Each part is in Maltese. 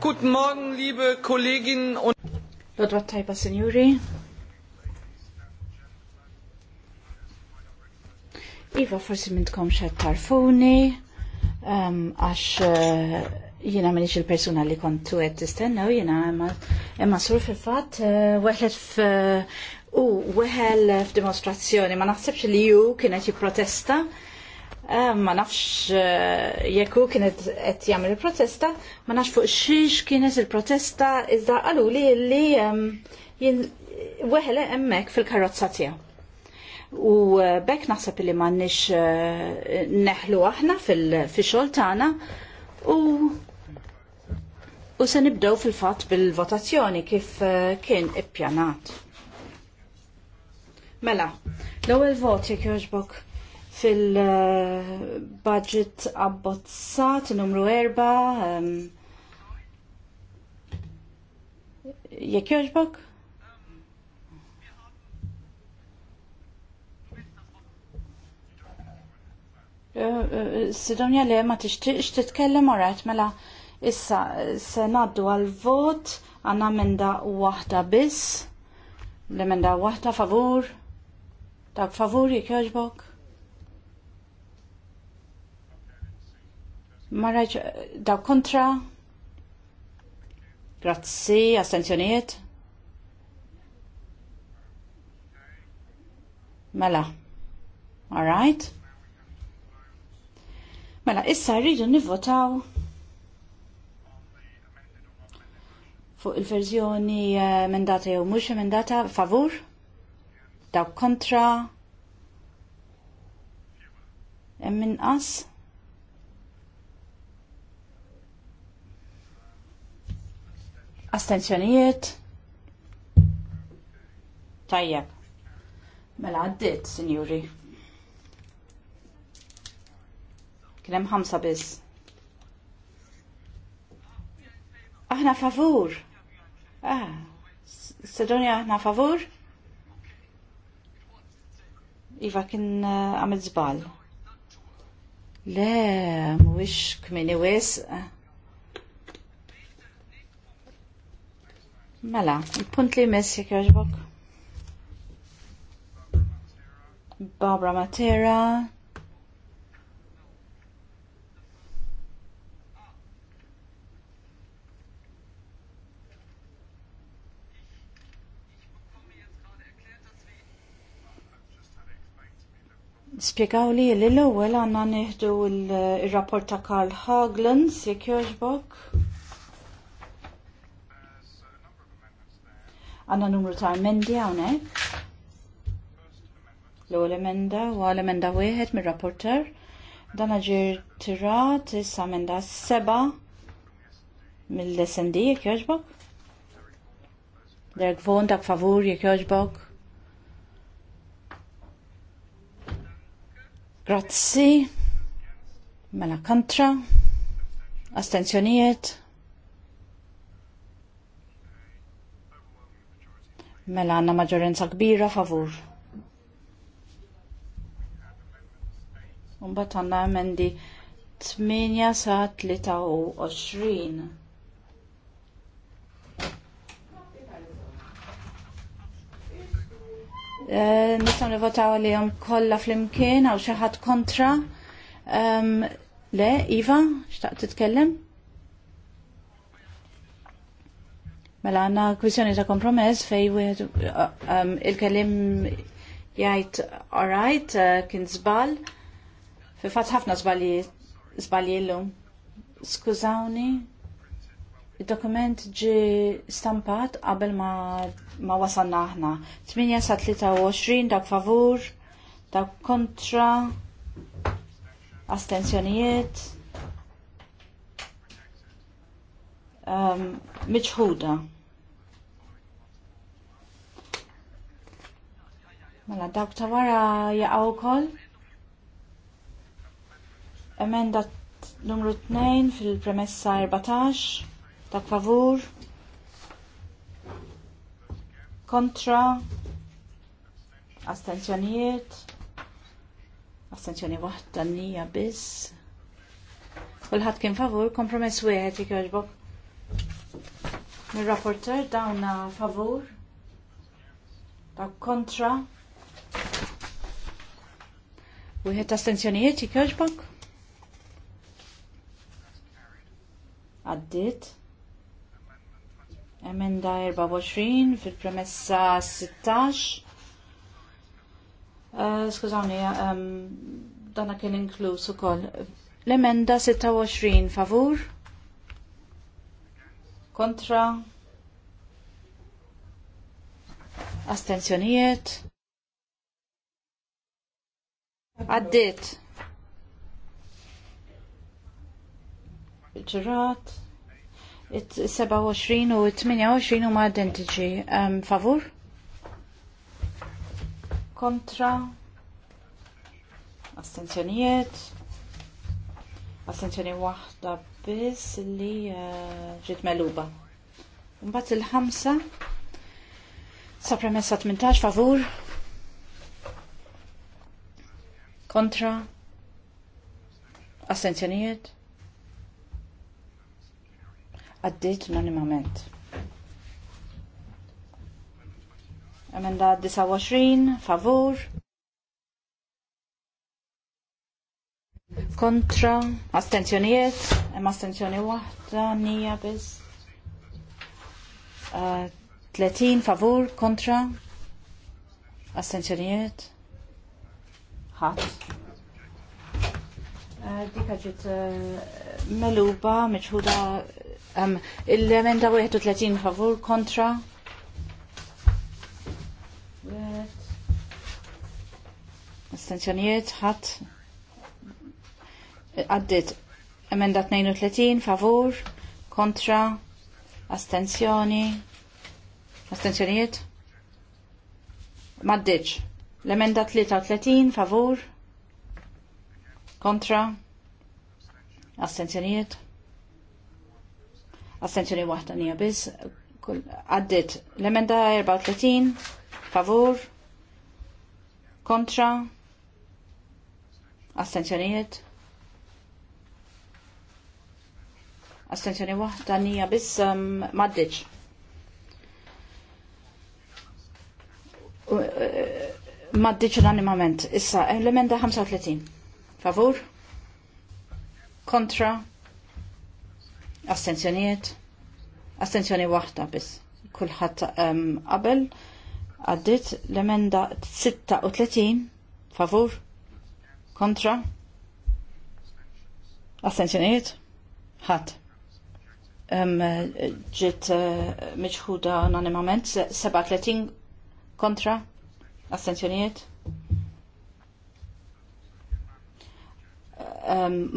Guten Morgen, liebe Kolleginnen und Lodwa tajba, signori. Iva, forsi mintkom xed tarfuni, um, għax um, uh, jina minix il-persuna li kontu għed t-istenna u jina emma sur fil-fat, uh, weħlet f- uh, u weħel f'dimostrazzjoni, ma naħsebx li ju kienet jiprotesta protesta Eh, ma nafx eh, jekku kienet qed jagħmel il-protesta, ma nafx fuq xiex kienet il-protesta iżda qalu li li weħle hemmhekk fil-karozza tiegħu. U eh, bekk naħseb li m'għandniex neħlu aħna fil-xogħol tagħna u u se nibdew fil-fatt bil-votazzjoni kif kien ippjanat. Mela, l-ewwel vot jekk jogħġbok fil-budget abbozzat numru 4 um, ehm, jekk joġbok? Eh, eh, Sidonja li ma tixtiqx titkellem orat mela issa se naddu għal vot għanna menda waħda biss l-emenda waħda favur dak favur jek joġbok Marraġ, da kontra? Grazzi, astenzjoniet? Mela, all right. Mela, issa rridu nivvotaw fuq il-verżjoni eh, mendata jew mhux emendata favur? Daw kontra? Emmin as? Astenzjonijiet? Tajjeb. Mela għaddit, sinjuri. Kienem ħamsa biss. Aħna favur. Ah, Sedonja, aħna favur? Iva kien eh, għamil zbal. Le, mwix kmini wis. Uh, Mela, il-punt li jmiss jek joġbok. Barbara Matera. Spiegaw li l-ewwel għandna neħdu il-rapport ta' Karl Haglund jekk joġbok. Għanna numru ta' emendi għonek. L-ewwel emenda u għal emenda wieħed mir-rapporter. Dan ġir tirat issa emenda seba mill-SND jek joġbok. Derek von dak favur jek jogħġbok. Grazzi. Mela kontra. Astenzjonijiet. Mela għanna maġġorenza kbira favur. Umbat għanna emendi 8 sa 23. Eh, Nistan nistaw nivotaw li jom kolla fl-imkien għaw xaħat kontra. le, Iva, xtaq titkellem? Mela għanna kwissjoni ta' kompromess fej um, il-kelim jgħid orajt uh, kien zbal. Fi fat ħafna zbalji llum. Skużawni, il-dokument ġi stampat qabel ma, ma wasanna aħna. 8 sa 23 dak favur, dak kontra, astensjonijiet. Um, miċħuda. Mela dawk ta' wara jaqgħu wkoll. Emenda numru 2 fil-premessa 14 ta' favur kontra astenzjonijiet astenzjoni waħda nija biss kulħadd kien favur kompromess wieħed jikjoġbok mir-rapporter dawna favur ta' kontra Wieħed astenzjonijiet jikjoġbok? Għaddit. Emenda 24 fil-premessa 16. Eh, skużawni, um, dana kien inkluż ukoll. L-emenda 26 favur? Kontra? Astenzjonijiet? Għaddit. Ġurat. 27 u 28 huma identiċi. favur? Kontra? Astenzjonijiet? Astenzjoni waħda biss li eh, ġiet meluba. Mbagħad il-ħamsa sa premessa 18 favur? kontra, assenzjonijiet, għaddit unanimament. Emenda 29, favur, kontra, astenzjonijiet, emma astenzjoni wahda, nija biz. Uh, eh, 30 favur, kontra, astenzjonijiet ħadd. Eh, Dika ġiet eh, meluba, meċħuda il-emenda 31 favur kontra. Astenzjonijiet, ħadd. Għaddit emenda 32 favur kontra. Astenzjoni. Astenzjonijiet. Maddiċ. L-emenda 33 favur kontra Astenzjoniet? Astenzjoni waħda nija biss. Għaddit l-emenda 34 favur kontra Astenzjoniet? Astenzjoni waħda nija biss um, maddiċ. Uh, uh, Ma l-animament. Issa, l-emenda 35. Favur? Kontra? Astenzjonijiet? Astenzjoni waħda biss. Kulħadd ehm, qabel għaddit l-emenda 36. Favur? Kontra? Astenzjonijiet? Ħadd ehm, ġiet eh, miċħuda anonimament 37 kontra Assenzjonijiet?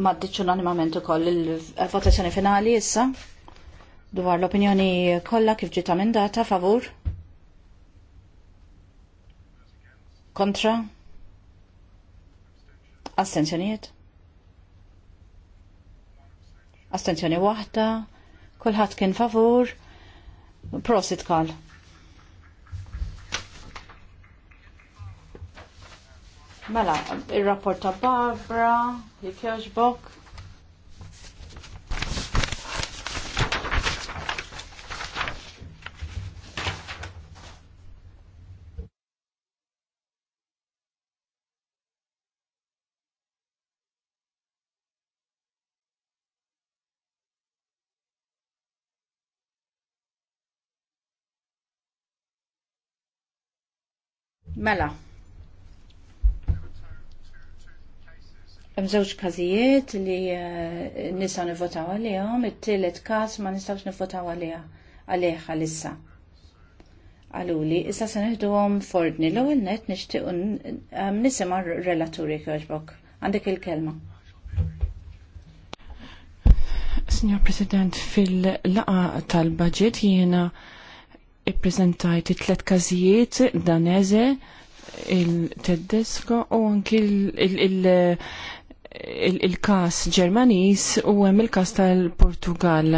Maddiċ unanimament ukoll il-votazzjoni finali issa dwar l-opinjoni kollha kif ġiet amendata favur? Kontra? Astenzjonijiet? Astenzjoni waħda, kulħadd kien favur, prosit kal. Mela, il-rapport ta' Barbara, jek joġbok. Mela, Hemm żewġ każijiet li eh, nisa nivvotaw għalihom, it-tielet każ ma nistgħux nivvotaw għaliha għalih għalissa. Għaluli, issa se neħduhom fordni l-ewwel net nixtieq nisimha relaturi kjoġbok. Għandek il-kelma. Signor President, fil-laqa tal-budget jiena ippreżentajt it-tlet każijiet daneze il-teddesko u anki il-, il, il il-kas Ġermaniż u hemm il-kas tal-Portugal.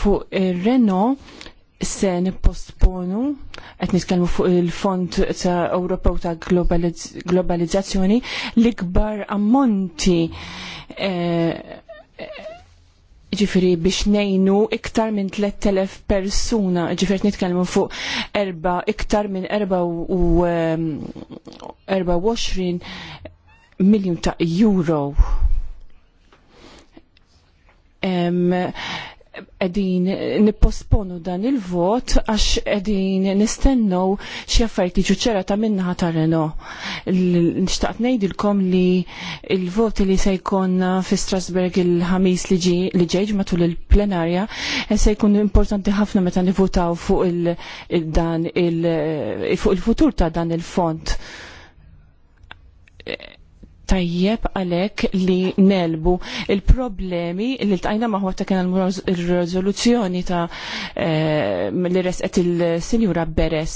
Fuq il renault se nipposponu qed nitkellmu fuq il-Fond ta' Ewropew ta' Globalizzazzjoni l-ikbar ammonti eh, ġifiri biex nejnu iktar minn 3000 persuna, ġifiri nitkellmu fuq erba, iktar minn 24 miljon ta' euro. Um, edin nipposponu dan il-vot għax edin nistennew xie affarijiet jiġu ċera ta' minnaħa ta' Reno. Nishtaqt ngħidilkom li il-vot li se jkollna fi Strasberg il-ħamis li ġejġ matul il-plenarja eh, se jkun importanti ħafna meta nivutaw fuq il-dan il-futur ta' dan il-font eh, tajjeb għalek li nelbu il-problemi li l-tajna maħwa ta' kena l rezoluzzjoni ta' eh, li resqet il-Sinjura Beres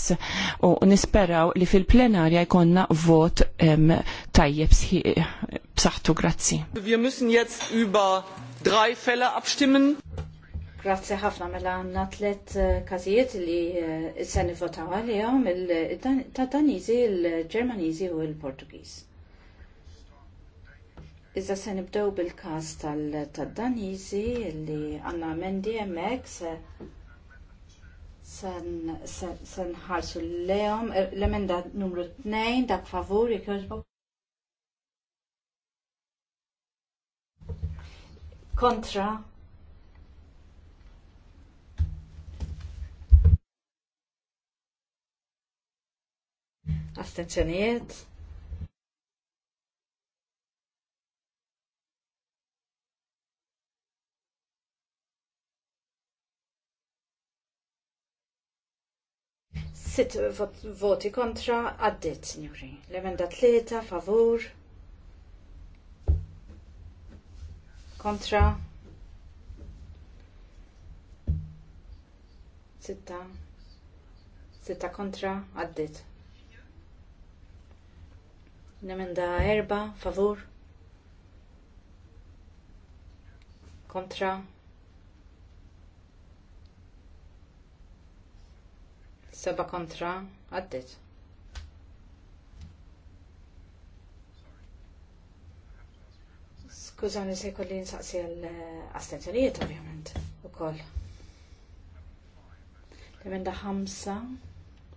u nisperaw li fil-plenarja jkonna vot tajjeb b'saħħtu grazzi. Wir müssen jetzt über drei Fälle abstimmen. Grazzi ħafna mela għanna tlet eh, kazijiet li eh, s-sani votaw għalihom il-Tatanizi, il-ġermanizi u il portugiz Iżda se nibdew bil-każ tal-Danizi li għanna mendi hemmhekk se se nħarsu l-lejhom er, l-emenda numru 2 dak favur jekk kontra astenzjonijiet sitt voti kontra għaddit, signori. L-emenda tlieta, favur. Kontra. Sitta. Sitta kontra għaddit. L-emenda erba, favur. Kontra. Seba kontra għaddit. Skużani se kolli nsaqsi għal-astenzjonijiet eh, ovvjament u koll. Emenda ħamsa,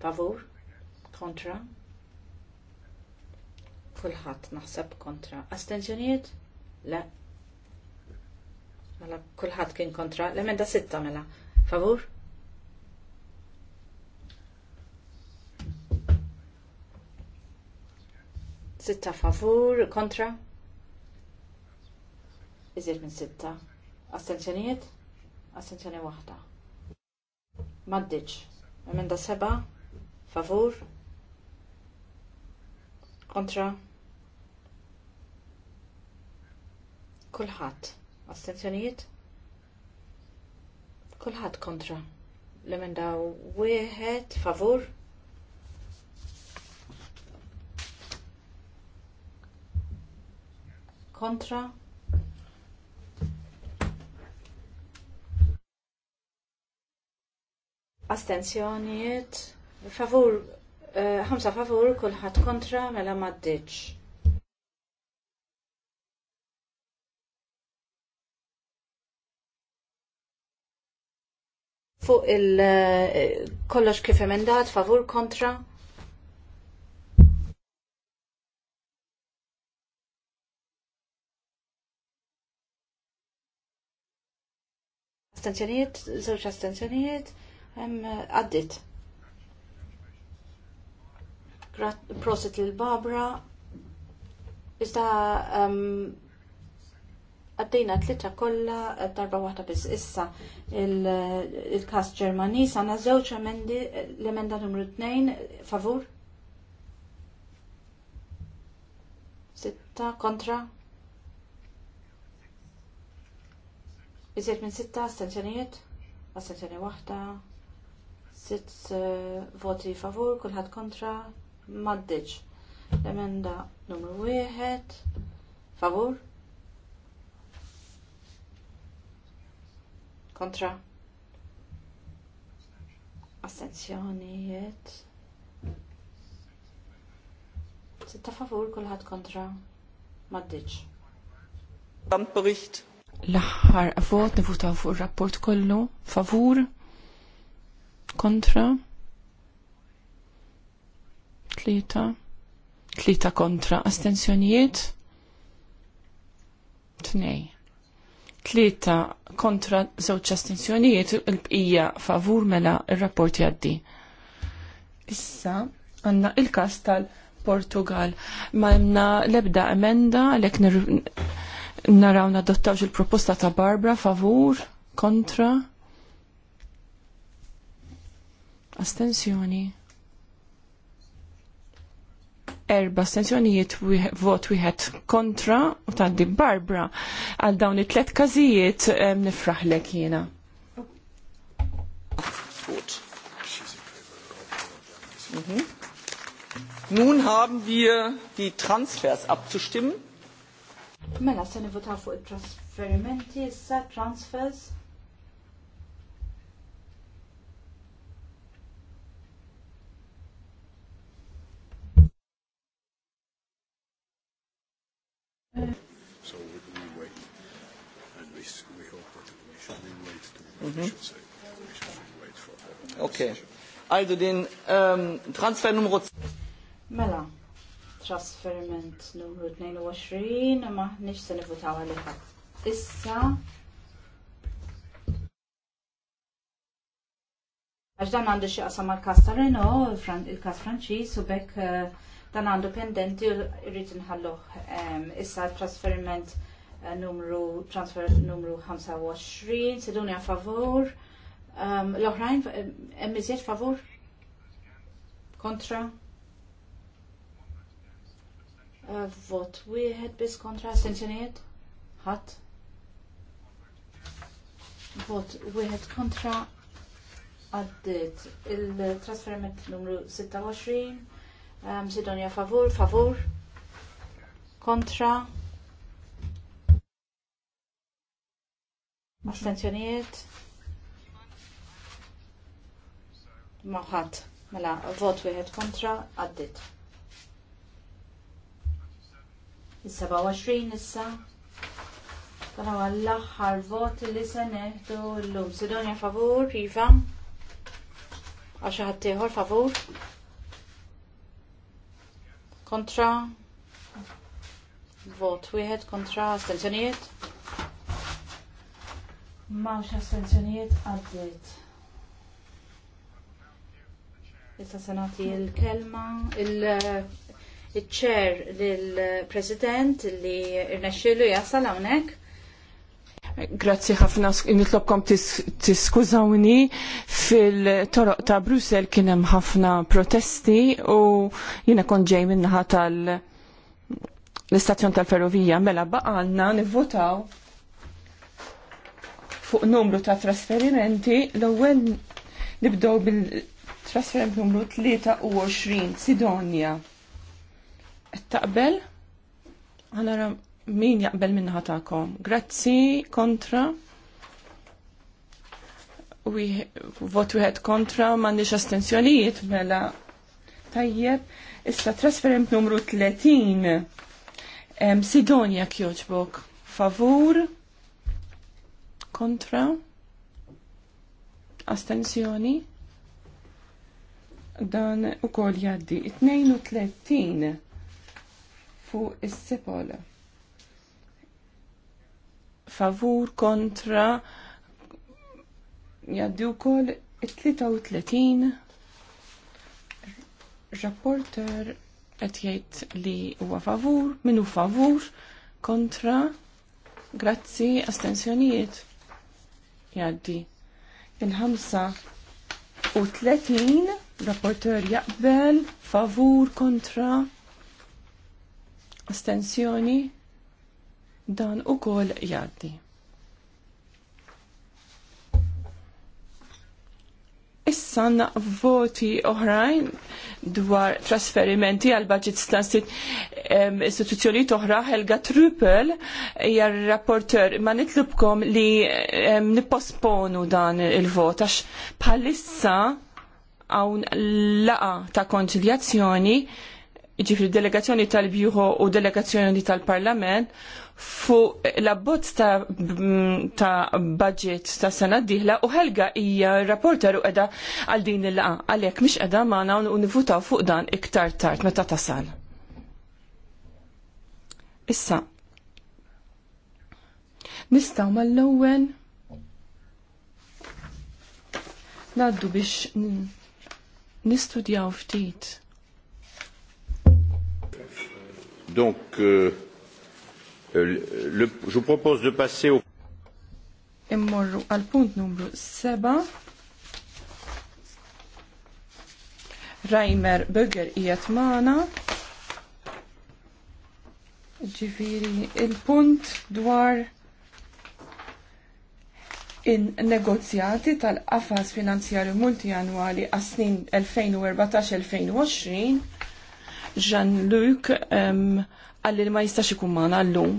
favur, kontra. Kulħadd naħseb kontra. Astenzjonijiet? Le. Mela kulħadd kien kontra. L-emenda sitta mela. Favur? sitta favur kontra iżjed minn sitta. Astenzjonijiet? Astenzjoni waħda. Maddiċ. Emenda seba? Favur? Kontra? Kulħadd. Astenzjonijiet? Kulħadd kontra. L-emenda wieħed favur? kontra astenzjonijiet favur eh, ħamsa uh, favur kulħadd kontra mela m'għaddiġ. Fuq il eh, kollox kif emendat favur kontra Astenzjonijiet, żewġ astenzjonijiet, għaddit. Prosit il-Babra, Iżda għaddejna t tlita kolla darba waħda biss issa il-kas il ġermanis għanna zewċ emendi l-emenda numru 2 favur. Sitta kontra Iżjed minn sitta astenzjonijiet, astenzjoni wahda, sitt eh, voti favur, kulħadd kontra, maddiġ. L-emenda numru wieħed, favur, kontra, astenzjonijiet, sitta favur, kulħadd kontra, maddiġ. Bericht L-aħħar vot nivutaw fuq ir-rapport kollu favur kontra tlieta tlieta kontra astensjonijiet tnej tlieta kontra żewġ astensjonijiet il-bqija favur mela ir-rapport jaddi. Issa għandna il-kas tal-Portugal ma' l-ebda emenda għalhekk naraw nadottawx il-proposta ta' Barbara favur, kontra, astensjoni. Erba astensjonijiet vot wieħed kontra u tgħaddi Barbara għal dawn it-tlet każijiet nifraħlek jiena. Mhm. Nun haben wir die Transfers abzustimmen. Mela, se nivotaw fuq il-trasferimenti, issa, transfers. So we, wait, and we, we hope that the Commission will wait to mm -hmm. say, Okay. Also din um, transfer Nummer 2. Mela, trasferiment numru 22 ma nix se nifutaw għalika. issa. Għax dan għandu xie qasam għal kasta Reno, Renault, il-kas Franċiż, u bekk eh, dan għandu pendenti u rrid issa trasferiment eh, numru transfer numru 25, Sidonia favur, l-oħrajn emmiżiet favur, kontra, Eh, vot wieħed biss kontra astenzjonijiet? Ħadd. Vot wieħed kontra għaddit. Il-trasferiment numru 26. Sidonia eh, favur, favur. Kontra. Astenzjonijiet. Maħat. Mela, vot wieħed kontra għaddit. Il-27 issa. Dan huwa l vot li se neħdu llum. Sidonja favur, Iva. Għal xi ħadd ieħor favur. Kontra. Vot wieħed kontra astenzjonijiet. Mawx astenzjonijiet għaddiet. Issa se nagħti l-kelma il-, -kelma, il iċ-ċer lill-President li rnexxielu jasal hawnhekk. Grazzi ħafna, nitlobkom tiskużawni fil-toroq ta' Brussel kien hemm ħafna protesti u jiena kont ġej minnaħa tal- l-istazzjon tal-ferrovija mela baqalna nivvotaw fuq numru ta' trasferimenti l-ewwel nibdew bil-trasferiment numru 23 Sidonja taqbel? Għanara min jaqbel minna ħatakom. Grazzi, kontra. Vot wieħed kontra, m'għandix astensjonijiet mela. Tajjeb, issa trasferent numru 30. Em, Sidonia Kjoġbok. Favur. Kontra. Astensjoni. Dan u kol jaddi. 32 fuq is-sepol. Favur kontra jaddu kol 33 rapporter qed jgħid li huwa favur, minu favur, kontra, grazzi, astensjonijiet. Jaddi. il ħamsa u 30 rapporter jaqbel, favur, kontra, astensjoni dan u kol jaddi. Issa voti oħrajn dwar trasferimenti għal budget stansit istituzzjoni oħra Helga Trupel jar rapporter ma nitlubkom li niposponu dan il-vot għax bħalissa hawn laqa ta' konċiljazzjoni ġifri delegazzjoni tal-Bjuħo u delegazzjoni tal-Parlament fu l-abbozz ta', ta budget ta' sena diħla u Helga hija rapporter u edha għal din il-laqa għalhekk mhix qiegħda magħna u nivutaw fuq dan iktar tard meta tasal. Issa. Nistgħu mal-ewwel Naddu biex nistudjaw ftit Donc, euh, euh, le, je vous propose de passer au... Immorru għal punt numru 7. Reimer Böger ijat maħna. Ġifiri, il-punt dwar in negozjati tal-qafas finanzjarju multijanwali għas-snin 2014-2020 Jean-Luc għalli li ma jistax ikun magħna llum.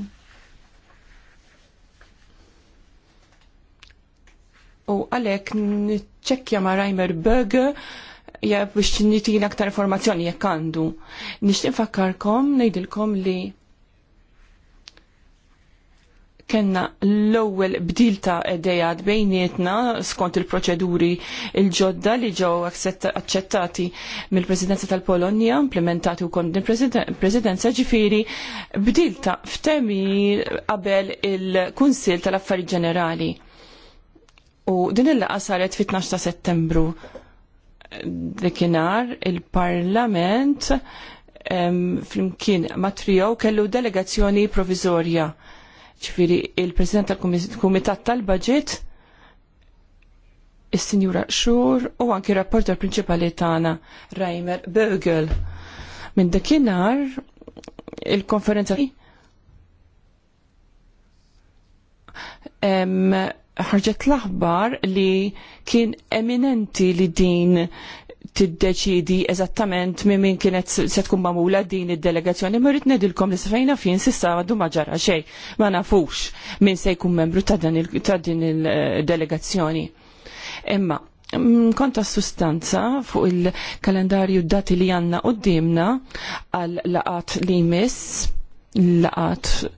U għalhekk niċċekkja ma' Reimer Berger ja biex nitina aktar informazzjoni jekk għandu. Nixtieq fakkarkom ngħidilkom li Kenna l-ewwel bdil ta' idejat bejnietna skont il-proċeduri il-ġodda li ġew aċċettati mill-Presidenza tal-Polonja, implementati wkoll il presidenza ġifieri bdil ta' ftemi qabel il-Kunsil tal affari Ġenerali. U din il-laqa saret fit-12 ta' settembru Dekinar il-parlament flimkien matrijaw kellu delegazzjoni provizorja ċifiri il-President tal-Kumitat tal-Budget, il-Sinjura Xur u anki rapporter principali tana Reimer Bögel. Minn dakinar il-konferenza ħarġet l-aħbar li kien eminenti li din tiddeċidi eżattament minn min kienet se tkun magħmula din id-delegazzjoni, ma rrid nedilkom li sfejna fin sissa għaddu ma ġara xejn, ma nafux min se jkun membru ta' din il-delegazzjoni. Imma, mm, konta sustanza fuq il-kalendarju dati li għanna u dimna għal laqat li jmiss, laqat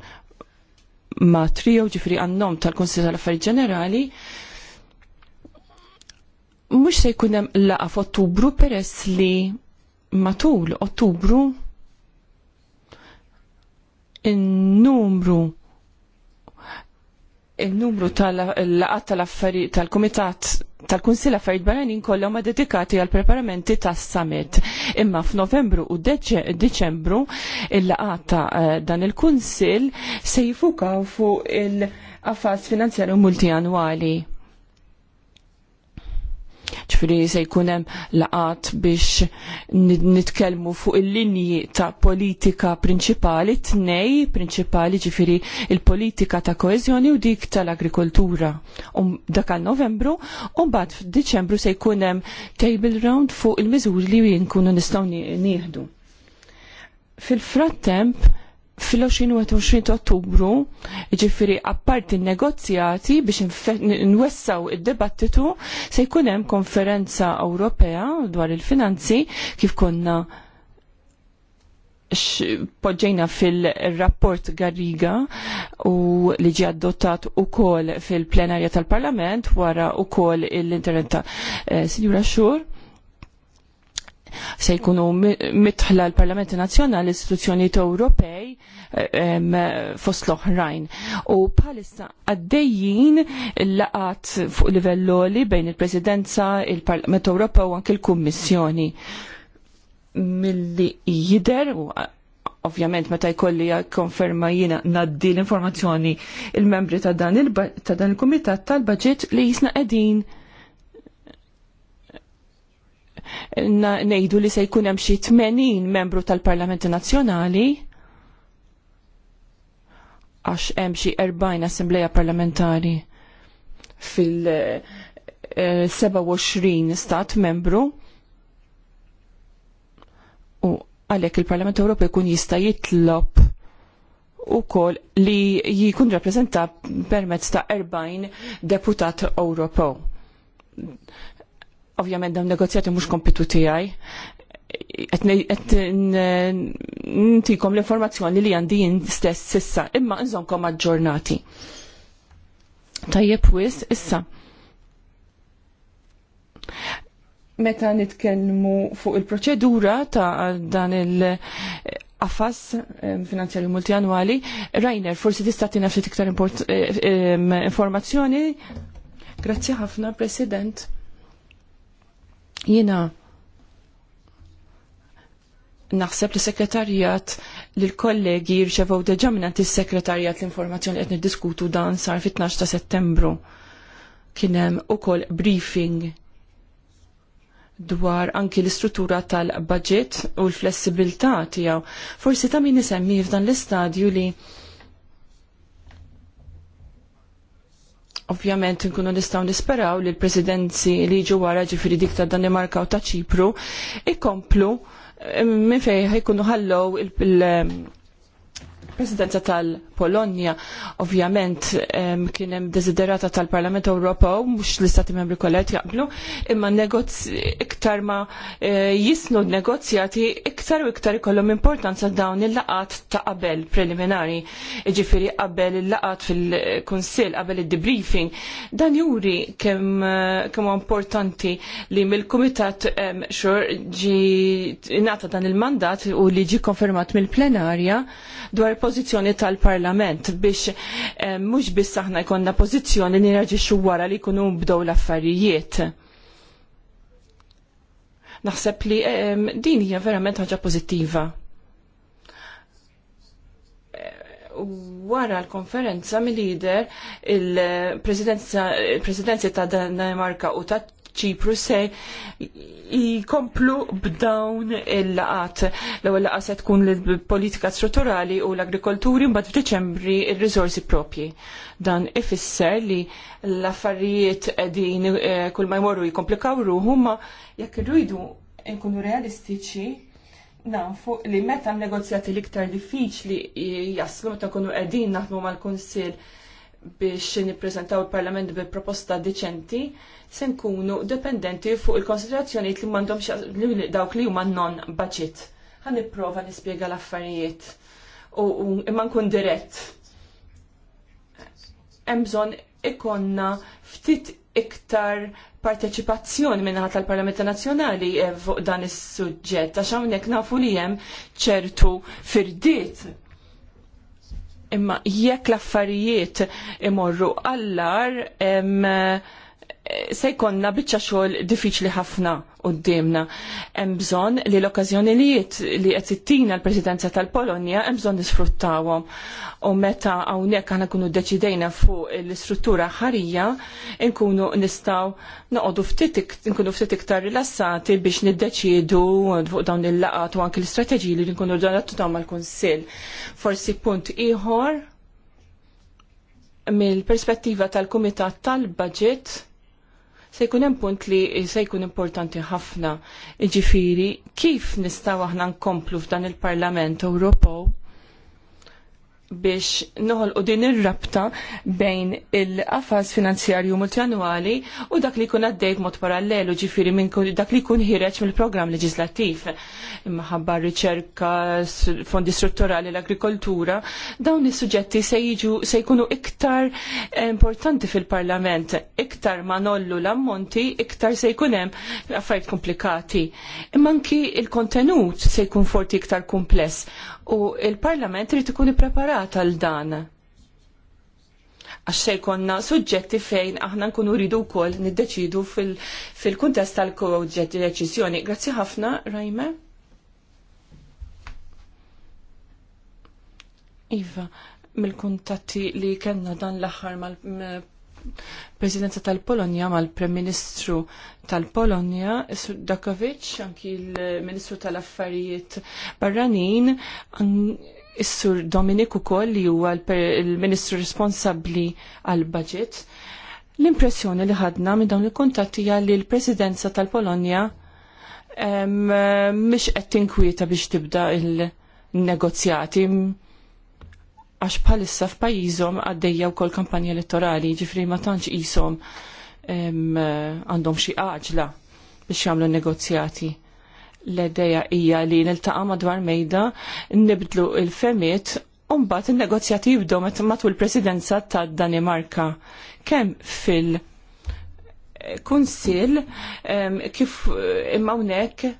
ma trio ġifri għannom tal-Konsil tal-Affarijiet Ġenerali, mux se jkunem laqa f'Ottubru peress li matul Ottubru il-numru il-numru tal laqa tal-affarijiet tal-Kumitat tal-Kunsil Affarijiet Barranin kollha ma dedikati għal preparamenti tas-summit. Imma f'Novembru u Deċembru il laqa ta' eh, dan il-Kunsil se jifukaw fuq il-qafas finanzjarju multianwali ċifri se jkunem laqat biex nitkelmu fuq il-linji ta' politika prinċipali, tnej prinċipali ġifiri il-politika ta' koezjoni u dik tal-agrikoltura. Um, dak novembru, u um f f'Diċembru se jkunem table round fuq il mizur li jinkunu nistaw nieħdu. Fil-frattemp, fil-20 ottubru, ġifiri apparti negozjati biex nwessaw id-debattitu se jkun hemm konferenza Ewropea dwar il-finanzi kif konna poġġejna fil-rapport Garriga u li ġi adottat u kol fil-plenarja tal-parlament wara u kol l-internet ta' eh, Sinjura Xur se jkunu mitħla l-Parlamenti Nazzjonali, istituzzjonijiet Ewropej fost l-oħrajn. U bħalissa għaddejjin laqat fuq livell loli bejn il-Presidenza, il-Parlament Ewropew u anke l-Kummissjoni. Milli jider u ovvjament meta jkolli konferma jina naddi l-informazzjoni il-membri ta' dan il-kumitat tal baġit li jisna qegħdin ngħidu li se jkun hemm xi 80 membru tal-Parlamenti Nazzjonali għax hemm xi 40 assembleja parlamentari fil-27 stat membru u għalhekk il-Parlament Ewropej jkun jista' jitlob ukoll li jkun rappreżentat permezz ta' 40 deputat Ewropew Ovvjament dawn negozjati mhux kompitu tiegħi. Qed l-informazzjoni li għandi jien stess sissa, imma nżomkom aġġornati. Tajjeb wis issa. Meta nitkellmu fuq il-proċedura ta' dan il- afas finanzjali multianwali. Rainer, forsi tista' tina ftit iktar informazzjoni. Grazzi ħafna, President. Jiena naħseb li sekretarjat li l-kollegi jirċevaw deġa il sekretarjat l-informazzjoni li qed niddiskutu dan sar fit-12 ta' Settembru. Kien hemm ukoll briefing dwar anki l-istruttura tal-budget u l-flessibilità tiegħu. Forsi ta' min semmi f'dan l-istadju li Ovvjament nkunu nistgħu nisperaw li l-presidenzi li jiġu wara ġifieri dik ta' Danimarka u ta' Ċipru ikomplu eh, minn fejn ħajkunu ħallow il-presidenza eh, tal- Polonia ovvjament kien hemm desiderata tal-Parlament Ewropew mhux l-istati membri kollha jaqblu, imma iktar ma eh, jisnu negozjati iktar u iktar ikollhom importanza dawn il-laqat ta' qabel preliminari, jiġifieri qabel il-laqat fil-Kunsill qabel id-debriefing. Dan juri kemm eh, kemm importanti li mill-Kumitat xor ġi nata dan il-mandat u li ġi konfermat mill-plenarja dwar pożizzjoni tal-Parlament parlament biex eh, mhux biss aħna jkollna pożizzjoni li nirraġixxu wara li jkunu bdew l-affarijiet. Naħseb li ehm, din hija verament ħaġa pożittiva. Eh, wara l-konferenza mill-lider il-presidenzi ta' Danimarka u ta' ċipru se jkomplu b'dawn il-laqat. L-ewwel laqgħa se tkun l-politika strutturali u l-agrikolturi mbagħad f'Diċembri ir-riżorsi propji. Dan ifisser li l-affarijiet qegħdin eh, kull ma jmorru jikomplikaw ruhum ma jekk irridu nkunu realistiċi nafu li meta negozjati l-iktar diffiċli jaslu meta nkunu qegħdin naħdmu mal-Kunsill biex nippreżentaw il-Parlament bi proposta diċenti se nkunu dependenti fuq il-konsiderazzjoni li m'għandhomx dawk li huma non budget. Ħan nipprova nispjega l-affarijiet u imma nkun dirett. Hemm bżonn ikonna ftit iktar parteċipazzjoni minna tal-Parlamenta Nazzjonali eh, fuq dan is-suġġett għax hawnhekk nafu li hemm ċertu firdiet Imma jekk l-affarijiet imorru għallar, se jkollna biċċa xogħol diffiċli ħafna qudiemna. Hemm bżonn li l-okkażjonijiet li qed ittina l-Presidenza tal-Polonja hemm bżonn nisfruttawhom. U meta hawnhekk aħna kunu deċidejna fuq l-istruttura ħarija, nkunu nistgħu noqogħdu ftit nkunu ftit iktar rilassati biex niddeċiedu fuq dawn il-laqat u anke l-istrateġiji li nkunu donattu dawn mal-Kunsill. Forsi punt ieħor mill-perspettiva tal-Kumitat tal-Budget se jkun hemm punt li se jkun importanti ħafna. Ġifiri, kif nistgħu aħna nkomplu f'dan il-Parlament Ewropew biex noħolqu din ir-rabta bejn il-qafas finanzjarju multjanwali u dak li kun għaddejt mod parallelu ġifiri minn dak li jkun ħireċ mill-programm leġislattiv imħabba riċerka, fondi strutturali l-agrikoltura, dawn is-suġġetti se jiġu se jkunu iktar importanti fil-Parlament, iktar ma nollu l-ammonti, iktar se jkun hemm affarijiet komplikati. Imma anki il-kontenut se jkun forti iktar kumpless u il-Parlament rrit ikun ippreparat għal dan. Għax konna suġġetti fejn aħna nkunu rridu wkoll niddeċidu fil-kuntest fil kuntest fil tal koġġetti deċiżjoni. Grazzi ħafna, Rajme. Iva, mill-kuntatti li kellna dan l-aħħar mal-Presidenza tal-Polonja mal-Prem Ministru tal-Polonja, Sudakovic, anki l-Ministru tal-Affarijiet Barranin, is-Sur Dominiku Koll li huwa l-Ministru responsabbli għal-Budget. L-impressjoni li ħadna minn dawn il-kuntatti hija li l-Presidenza tal-Polonja mhix qed tinkwieta biex tibda il-negozjati għax bħalissa f'pajjiżhom għaddejja wkoll kampanja elettorali, ġifri ma tantx qishom għandhom xi għaġla biex jagħmlu negozjati l ideja hija li niltaqa' madwar mejda nibdlu il-femiet mbagħad in negozjati jibdow matul il-presidenza ta' Danimarka. Kem fil- eh, kunsil kif eh, imma hawnhekk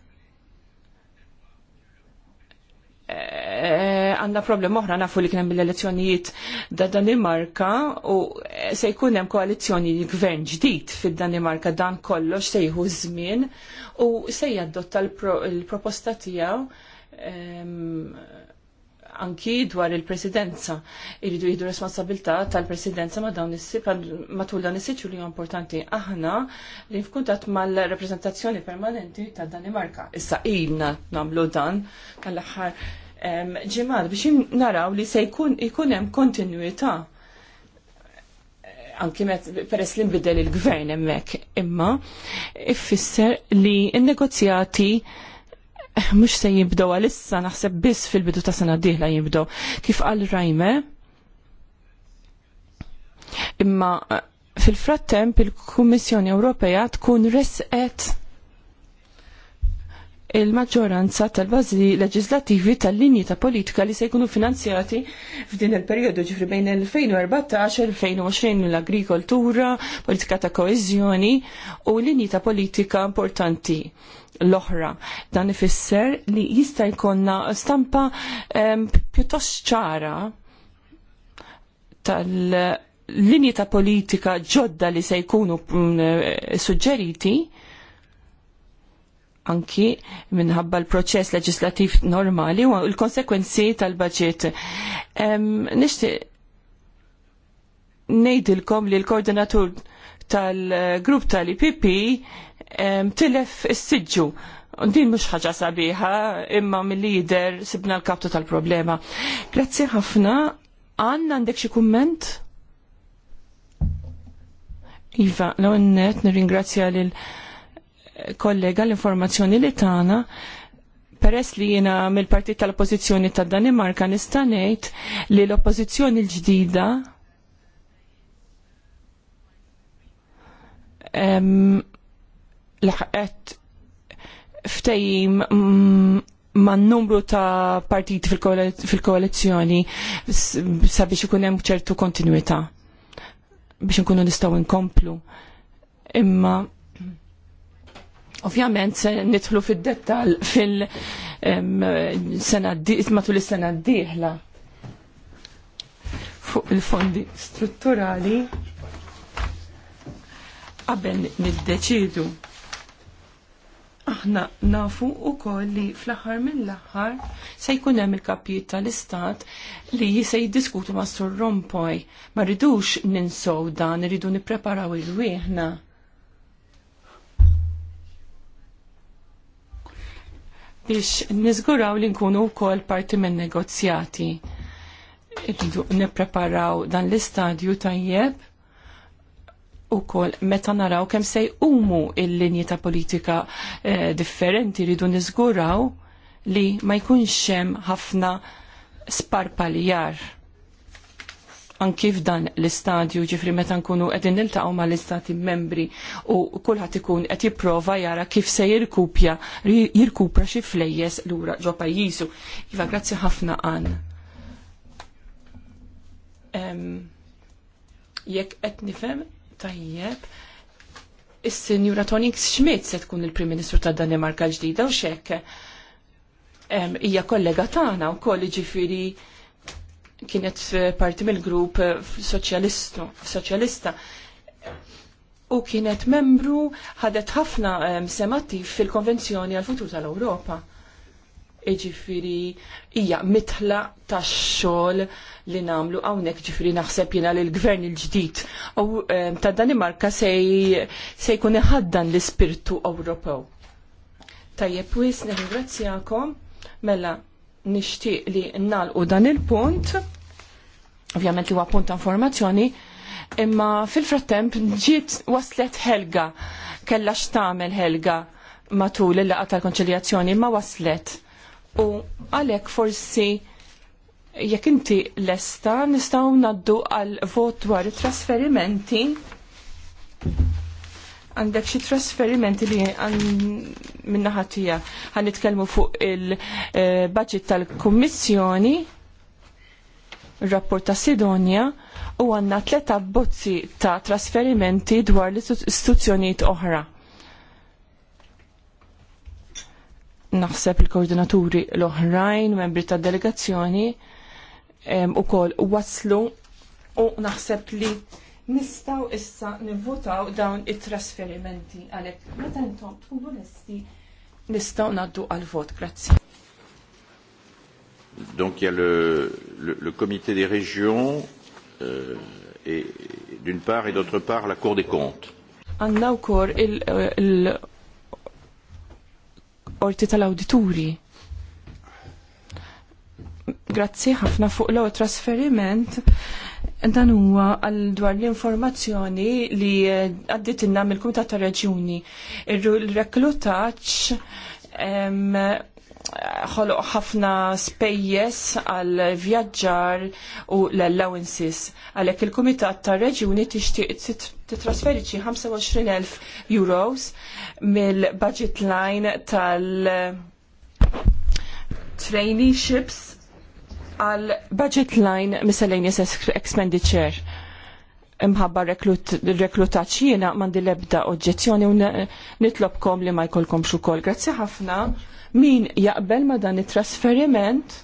Eh, għanna problem oħra nafu li kienem mill-elezzjonijiet da Danimarka u eh, se jkun hemm koalizzjoni gvern ġdid fid-Danimarka dan kollox se jieħu żmien u se jaddotta l-proposta tiegħu ehm, anki dwar il-presidenza. Iridu jidu responsabilità tal-presidenza ma dawn matul dawn is-sitju li importanti aħna li f'kuntat mal-reprezentazzjoni permanenti tal Danimarka. Issa ilna namlu dan kalla aħħar ġimal, biex naraw li se jkun hemm kontinwità anki met peress li nbidel il-gvern hemmhekk imma ifisser li n-negozjati mhux se jibdew għalissa naħseb biss fil-bidu ta' sena diħla jibdo, jibdew. Kif qal Rajme, imma fil-frattemp il-Kummissjoni Ewropea tkun resqet il-maġġoranza tal-bażi leġislattivi tal-linji ta' politika li se jkunu finanzjati f'din il-perjodu ġifri bejn 2014-2020 l-agrikoltura, politika ta' koezjoni u linji ta' politika importanti l-oħra. Dan ifisser li jista' jkollna stampa pjuttost ċara tal-linji ta' politika ġodda li se jkunu mm, eh, suġġeriti anki minħabba l-proċess leġislativ normali u l-konsekwenzi tal-budget. Nishti nejdilkom li l-koordinatur tal-grupp tal-IPP tilef is-sidġu. Din mhux ħaġa sabiħa, imma mill-lider sibna l-kaptu tal-problema. Grazzi ħafna. Anna għandek xi kumment? Iva, l-għonnet nirringrazzja lil kollega l-informazzjoni li tagħna peress li jiena mill-partit tal-oppożizzjoni tad Danimarka nista' ngħid li l-oppożizzjoni l-ġdida laħqet ftejim mm, man numru ta' partiti fil-koalizjoni sabiex ikun hemm ċertu kontinuità biex nkunu nistgħu nkomplu. Imma Ovvjament se nidħlu fid-dettal fil-sena matul is-sena d-dieħla fuq il-fondi strutturali qabel niddeċidu. Aħna nafu u li fl-aħħar mill-aħħar se jkun hemm il-kapijiet tal-istat li se jiddiskutu ma' Sur Rompoy. Ma rridux ninsow dan, iridu nippreparaw il-wieħna biex niżguraw li nkunu wkoll parti minn negozjati. Nipreparaw nippreparaw dan l-istadju tajjeb u kol meta naraw kem sej umu il-linji ta' politika eh, differenti ridu nizguraw li ma jkunx hemm ħafna sparpaljar anki f'dan l-istadju ġifri meta nkunu qegħdin niltaqgħu mal-istati membri u kulħadd ikun qed jipprova jara kif se jirkupja jirkupra xi flejjes lura ġo pajjiżu. Iva grazzi ħafna għan. Jekk qed nifhem tajjeb, is-Sinjura Tony Schmidt se tkun il-Prim Ministru tad Danimarka ġdida u xekk hija kollega tagħna wkoll ġifiri kienet parti mill-grupp soċjalista u kienet membru ħadet ħafna semati fil-Konvenzjoni għal futur tal-Ewropa. Iġifiri, hija mitla tax xogħol li namlu hawnhekk ġifiri naħseb jiena l gvern il-ġdid. U ta' Danimarka se jkun iħaddan l-ispirtu Ewropew. Tajjeb wis, nirringrazzjakom mela nixtieq li nalqu dan il-punt, ovvjament li huwa punt ta' informazzjoni, imma fil-frattemp ġiet waslet Helga, kella x'tagħmel Helga matul il laqgħa tal-konċiljazzjoni ma waslet. U għalhekk forsi jekk inti lesta nistgħu naddu għal vot dwar it-trasferimenti għandek xi trasferimenti li minna tiegħek. għan nitkellmu fuq il-budget eh, tal-Kummissjoni, il-rapport ta' Sidonia, u għandna tleta bozzi ta' trasferimenti dwar l-istituzzjonijiet oħra. Naħseb il-koordinaturi l-oħrajn, membri ta' delegazzjoni, u kol waslu u naħseb li nistaw issa nivvutaw dawn it-trasferimenti għalek. Meta intom tkunu lesti nistaw naddu għal-vot, grazzi. Donc il y a le, le, le comité des régions euh, et d'une part et d'autre part la Cour des comptes. Għanna wkoll il-orti il, tal-awdituri. Grazzi ħafna fuq l-trasferiment. trasferiment Dan huwa għal dwar l-informazzjoni li eh, għaddit inna mill-Kumitat ta' Reġjuni. Il-reklutaċ ħoloq ħafna spejjes għal vjaġġar u l-allowances. Għalhekk il-Kumitat ta' Reġjuni tixtieq titrasferiċi 25,000 euros mill-budget line tal- traineeships għal budget line miscellaneous expenditure imħabba reklutat xiena mandi lebda oġġezzjoni u nitlobkom li ma jkolkom xukol. Grazzi ħafna. Min jaqbel ma dan it-trasferiment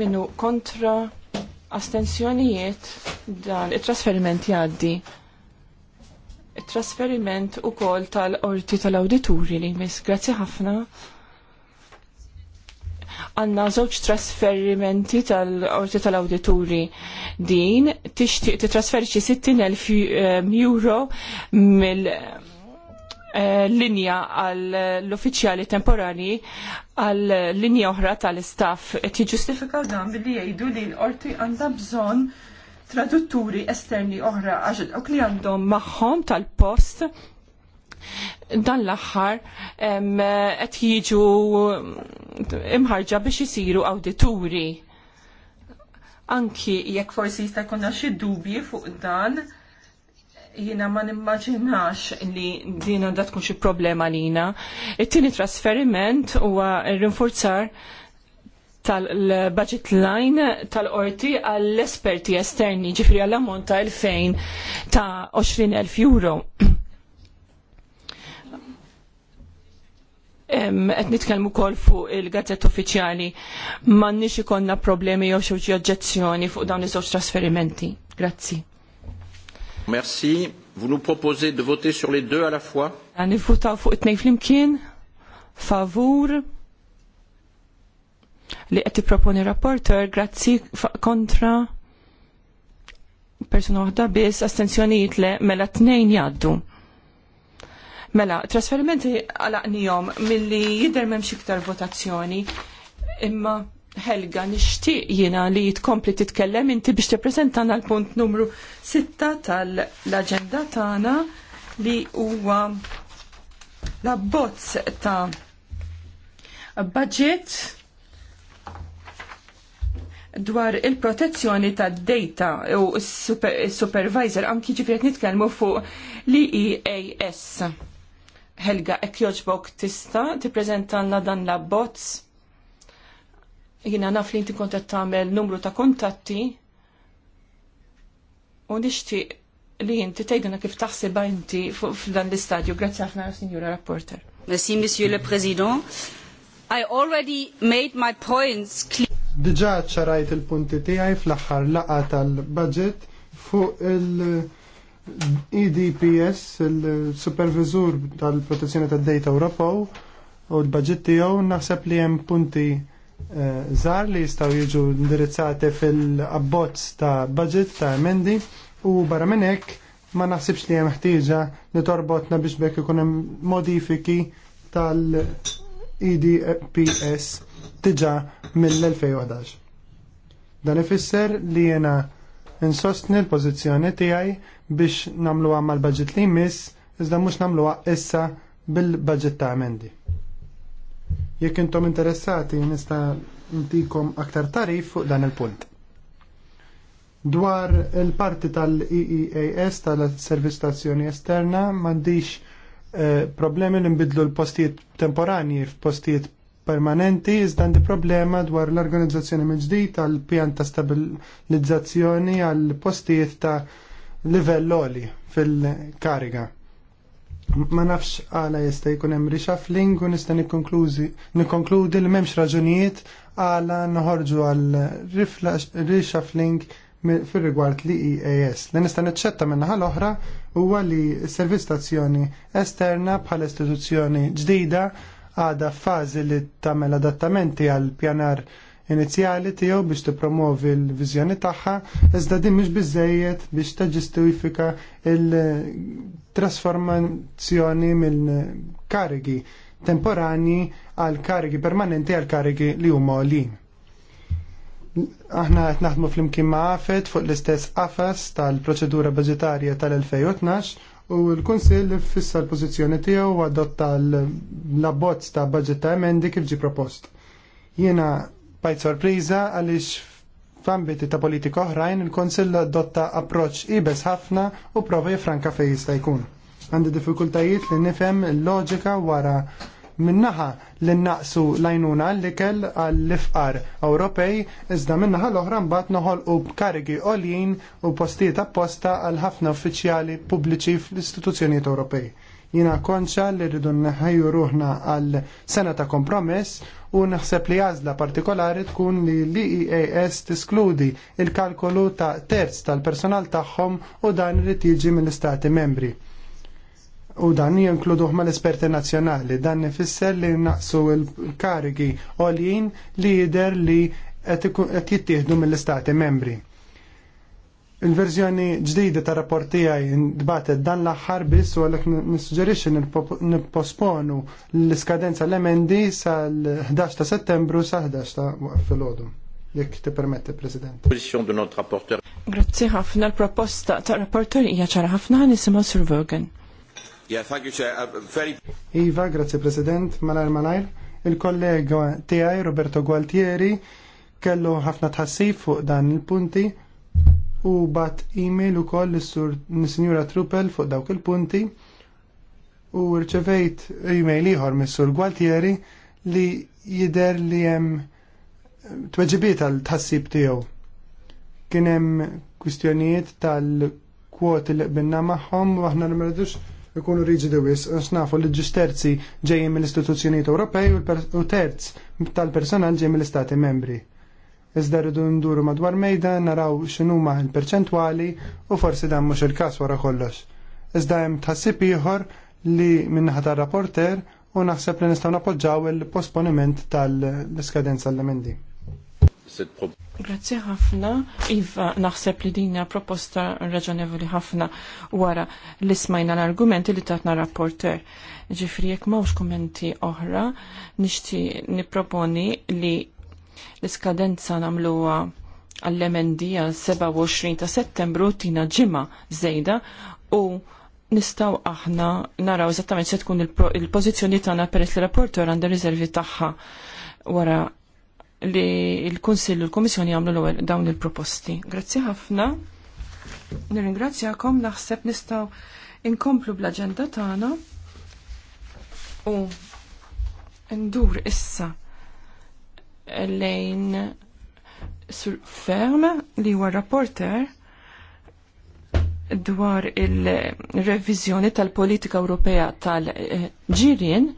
minu kontra astensjonijiet dan it-trasferiment jaddi. It-trasferiment u kol tal-orti tal-awdituri li mis. Grazzi ħafna għanna żewġ trasferimenti tal-orti tal-awdituri din tixtieq trasferċi 60,000 eh, euro mill eh, linja għall l-uffiċjali temporani għall linja oħra tal-istaff. Qed jiġġustifikaw dan billi jgħidu li l-qorti għandha bżonn tradutturi esterni oħra għax li għandhom magħhom tal-post dan l-aħħar qed jiġu imħarġa biex isiru awdituri. Anki jekk forsi jista' jkollna xi dubji fuq dan, jiena ma nimmaġinax li din għandha tkun xi problema lina. It-tieni trasferiment huwa rinforzar tal-budget line tal-orti għall-esperti esterni ġifri għall-ammont ta' 2000 ta' 20.000 euro. qed nitkellmu wkoll fuq il-gazzett uffiċjali m'għandniex ikollna problemi jew xi oġġezzjoni fuq dawn iż-żewġ trasferimenti. Grazzi. Merci. Vous nous proposez de voter sur les deux à la fois votaw fuq it-tnejn flimkien favur li qed tipproponi rapporter, grazzi kontra persuna waħda biss, astenzjonijiet le mela t tnejn jgħaddu. Mela, trasferimenti għalaqnijom mill-li jider memx iktar votazzjoni, imma Helga, nishtiq jina li jitkompli titkellem inti biex tippreżentana l-punt numru 6 tal-agenda tagħna li huwa la bozz ta' budget dwar il-protezzjoni ta' data u s-supervisor anki ġifiet nitkellmu fuq li eas Helga, Ekjoġbok tista, ti prezentanna dan la bots. Jina naf li inti kontet tamel numru ta' kontatti. U nixti li inti tejdina kif taħseba inti f'dan l-istadju. Grazie għafna, signora rapporter. Merci, Monsieur le Président. I already made my points clear. Diġa ċarajt il-punti tijaj fl-axħar laqa tal-budget fuq il- EDPS, il-Supervisur tal-Protezzjoni tad-Data rapow, u l-budget tiegħu naħseb li hemm punti eh, żgħar li jistgħu jiġu indirizzati fil-abbozz ta' budget ta' emendi u barra minn hekk ma naħsibx li hemm ħtieġa li torbotna biex bekk ikun hemm modifiki tal-EDPS diġà mill-2011. Dan ifisser li jena insostni l-pożizzjoni tiegħi biex nagħmluha mal-budget li jmiss iżda mhux nagħmluha issa bil-budget ta' emendi. Jekk intom interessati nista' ntikom aktar tarif fuq dan il-punt. Dwar il-parti tal-EEAS tal servistazzjoni Stazzjoni Esterna m'għandix eh, problemi li nbidlu l-postijiet temporani f'postijiet permanenti iżda għandi problema dwar l-organizzazzjoni mill-ġdid għal pjan ta' stabilizzazzjoni għal postijiet ta' livell oli fil-kariga. Ma nafx għala jista' jkun hemm reshuffling u nista' nikkonkludi li m'hemmx raġunijiet għala noħorġu għal reshuffling fil-rigward li EAS. Li nista' niċċetta minnaħa l-oħra huwa li s servistazzjoni esterna bħala istituzzjoni ġdida għada fażi li tagħmel adattamenti għal pjanar inizjali tiegħu biex tippromovi l-viżjoni tagħha, iżda din mhux biżejjed biex taġġistifika il-trasformazzjoni minn karigi temporani għal karigi permanenti għal karigi li huma li. Aħna qed naħdmu fl-imkien ma' fuq l-istess qafas tal-proċedura budgetarja tal-2012 u l-Kunsill fissa l-pożizzjoni tiegħu u adotta l-abbozz ta' budget ta' emendi kif ġi propost. Jiena bajt sorpriża għaliex f'ambiti ta' politika oħrajn il-Kunsill adotta approċċ ibes ħafna u prova jifranka fejn jista' jkun. Għandi diffikultajiet li nifhem il-loġika wara minnaħa li naqsu lajnuna għall ikel għall-ifqar Ewropej, iżda minnaħa l-oħra mbagħad noħolqu karigi għoljin u postijiet apposta għal ħafna uffiċjali pubbliċi fl-istituzzjonijiet Ewropej. Jina konċa li rridu nħajju ruħna għal sena ta' kompromess u naħseb li għażla partikolari tkun li l-EAS e tiskludi il-kalkolu ta' terz tal-personal tagħhom u dan irid jiġi mill-istati membri. U dan ma mal esperti nazzjonali, dan ifisser li naqsu l-karigi għoljin li jider li qed jittieħdu mill-istati membri. Il-verżjoni ġdida ta' rapportija dbatet dan l-aħħar biss u għalek nissuġerixi nipposponu l-iskadenza l-emendi sal-11 ta' settembru sa' 11 ta' fil-ħodu. Jekk ti permette, President. Grazzi ħafna l-proposta ta' rapporteur hija ċara ħafna nisimaw Sir Vogan. Yeah, thank you, Chair. Uh, very... Iva, grazie President, malar malar. Il-kollega tiegħi Roberto Gualtieri kellu ħafna tħassib fuq dan il-punti u bat email u koll l-Sinjura Truppel fuq dawk il-punti u rċevejt email ieħor mis-Sur Gualtieri li jider li hemm tweġibiet għal tħassib tiegħu. Kien hemm kwistjonijiet tal-kwoti li qbilna magħhom u aħna nmerridux ikunu riġidi wis, għax nafu li ġusterzi ġejjin mill-istituzzjonijiet Ewropej u terz tal-personal ġej mill-istati membri. Iżda rridu nduru madwar mejda naraw x'inhuma l-perċentwali u forsi dan mhux il-każ wara kollox. Iżda hemm tħassib ieħor li minnaħa tar-rapporter u naħseb li nistgħu napoġġaw il-posponiment tal-iskadenza l-emendi. Grazie ħafna. Iva, naħseb li dinja proposta raġonevoli ħafna wara li smajna l-argumenti li tatna rapporter. Ġifri, jek mawx kommenti oħra, nixti niproponi li l-iskadenza namluwa għall-emendi għal 27 ta' settembru tina ġimma zejda u nistaw aħna naraw eżattament se tkun il-pożizzjoni tagħna peress li rapporter għandha riservi tagħha wara li l-Kunsill u l-Komissjoni għamlu l-ewwel dawn il-proposti. Grazzi ħafna. Nirringrazzjakom naħseb nistgħu inkomplu bl-aġenda tagħna u ndur issa lejn sur ferm li huwa rapporter dwar il-revizjoni tal-politika Ewropea tal-ġirien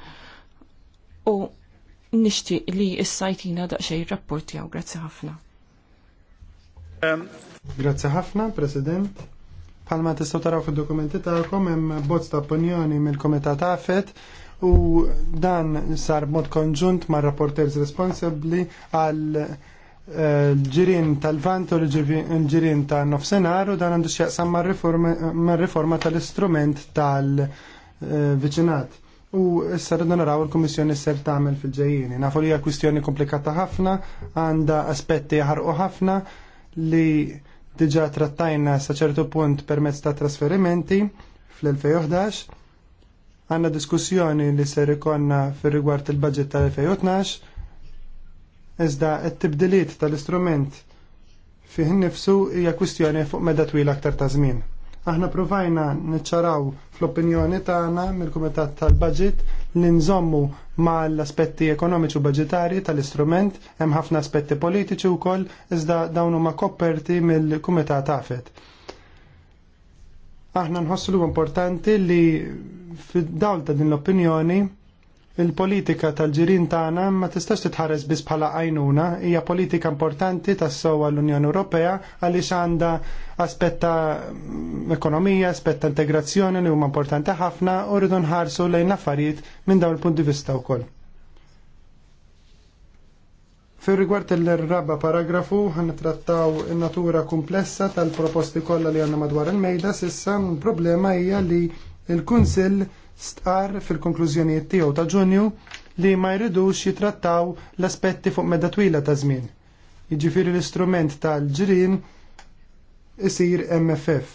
u nixtieq li s-sajtina daqsxejn rapport tiegħu. Grazzi ħafna. Grazzi ħafna, President. Palma tistgħu taraw fid-dokumenti tagħkom hemm bozz ta' opinjoni mill-Kumitat Afet u dan sar mod konġunt ma' rapporters responsabbli għal eh, ġirin tal-vant u l-ġirin tal nofsenar u dan għandu xieqsam ma' riforma tal-istrument tal-vicinat. Eh, U issa rridna naraw il-Kummissjoni ser tagħmel fil ġajjini Nafu li hija kwistjoni komplikata ħafna, għandha aspetti jaħarqu ħafna li diġà trattajna sa ċertu punt permezz ta' trasferimenti fl-2011. Għanna diskussjoni li ser ikonna fir-rigward il-budget tal-2012. Iżda t-tibdiliet tal-istrument fih nifsu hija kwistjoni fuq meda twila aktar ta' żmien. Aħna provajna niċċaraw fl-opinjoni tagħna mill-Kumitat tal-Baġit li nżommu ma l-aspetti ekonomiċi u budgetari tal-istrument, hemm ħafna aspetti politiċi wkoll iżda dawn huma kopperti mill-Kumitat Afet. Aħna nħossu importanti li fid-dawl ta' din l-opinjoni Il-politika tal-ġirin tagħna ma tistax titħares biss bħala għajnuna, hija politika importanti tas-sewwa l-Unjoni Ewropea għaliex għandha aspetta ekonomija, aspetta integrazzjoni li huma importanti ħafna u rridu nħarsu lejn affarijiet minn dawn il-punt di vista wkoll. Fir rigward il-raba paragrafu trattaw in-natura komplessa tal-proposti kollha li għandna madwar il-mejda sissa l-problema hija li l-Kunsill stqar fil-konklużjonijiet tiegħu ta' Ġunju li ma jridux jitrattaw l-aspetti fuq medda twila ta' żmien. Jiġifieri l-istrument tal-ġirien isir MFF.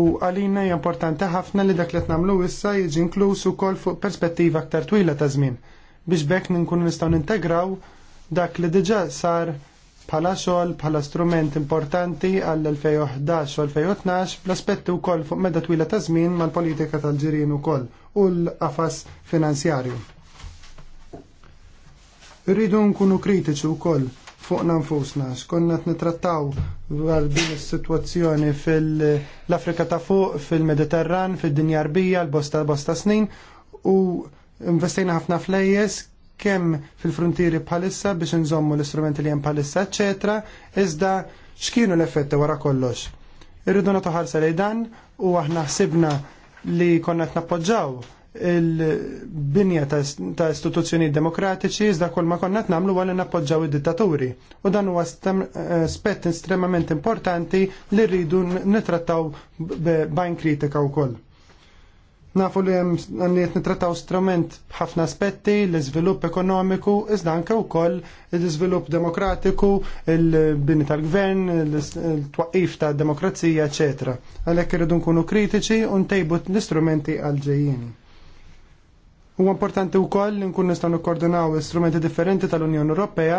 U għalina hija importanti ħafna li dak li nagħmlu issa jiġi inkluż ukoll fuq perspettiva aktar twila ta' żmien biex bekk ninkun nistgħu nintegraw dak li diġà sar pala xogħol bħala strument importanti għall-2011 u 2012 bl-aspetti wkoll fuq medda twila ta' żmien mal-politika tal-ġirien ukoll u l-qafas finanzjarju. Rridu nkunu kritiċi wkoll fuq nfusna. Xkonna t-nitrattaw għal din is-sitwazzjoni fil-Afrika ta' fuq, fil-Mediterran, fil-Dinja Arbija, l-bosta bosta snin u investejna ħafna flejjes kemm fil-frontieri bħalissa biex nżommu l-istrumenti li hemm bħalissa, eċetera, iżda x'kienu l-effetti wara kollox. Irridu nagħtu ħarsa lejn dan u aħna ħsibna li konna qed nappoġġaw il-binja ta' istituzzjoni demokratiċi iżda kull ma konna namlu għalli nappoġġaw id-dittaturi. U dan huwa aspett eh, estremament importanti li rridu nitrattaw b'ajn kritika wkoll. Nafu li hemm li qed strument b'ħafna aspetti, l-iżvilupp ekonomiku, iżda anke wkoll l-iżvilupp demokratiku, l bini tal-gvern, l-twaqif ta' demokrazija, eċetera. Għalhekk irridu nkunu kritiċi u tejbut l-istrumenti għal ġejjini. Huwa importanti wkoll li nkun nistgħu nikkoordinaw istrumenti differenti tal-Unjoni Ewropea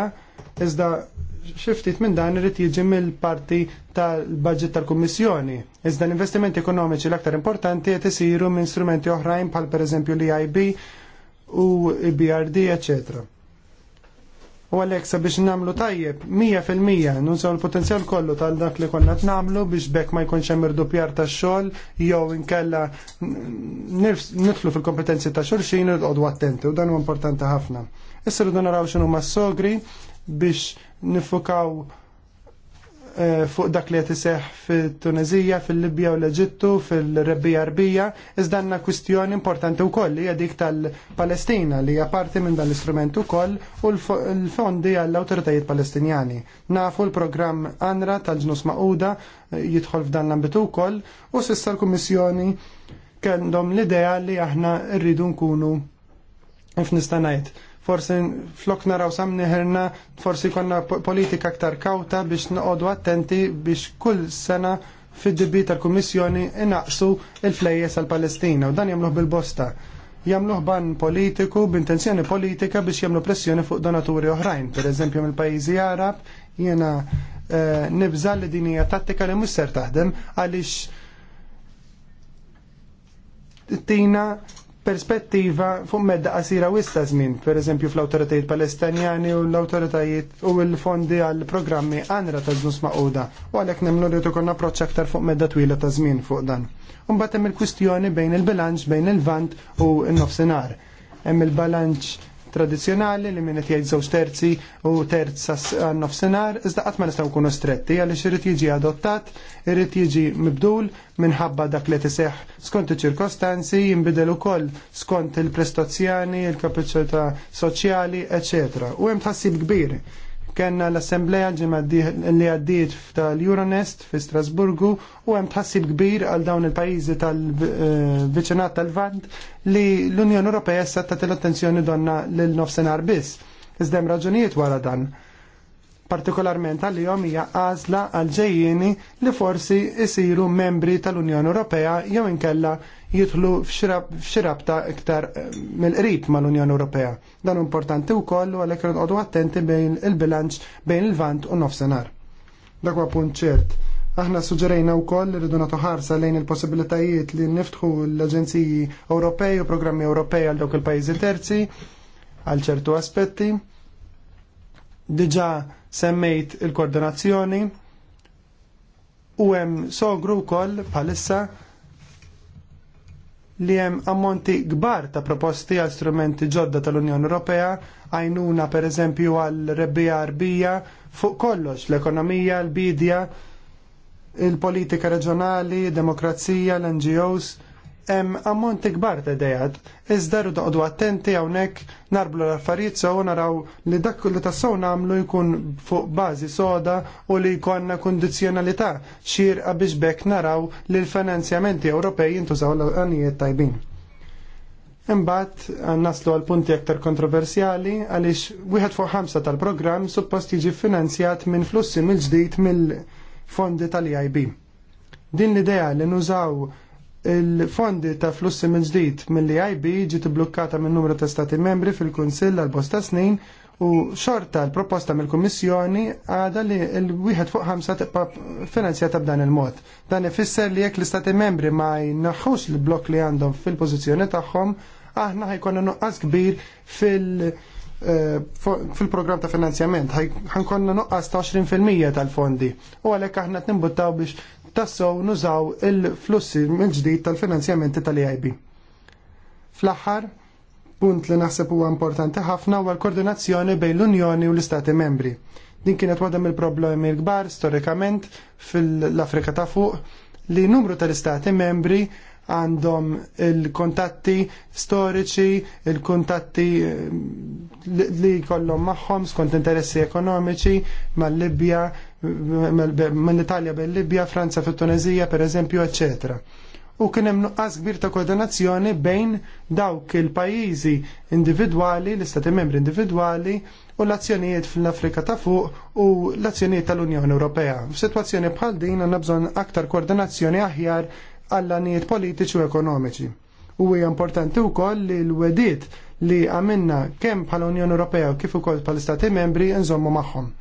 iżda xi ftit minn dan irid jiġi mill-parti tal-budget tal-Kummissjoni. Iżda l-investimenti ekonomiċi l-aktar importanti qed isiru minn strumenti oħrajn bħal pereżempju l-EIB u l-BRD, eċetera. U għalhekk sabiex nagħmlu tajjeb, 100% nużaw l-potenzjal kollu tal dak li konna nagħmlu biex bekk ma jkunx hemm irdupjar tax-xogħol jew inkella nitlu fil-kompetenzi ta' xulxin u nqogħdu attenti u dan huwa importanti ħafna. Issa rridu naraw x'inhu ma' sogri biex nifukaw Eh, fuq dak li qed iseħħ fit-Tunezija, fil-Libja u l-Eġittu, fil-Rebbija Arbija, iżda għandna kwistjoni importanti wkoll li hija dik tal-Palestina li hija parti minn dan l-istrument ukoll u l-fondi għall-awtoritajiet Palestinjani. Nafu l-programm Anra tal-ġnus Maquda eh, jidħol f'dan l-ambitu wkoll u s'issa l-Kummissjoni kellhom l-idea li aħna rridu nkunu f'nistanajt forsi flok naraw samniħerna, forsi konna politika aktar kawta biex noqodu attenti biex kull sena fid-dibi tal-Kummissjoni inaqsu il-flejjes għal-Palestina u dan jagħmluh bil-bosta. Jamluh ban politiku b'intenzjoni politika biex jagħmlu pressjoni fuq donaturi oħrajn, pereżempju mill-pajjiżi Arab, jiena eh, nibża li din hija tattika li mhux ser taħdem għaliex tina perspettiva fuq medda qasira u issa żmien, pereżempju fl-awtoritajiet Palestinjani u l-awtoritajiet u l-fondi għal programmi għanra ta' żnus maquda u għalhekk nemmnu li tkun approċċ aktar fuq medda twila ta' żmien fuq dan. Imbagħad hemm il-kwistjoni bejn il-bilanċ bejn il-vant u n-nofsinhar. Hemm il-bilanċ tradizjonali li minnet jgħid żewġ terzi u terz għan-nofsinhar, iżda qatt ma nistgħu nkunu stretti għaliex irid jiġi adottat, irid jiġi mibdul minħabba dak li tiseħ skont iċ-ċirkostanzi, jinbidel ukoll skont il-prestazzjoni, il-kapaċità soċjali, eccetera. U hemm tħassib kbir kena l-Assembleja li għaddiet tal-Euronest fi Strasburgu u hemm tħassib kbir għal dawn il-pajjiżi tal-viċinat tal-Vant li l unjon Ewropea s tagħti l-attenzjoni donna l nofsinhar biss. Iżda hemm raġunijiet wara dan. Partikolarment għalihom hija għażla għal ġejjeni li forsi jisiru membri tal-Unjoni Ewropea jew inkella jidħlu f'xirabta iktar eh, mill-qrib mal-Unjoni Ewropea. Dan importanti wkoll u għalhekk qogħdu attenti bejn il-bilanċ bejn il-vant u nofsenar. Dak huwa punt ċert. Aħna suġġerejna wkoll li rridu nagħtu ħarsa lejn il-possibilitajiet li niftħu l-Aġenziji Ewropej u programmi Ewropej għal dawk il-pajjiżi terzi għal ċertu aspetti. Diġà semmejt il-koordinazzjoni u hemm sogru wkoll bħalissa li hemm ammonti kbar ta' proposti għal strumenti ġodda tal-Unjoni Ewropea, għajnuna pereżempju għal rebbija arbija, fuq kollox l-ekonomija, l-bidja, il-politika reġjonali, demokrazija, l-NGOs, em ammonti kbar ta' dejad, iżda rridu attenti hawnhekk narblu l-affarijiet sew naraw li dak li tassew nagħmlu jkun fuq bażi soda u li jkollna kundizzjonalità xierqa biex bekk naraw li l-finanzjamenti Ewropej jintużaw l-għanijiet tajbin. Imbagħad eh, naslu għal punti aktar kontroversjali għaliex wieħed fuq ħamsa tal-programm suppost jiġi finanzjat minn flussi mill-ġdid mill-fondi tal-IB. Din l-idea li nużaw il-fondi ta' flussi minn ġdid mill ib ġiet blokkata minn numru ta' stati membri fil-Kunsill għal bosta snin u xorta l-proposta mill-Kummissjoni għada li l-wieħed fuq ħamsa tibqa' finanzjata b'dan il-mod. Dan ifisser li jekk l-istati membri ma jnaħħux l-blokk li għandhom fil-pożizzjoni tagħhom, aħna ħajkonna nuqqas kbir fil- eh, fil-program ta' finanzjament ħankonna nuqqas ta' 20% tal-fondi. U għalek aħna t-nimbuttaw biex tassow nużaw il-flussi mill-ġdid tal-finanzjamenti tal-EIB. Fl-aħħar, punt li naħseb huwa importanti ħafna huwa l-koordinazzjoni bejn l-Unjoni u l-Istati membri. Din kienet waħda mill-problemi l-kbar storikament fil-Afrika ta' fuq li numru tal-Istati membri għandhom il-kontatti storiċi, il-kontatti eh, li kollom magħhom skont interessi ekonomiċi mal-Libja, mill-Italja bil-Libja, Franza fit-Tunezija pereżempju, eċetera. U kien hemm nuqqas kbir ta' koordinazzjoni bejn dawk il-pajjiżi individwali, l-istati membri individwali, u l-azzjonijiet fl-Afrika ta' fuq u l-azzjonijiet tal-Unjoni Ewropea. F'sitwazzjoni bħal din għandna bżonn aktar koordinazzjoni aħjar għall-anijiet politiċi u ekonomiċi. U hija importanti wkoll li l-wedid li għamilna kemm bħala Unjoni Ewropea kif ukoll bħal istati membri nżommu magħhom.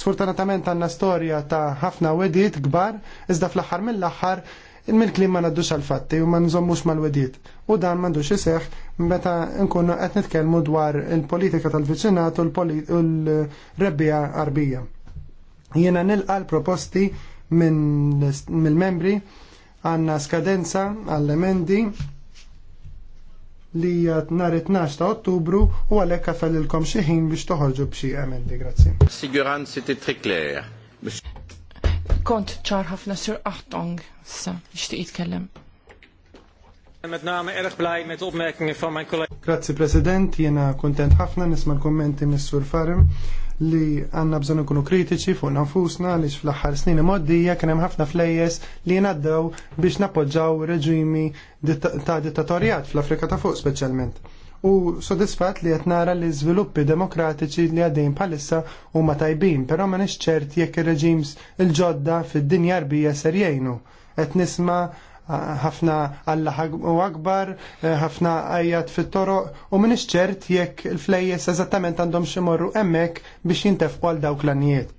Sfortunatament għandna storja ta' ħafna wedit kbar, iżda fl-aħħar mill-aħħar mil ma naddux għal-fatti u ma nżommux mal-wedit. U dan naddux jiseħ meta nkunu qed nitkellmu dwar il-politika tal-viċinat u l-rebbija arbija. Jiena nilqa l-proposti mill-membri għanna skadenza għall-emendi li hija nar 12 ta' Ottubru u għalek għafallilkom xieħin biex toħorġu b'xi emendi. Grazzi. Siguran c'était très clair. Kont ċar ħafna sur Aħtong, sa nixtieq jitkellem. Met name erg blij met opmerkingen van mijn collega. Grazie president, jena kontent ħafna nisma l-kommenti mis-sur Farim li għanna bżonu kunu kritiċi fuq nafusna li fl-axħar snin moddija kien hemm ħafna flejjes li jingħaddew biex nappoġġaw reġimi ta' dittatorjat fl-Afrika ta' fuq speċjalment. U sodisfat li qed nara li żviluppi demokratiċi li għaddejn bħalissa huma tajbin, però ma nix ċert jekk ir-reġims il-ġodda fid-dinja rbija ser jgħinu. Qed nisma' ħafna għalla u akbar, eh, ħafna għajat fit toro u minn iċċert jekk il-flejjes eżattament għandhom ximorru emmek biex jintefqu għal dawk l-anijiet.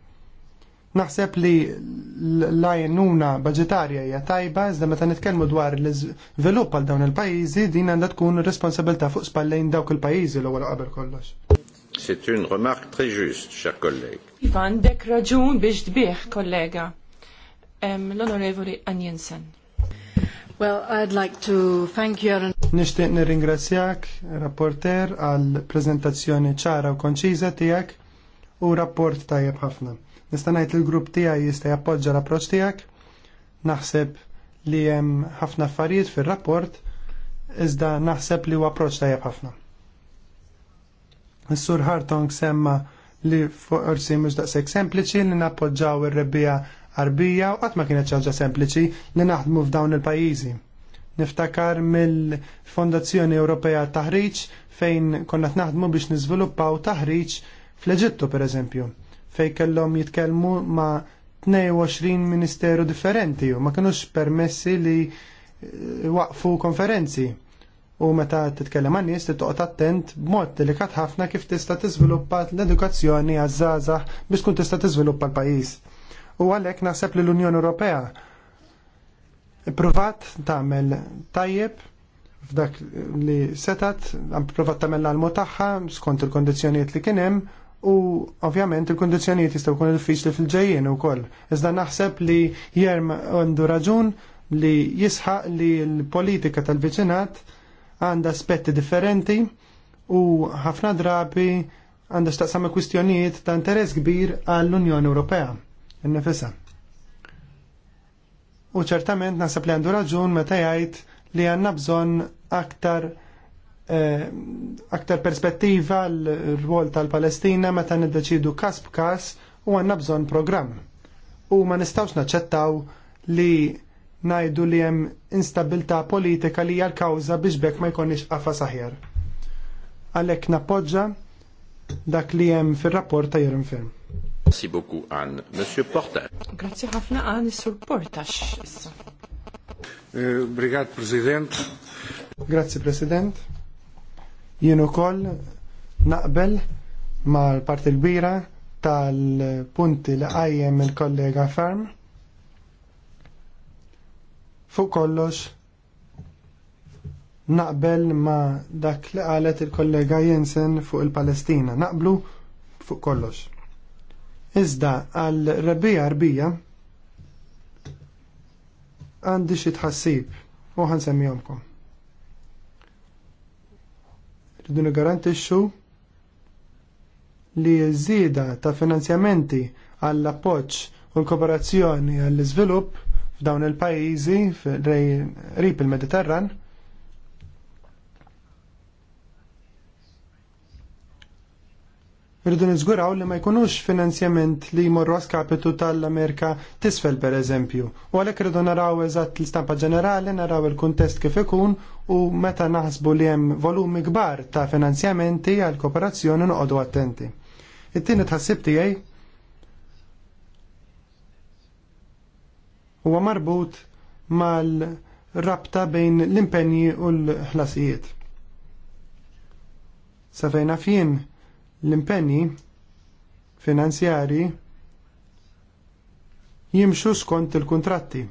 Naħseb li l-lajnuna budgetarja hija tajba, iżda meta nitkellmu dwar l-iżvilupp għal dawn il-pajjiżi, din għandha tkun responsabilità fuq spallejn dawk il-pajjiżi l-ewwel qabel kollox. C'est une remarque très juste, cher collègue. Ivan, dek raġun biex tbieħ, kollega. L-onorevoli Anjensen. Well, I'd like to thank you, Aaron. Nishtiq nirringrazzjak, rapporter, għal prezentazzjoni ċara u konċiża tijak u rapport tajjeb ħafna. Nista' ngħid il-grupp tiegħi jista' jappoġġa l-approċċ tiegħek. Naħseb li hemm ħafna affarijiet fir-rapport iżda naħseb li huwa approċċ tajjeb ħafna. Is-Sur Hartong semma li forsi mhux daqshekk sempliċi li nappoġġaw ir-rebbija arbija u għatma ma kienet ċaġa sempliċi li naħdmu f'dawn il-pajjiżi. Niftakar mill-Fondazzjoni Ewropea Taħriġ fejn konna naħdmu biex niżviluppaw taħriġ fl-Eġittu pereżempju, fejn kellhom jitkellmu ma' 22 ministeru differenti u ma kienux permessi li eh, waqfu konferenzi. U meta titkellem għan nies tittoqgħod attent b'mod delikat ħafna kif tista' tiżviluppa l-edukazzjoni għaż-żgħażagħ biex tkun tista' tiżviluppa l-pajjiż u għalhekk naħseb li l-Unjoni Ewropea Provat tagħmel tajjeb f'dak li setat, provat tagħmel l-almu tagħha skont il kondizjoniet li kien hemm u ovvjament il-kondizzjonijiet jistgħu jkunu diffiċli fil u ukoll. Iżda naħseb li jerm għandu raġun li jisħaq li l-politika tal-viċinat għandha aspetti differenti u ħafna drabi għanda xtaqsam kwistjonijiet ta' interess kbir għall-Unjoni Ewropea In-nifisa. U ċertament nasab li għandu raġun meta jgħid li għandna bżonn aktar eh, aktar perspettiva l-rwol tal-Palestina meta niddeċidu kas b'kas u għandna bżonn programm. U ma nistawx naċċettaw li najdu li hemm instabilta politika li hija l-kawża biex bekk ma jkonniex qafa saħjar. Għalhekk nappoġġa dak li hemm fir-rapport ta' jirinfirm. Firm. Merci beaucoup, Anne. Monsieur Porta. Grazie ħafna, Anne, sur Portax. Eh, President. Grazie, President. Jien ukoll naqbel mal-parti kbira tal-punti li qajjem il-kollega Farm. Fuq kollox naqbel ma dak li qalet il-kollega Jensen fuq il-Palestina. Naqblu fuq kollox. Iżda għal rebija rbija għandi xi tħassib u ħansemmihomkom. Rridu nigarantixxu li żieda ta' finanzjamenti għall appoġġ u l-kooperazzjoni għall iżvilupp f'dawn il-pajjiżi rib il-Mediterran Rridu niżguraw li ma jkunux finanzjament li jmorru għaskapitu tal-Amerika tisfel per eżempju. U għalhekk rridu naraw eżatt l-istampa ġenerali, naraw il-kuntest kif ikun u meta naħsbu li hemm volumi kbar ta' finanzjamenti għal kooperazzjoni noqogħdu attenti. It-tieni tħassib tijaj? huwa marbut mal-rabta bejn l-impenji u l-ħlasijiet. Sa fejna fien L-impenni finanzjari jimxu skont il-kontratti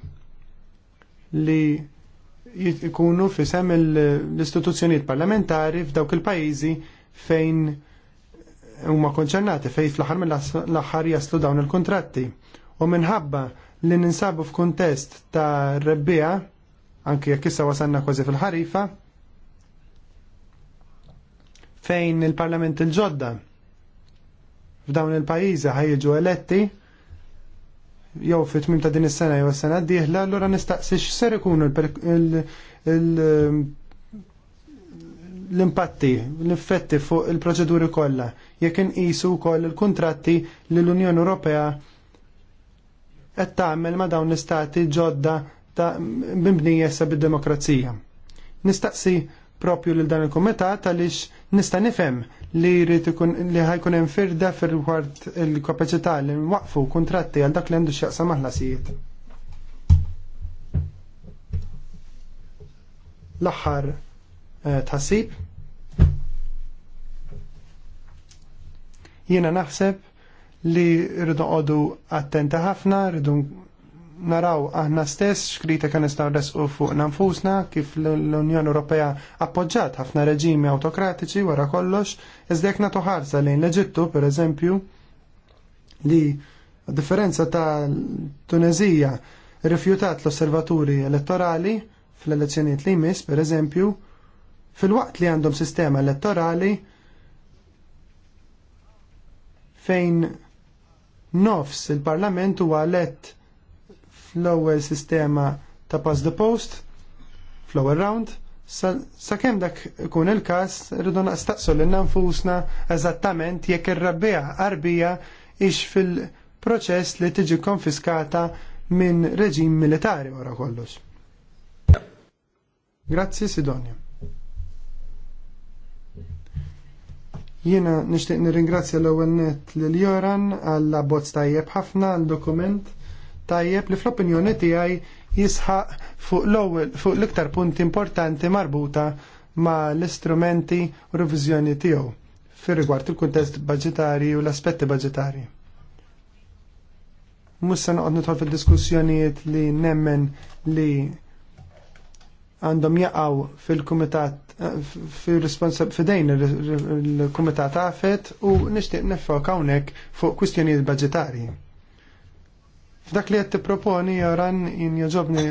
li jkunu fisem l-istituzzjoniet parlamentari f'dawk il-pajizi fejn huma konċernati fejn fl-aħħar mill-aħħar jaslu dawn il-kontratti. U minħabba li ninsabu f'kuntest ta' rebbija, anki jekk issa wasanna kważi fil-ħarifa, fejn il-parlament il-ġodda f'dawn il-pajjiżi ħajġu eletti jew fit tmim ta' din is-sena jew is-sena d-dieħla, allura nistaqsi x'ser ikunu l-impatti, l-effetti fuq il-proċeduri kollha jekk inqisu wkoll il-kuntratti li l-Unjoni Ewropea qed tagħmel ma' dawn l-istati ġodda ta' bimbnija issa bid-demokrazija. Nistaqsi propju lil dan il-kumitat għaliex Nista' nifhem li jrid ikun li ħajkun hemm firda fil-wart il-kapaċità li nwaqfu kuntratti għal dak li għandu x'jaqsam maħlasijiet. L-aħħar eh, tħassib jiena naħseb li rridu qogħdu attenta ħafna, rridu naraw aħna stess kan nistgħu u fuq nanfusna kif l-Unjoni Ewropea appoġġat ħafna reġimi awtokratiċi wara kollox, iżda jekk nagħtu ħarsa lejn l-Eġittu pereżempju li differenza ta' Tunezija rifjutat l-osservaturi elettorali fl-elezzjonijiet li jmiss, pereżempju, fil-waqt li għandhom sistema elettorali fejn nofs il-parlament huwa elett fl-ewwel sistema ta' pass the post fl-ewwel round. Sakemm dak ikun il-każ, rridu naqstaqsu lil nfusna eżattament jekk ir-rabbija qarbija ix fil-proċess li tiġi konfiskata minn reġim militari wara kollox. Grazzi Sidonia. Jiena nixtieq nirringrazzja l-ewwel net lil Joran għall abbozz tajjeb ħafna għal dokument tajjeb li fl-opinjoni tiegħi jisħaq fuq l-ewwel fuq l-iktar punti importanti marbuta ma' l-istrumenti u revizjoni tiegħu fir rigward il-kuntest budgetari u l-aspetti budgetari. Musa noqgħod nitħol fil-diskussjonijiet li nemmen li għandhom jaqgħu fil-kumitat fidejn il-kumitat għafet u nixtieq nifok hawnhekk fuq kwistjonijiet budgetari. F'dak li qed tipproponi jaran jien jogħġobni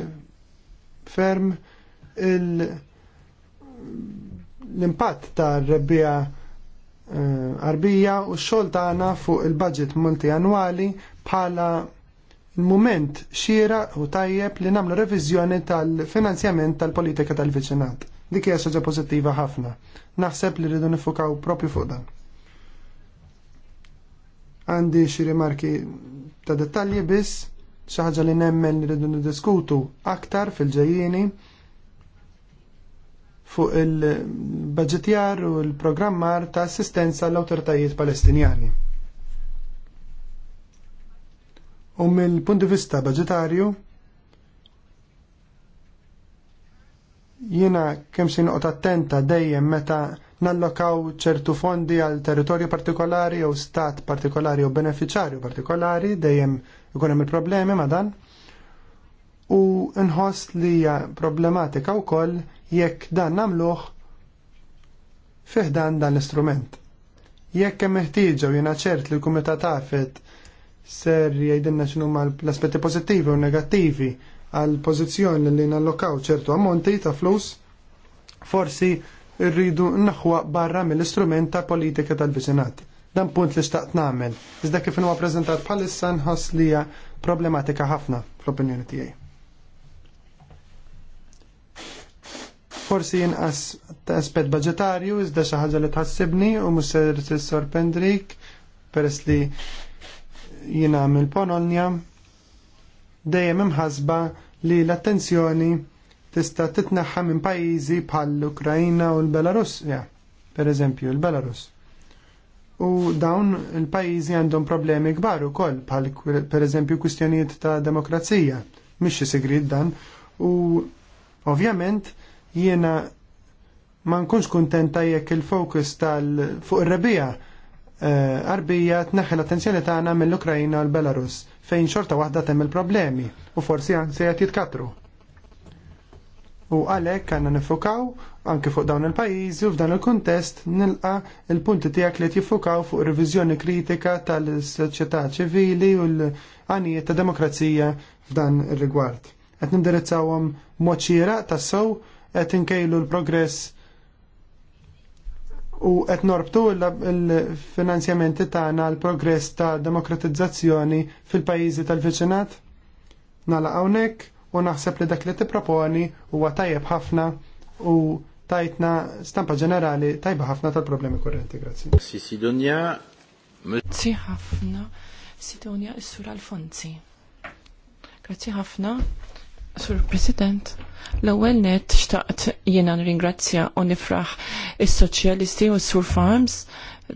ferm l-impatt tar-rebbija eh, arbija u x-xogħol tagħna fuq il-budget multi annuali bħala il-moment xira u tajjeb li nagħmlu reviżjoni tal-finanzjament tal-politika tal-viċinat. Dik hija soġa' pożittiva ħafna. Naħseb li rridu nifukaw propju fuq dan. Għandi xi rimarki ta' dettalji biss xi ħaġa li nemmen li rridu niddiskutu aktar fil-ġejjieni fuq il-budgetjar u l-programmar ta' assistenza l awtoritajiet palestinjani. U mill-punt di vista budgetarju, jiena kemm xi noqgħod attenta dejjem meta nallokaw ċertu fondi għal territorju partikolari jew stat partikolari jew beneficjarju partikolari dejjem ikun hemm il-problemi ma' dan. U nħoss li hija problematika wkoll jekk dan nagħmluh fih dan dan l-istrument. Jekk hemm ħtieġa u jiena ċert li l-Kumitat tafet ser jgħidilna x'inhu l-aspetti pożittivi u negattivi għal pożizzjoni li nallokaw ċertu ammonti ta' flus, forsi rridu naħwa barra mill-istrument ta' politika tal-bisinat. Dan punt li xtaqt namen, iżda kif huwa preżentat bħalissa nħoss li hija problematika ħafna fl-opinjoni tiegħi. Forsi jinqas ta' aspett budgetarju, iżda xi ħaġa li tħassibni u mhux se Pendrik peress li jiena mill ponolnja dejjem imħasba li l-attenzjoni tista' titnaħħa minn pajjiżi bħal l-Ukrajna u l belarus per pereżempju l-Belarus. U dawn il-pajjiżi għandhom problemi kbar ukoll bħal eżempju kwistjonijiet ta' demokrazija, mhix sigrid dan, u ovvjament jiena ma nkunx kuntenta jekk il-fokus tal fuq ir-rebija qarbija eh, tneħħi l-attenzjoni tagħna mill-Ukrajna u l-Belarus fejn xorta waħda temm il-problemi u forsi se qed jitkatru u għalhekk għandna nifukaw anke fuq dawn il-pajjiżi u f'dan il-kuntest nilqa il-punti tiegħek li jiffukaw fuq riviżjoni kritika tal-soċjetà ċivili u l-għanijiet ta' demokrazija f'dan ir-rigward. Qed nindirizzawhom moċira ta' tas-sew qed l-progress u qed norbtu l-finanzjamenti tagħna l progress ta' demokratizzazzjoni fil-pajjiżi tal-viċinat. Nala hawnhekk u naħseb li dak li tipproponi huwa tajjeb ħafna u tajtna stampa ġenerali tajba ħafna tal-problemi kurrenti. Grazie. Si Sidonia. Grazzi ħafna. Sidonia Sur Alfonzi. Grazzi ħafna. Sur President, l-ewwel net xtaqt jiena nringrazzja u nifraħ is-soċjalisti u s-Sur Farms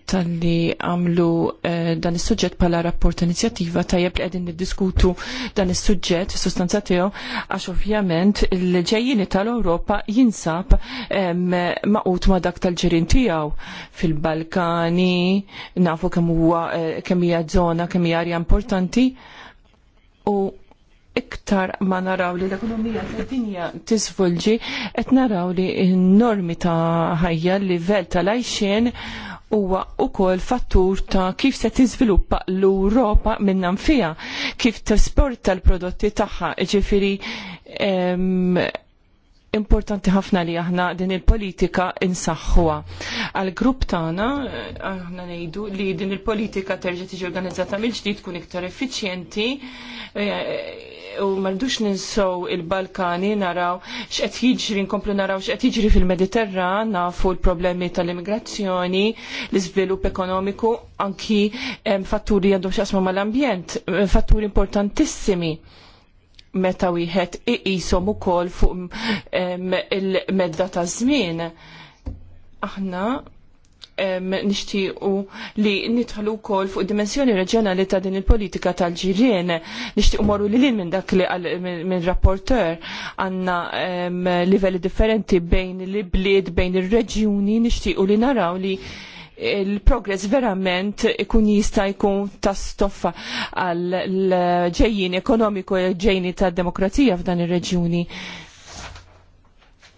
tal-li għamlu eh, dan is suġġett pala rapport inizjattiva tajjeb li għedin diskutu dan is suġġett sustanza tiegħu għax ovvjament il-ġejjini tal-Ewropa jinsab eh, maqut ma dak tal-ġirin tiegħu fil-Balkani, nafu kemm huwa eh, kemm hija żona, kemm hija arja importanti u iktar ma naraw li l-ekonomija tad dinja tisvolġi, qed naraw li n-normi ta' ħajja, l-livell tal ajxien huwa ukoll fattur ta' kif se tiżviluppa l-Ewropa minnha fiha, kif tesporta l-prodotti tagħha, ġifieri importanti ħafna li aħna din il-politika insaħħuha. Għal grupp tagħna eh, aħna ngħidu li din il-politika terġa' tiġi organizzata mill-ġdid tkun iktar effiċjenti eh, u m'għandux ninsow il-Balkani naraw x'qed jiġri nkomplu naraw x'qed jiġri fil-Mediterran nafu l-problemi tal-immigrazzjoni, l-iżvilupp ekonomiku, anki eh, fatturi għandhom x'asma mal-ambjent, fatturi importantissimi meta wieħed iqishom ukoll fuq il-medda ta' żmien. Aħna nixtiequ li nidħlu wkoll fuq dimensjoni reġjonali ta' din il-politika tal-ġirien. Nixtiequ morru li lil minn dak li minn rapporteur għandna livelli differenti bejn il-bliet, bejn ir reġjuni nixtiequ li naraw li il-progress verament ikun jista' jkun ta' stoffa għal ġejjin ekonomiku ġejjini ta' demokrazija f'dan ir-reġjuni.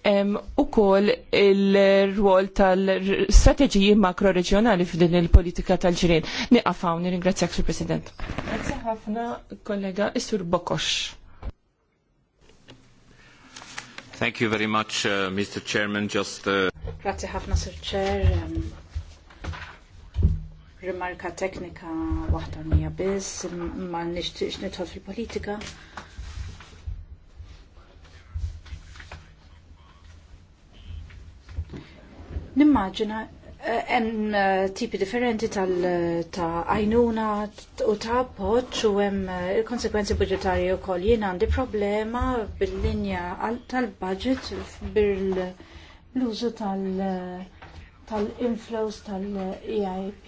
U kol il-rwol tal-strateġiji makro-reġjonali f'din il-politika tal-ġirien. Niqafaw, hawn, ingrazzjak Sur President. Grazzi ħafna, kollega, Isur Bokosh. Thank you very much, uh, Mr. Chairman. Just. Uh... Grazie ħafna, Sir Chair. Um rimarka teknika waħda mija biss, ma nixtiex nidħol fil-politika. Nimmaġina eh, hemm eh, tipi differenti tal ta' għajnuna u ta' appoġġ u hemm eh, il-konsekwenzi budġetarji wkoll jien għandi problema bil-linja tal-budget bil-użu tal- tal-inflows tal-EIP.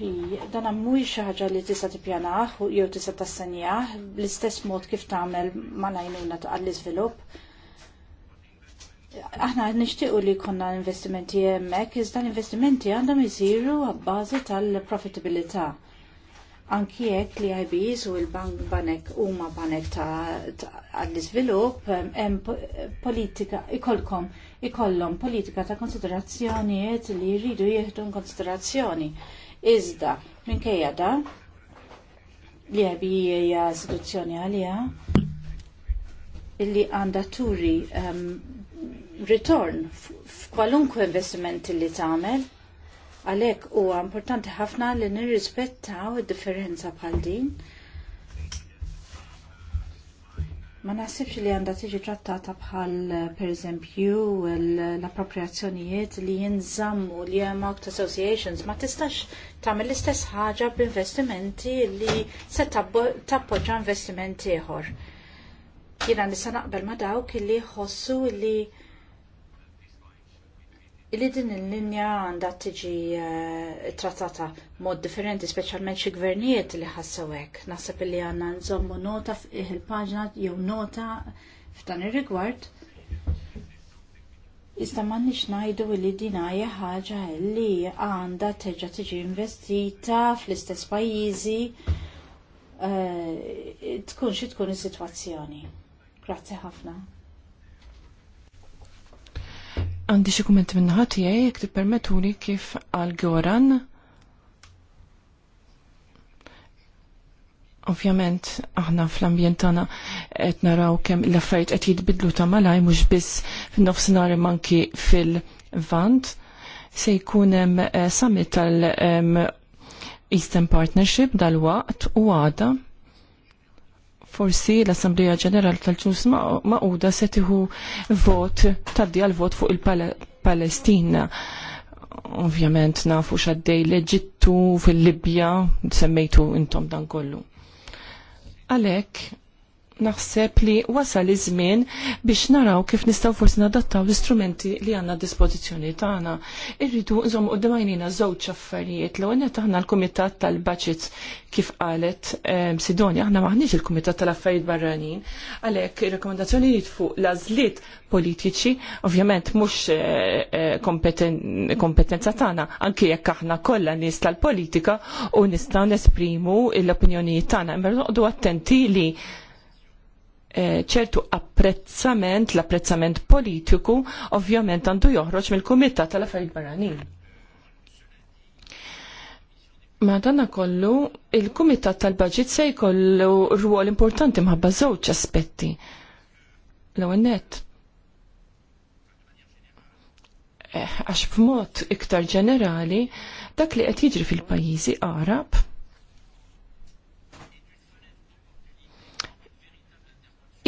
Dan mhuwiex xi ħaġa li tista' tippjanah jew tista' tassenjah bl-istess mod kif tagħmel ma' lajnuna għall-iżvilupp. Aħna nixtiequ li jkollna investimenti hemmhekk, iżda l-investimenti għandhom isiru għabbażi tal-profitabilità. Anki jekk li e IBs u l-bank banek huma banek għall-iżvilupp hemm politika ikolkom ikollhom politika ta' konsiderazzjonijiet li jridu jieħdu konsiderazzjoni. Iżda, minkejja da, li għabi hija istituzzjoni għalija, illi għandha turi um, ehm, return f'kwalunkwe investiment li tagħmel. Għalhekk huwa importanti ħafna li nirrispettaw id-differenza bħal din ma nasibx li għandha tiġi trattata bħal pereżempju l-appropriazzjonijiet li jinżammu li hemm act associations ma tistax tagħmel l-istess ħaġa b'investimenti li se tappoġġa investimenti ieħor. Jiena nista' naqbel ma dawk li jħossu li Illi din il-linja għandha tiġi eh, trattata mod differenti, speċjalment xi gvernijiet li ħassew hekk. Naħseb li għandna nżommu nota il paġna jew nota f'dan ir-rigward. Iżda m'għandniex ngħidu li din hija ħaġa li għandha teġa' tiġi investita fl-istess pajjiżi eh, tkun xi tkun is-sitwazzjoni. Grazzi ħafna. Għandi xi kummenti minn naħa tiegħi jekk tippermettuli kif għal Goran. Ovvjament aħna fl-ambjent tagħna qed naraw kemm l-affarijiet qed jitbidlu ta' malaj mhux biss fin-nofsinhar manki fil-vant se jkun hemm eh, summit tal Eastern Partnership dal-waqt u għada Forsi l assemblea Ġenerali tal-Ġus maquda se tieħu vot taddi għal vot fuq il-Palestina. Ovvjament nafu xaddej l-Eġittu fil-Libja, semmejtu intom dan kollu. Għalhekk naħseb li wasal iż-żmien biex naraw kif nistgħu forsi nadattaw l-istrumenti li għandna dispożizzjoni tagħna. Irridu nżomm d għajnina żewġ affarijiet l qed aħna l-Kumitat tal-Baċit kif qalet eh, Sidonia, aħna maħniex il-Kumitat tal-Affarijiet Barranin, għalhekk ir-rekomendazzjonijiet fuq l-għażliet politiċi, ovvjament mhux eh, eh, kompetenza tagħna, anke jekk aħna kollha nies tal-politika u nistgħu nesprimu l-opinjonijiet tagħna, imma noqogħdu attenti li ċertu apprezzament, l-apprezzament politiku, ovvjament għandu joħroġ mill-Kumitat tal-Affarijiet Barranin. Madonna kollu, il-Kumitat tal-Baġit se jkollu rwol importanti mħabba żewġ aspetti. L-ewwel nett. Eh, għax b'mod iktar ġenerali, dak li qed jiġri fil-pajjiżi Arab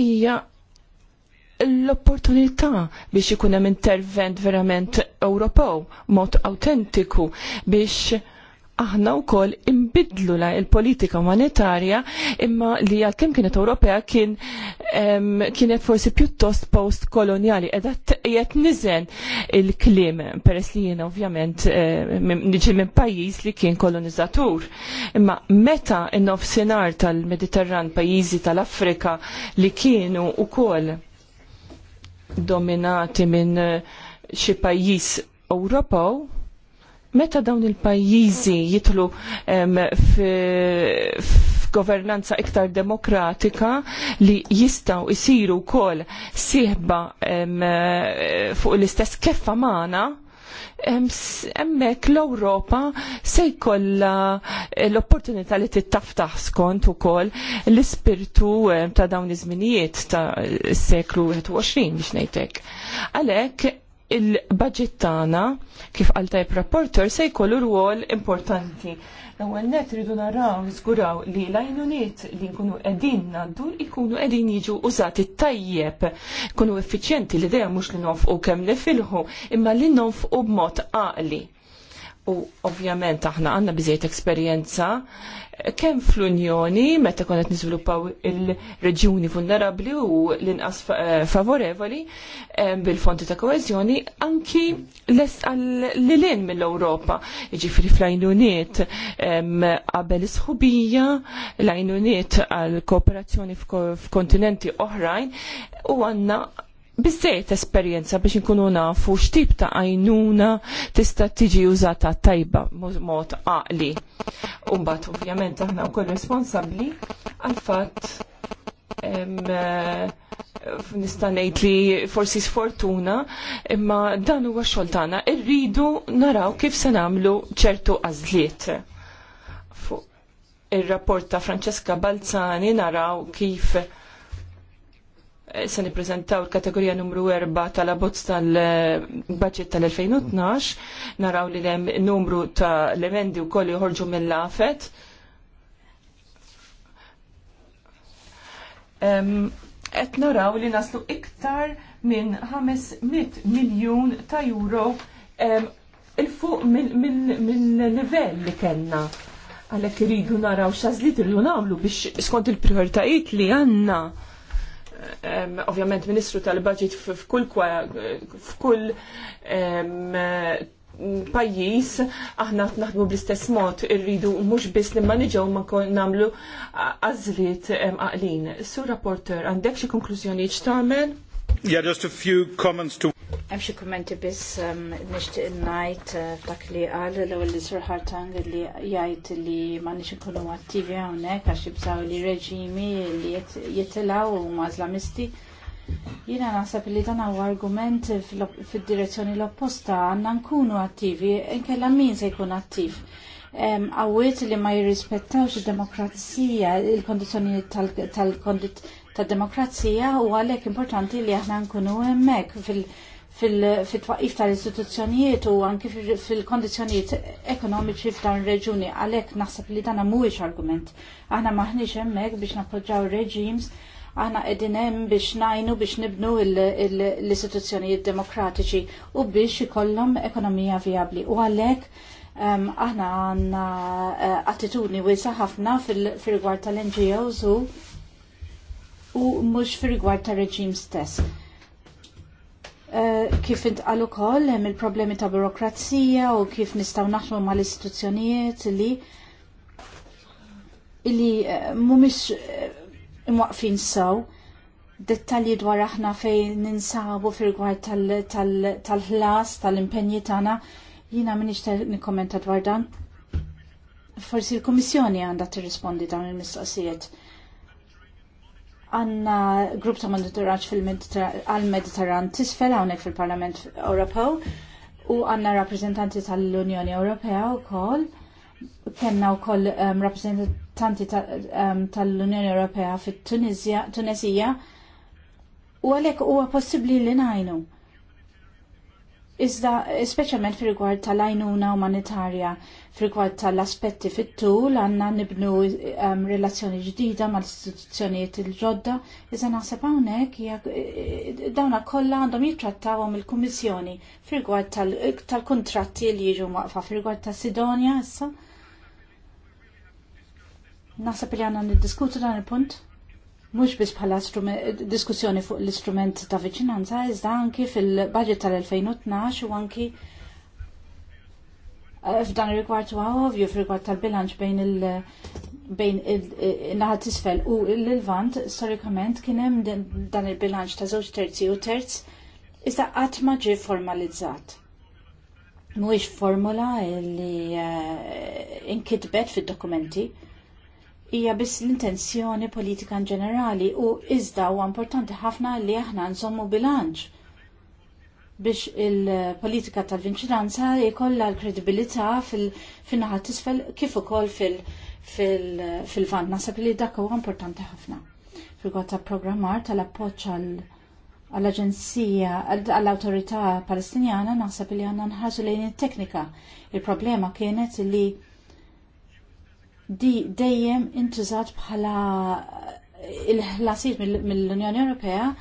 hija l-opportunità biex ikun hemm intervent verament Ewropew mod autentiku biex aħna wkoll imbidlu la il-politika umanitarja imma li għalkemm kienet Ewropea kien kienet forsi pjuttost post-koloniali edha jett niżen il-kliem peress li jiena ovvjament eh, niġi minn pajjiż li kien kolonizzatur. Imma meta n-nofsinhar tal-Mediterran pajjiżi tal-Afrika li kienu koll dominati minn eh, xi pajjiż Ewropew meta dawn il-pajjiżi jitlu f'governanza iktar demokratika li jistaw isiru kol siħba fuq l-istess keffa maħna, emmek l-Europa se jkolla l-opportunità li tittaftaħ skont ukoll l-ispirtu ta' dawn iż-żminijiet ta' s-seklu 21 biex ngħidlek. Għalhekk il-budget tagħna kif għal tajb rapporter se jkollu rwol importanti. L-ewwel nett ridu naraw niżguraw li l-għajnuniet li nkunu qegħdin naddu ikunu qegħdin jiġu użati tajjeb, kunu effiċjenti li dejjem mhux li nofqu kemm filħu, imma li nofqu b'mod għaqli. U ovvjament aħna għandna biżejjed esperjenza kemm fl-Unjoni meta kon qed niżviluppaw il-reġjuni vulnerabbli u l-inqas eh, favorevoli eh, bil-fondi ta' koeżjoni anki lilin mill-Ewropa. Jiġifieri fl-għajnuniet qabel is-sħubija, l-għajnuniet għal kooperazzjoni f'kontinenti oħrajn u għandna bizzejt esperjenza biex nkunu nafu x'tip ta' għajnuna tista' tiġi użata tajba mod għaqli. Umbat ovvjament aħna wkoll responsabbli għal fatt eh, nista' ngħid li forsi sfortuna, imma dan huwa xogħol tagħna. Irridu naraw kif se nagħmlu ċertu għażliet fuq ir-rapport ta' Francesca Balzani naraw kif Eh, se nippreżentaw il-kategorija numru 4 tal-abbozz tal-budget tal-2012, naraw li hemm numru ta' l-emendi wkoll joħorġu mill-lafet. Qed naraw li naslu iktar minn 500 miljun ta' euro il-fuq mill-livell li kellna. Għalhekk iridu naraw xazlit irridu nagħmlu biex skont il prioritajiet li għandna ovvjament ministru tal-budget f'kull f'kull pajjiż aħna naħdmu bl-istess mod irridu mhux biss li ma niġew ma nagħmlu għażliet għaqlin. Sur rapporter, għandek xi konklużjonijiet x'tagħmel? Yeah, just a few comments to Hemm xi kummenti biss um, nixtieq ngħid f'dak uh, li qal l-ewwel li Sur Hartang li jgħid li ma nix inkunu attivi hawnhekk għax jibżgħu li reġimi li jitilgħu huma Islamisti. Jiena naħseb li dan huwa argument fid-direzzjoni l-opposta għandna nkunu attivi inkella min se jkun attiv. Għawet li ma jirrispettawx id-demokrazija, il-kondizjoni tal-demokrazija u għalhekk importanti li aħna nkunu hemmhekk fil- fil-twaqif tal-istituzzjonijiet u anki fil-kondizjonijiet ekonomiċi f'dawn reġuni għalhekk naħseb li dana mhuwiex argument. Aħna maħniex hemmhekk biex nappoġġaw reġims aħna qegħdin hemm biex najnu biex nibnu l-istituzzjonijiet demokratiċi u biex ikollhom ekonomija vijabli. U għalhekk ehm, aħna għandna eh, attitudni wiesa ħafna fil-rigward tal-NGOs u mhux fil-rigward tar-reġim stess kif intqal ukoll hemm il-problemi ta' burokrazija u kif nistgħu naħlu mal-istituzzjonijiet li li eh, mhumiex imwaqfin eh, sew dettalji dwar aħna fejn ninsabu fil-gwar tal-ħlas, tal, tal impenji tagħna, jiena minix nikkommenta dwar dan. Forsi l-Kummissjoni għandha tirrispondi dawn il-mistoqsijiet għanna grupp ta' monitoraċ għal-Mediterran tisfel għonek fil-Parlament Ewropew u għanna rappresentanti tal-Unjoni Ewropea u kol. Kenna u kol um, rappresentanti um, tal-Unjoni Ewropea fit-Tunisija u għalek huwa għapossibli li najnu Iżda, speċjalment fil rigward tal-għajnuna umanitarja, fil rigward tal-aspetti fit-tul, għanna nibnu um, relazzjoni ġdida mal istituzzjonijiet il-ġodda, iżda naħseb hawnhekk eh, dawna kollha għandhom jittrattawhom il-Kummissjoni fil rigward tal tal li jiġu waqfa fil rigward ta' Sidonja issa. Naħseb li għandna niddiskutu dan il-punt mhux biss bħala diskussjoni fuq l-istrument ta' viċinanza, iżda anki fil-budget tal-2012 u anki eh, f'dan ir-rigward huwa ovvju f'rigward tal-bilanċ bejn il- bejn il eh, tisfel u l-vant storikament kien hemm dan il-bilanċ ta' żewġ terzi u terz iżda qatt ma ġie formalizzat. Mhuwiex formula li eh, inkitbet fid-dokumenti hija biss l-intenzjoni politika in ġenerali u iżda huwa importanti ħafna li aħna nżommu bilanċ biex il-politika tal-vinċinanza jkollha l-kredibilità fil-naħat tisfel kif ukoll fil-vant. Nasab li dak huwa importanti ħafna. Fil-għod ta' programmar tal-appoċ għall-Aġenzija għall-Awtorità Palestinjana naħseb li għandna nħarsu lejn it-teknika. Il-problema kienet li di dejjem intużat bħala eh, il-ħlasijiet mill-Unjoni Ewropea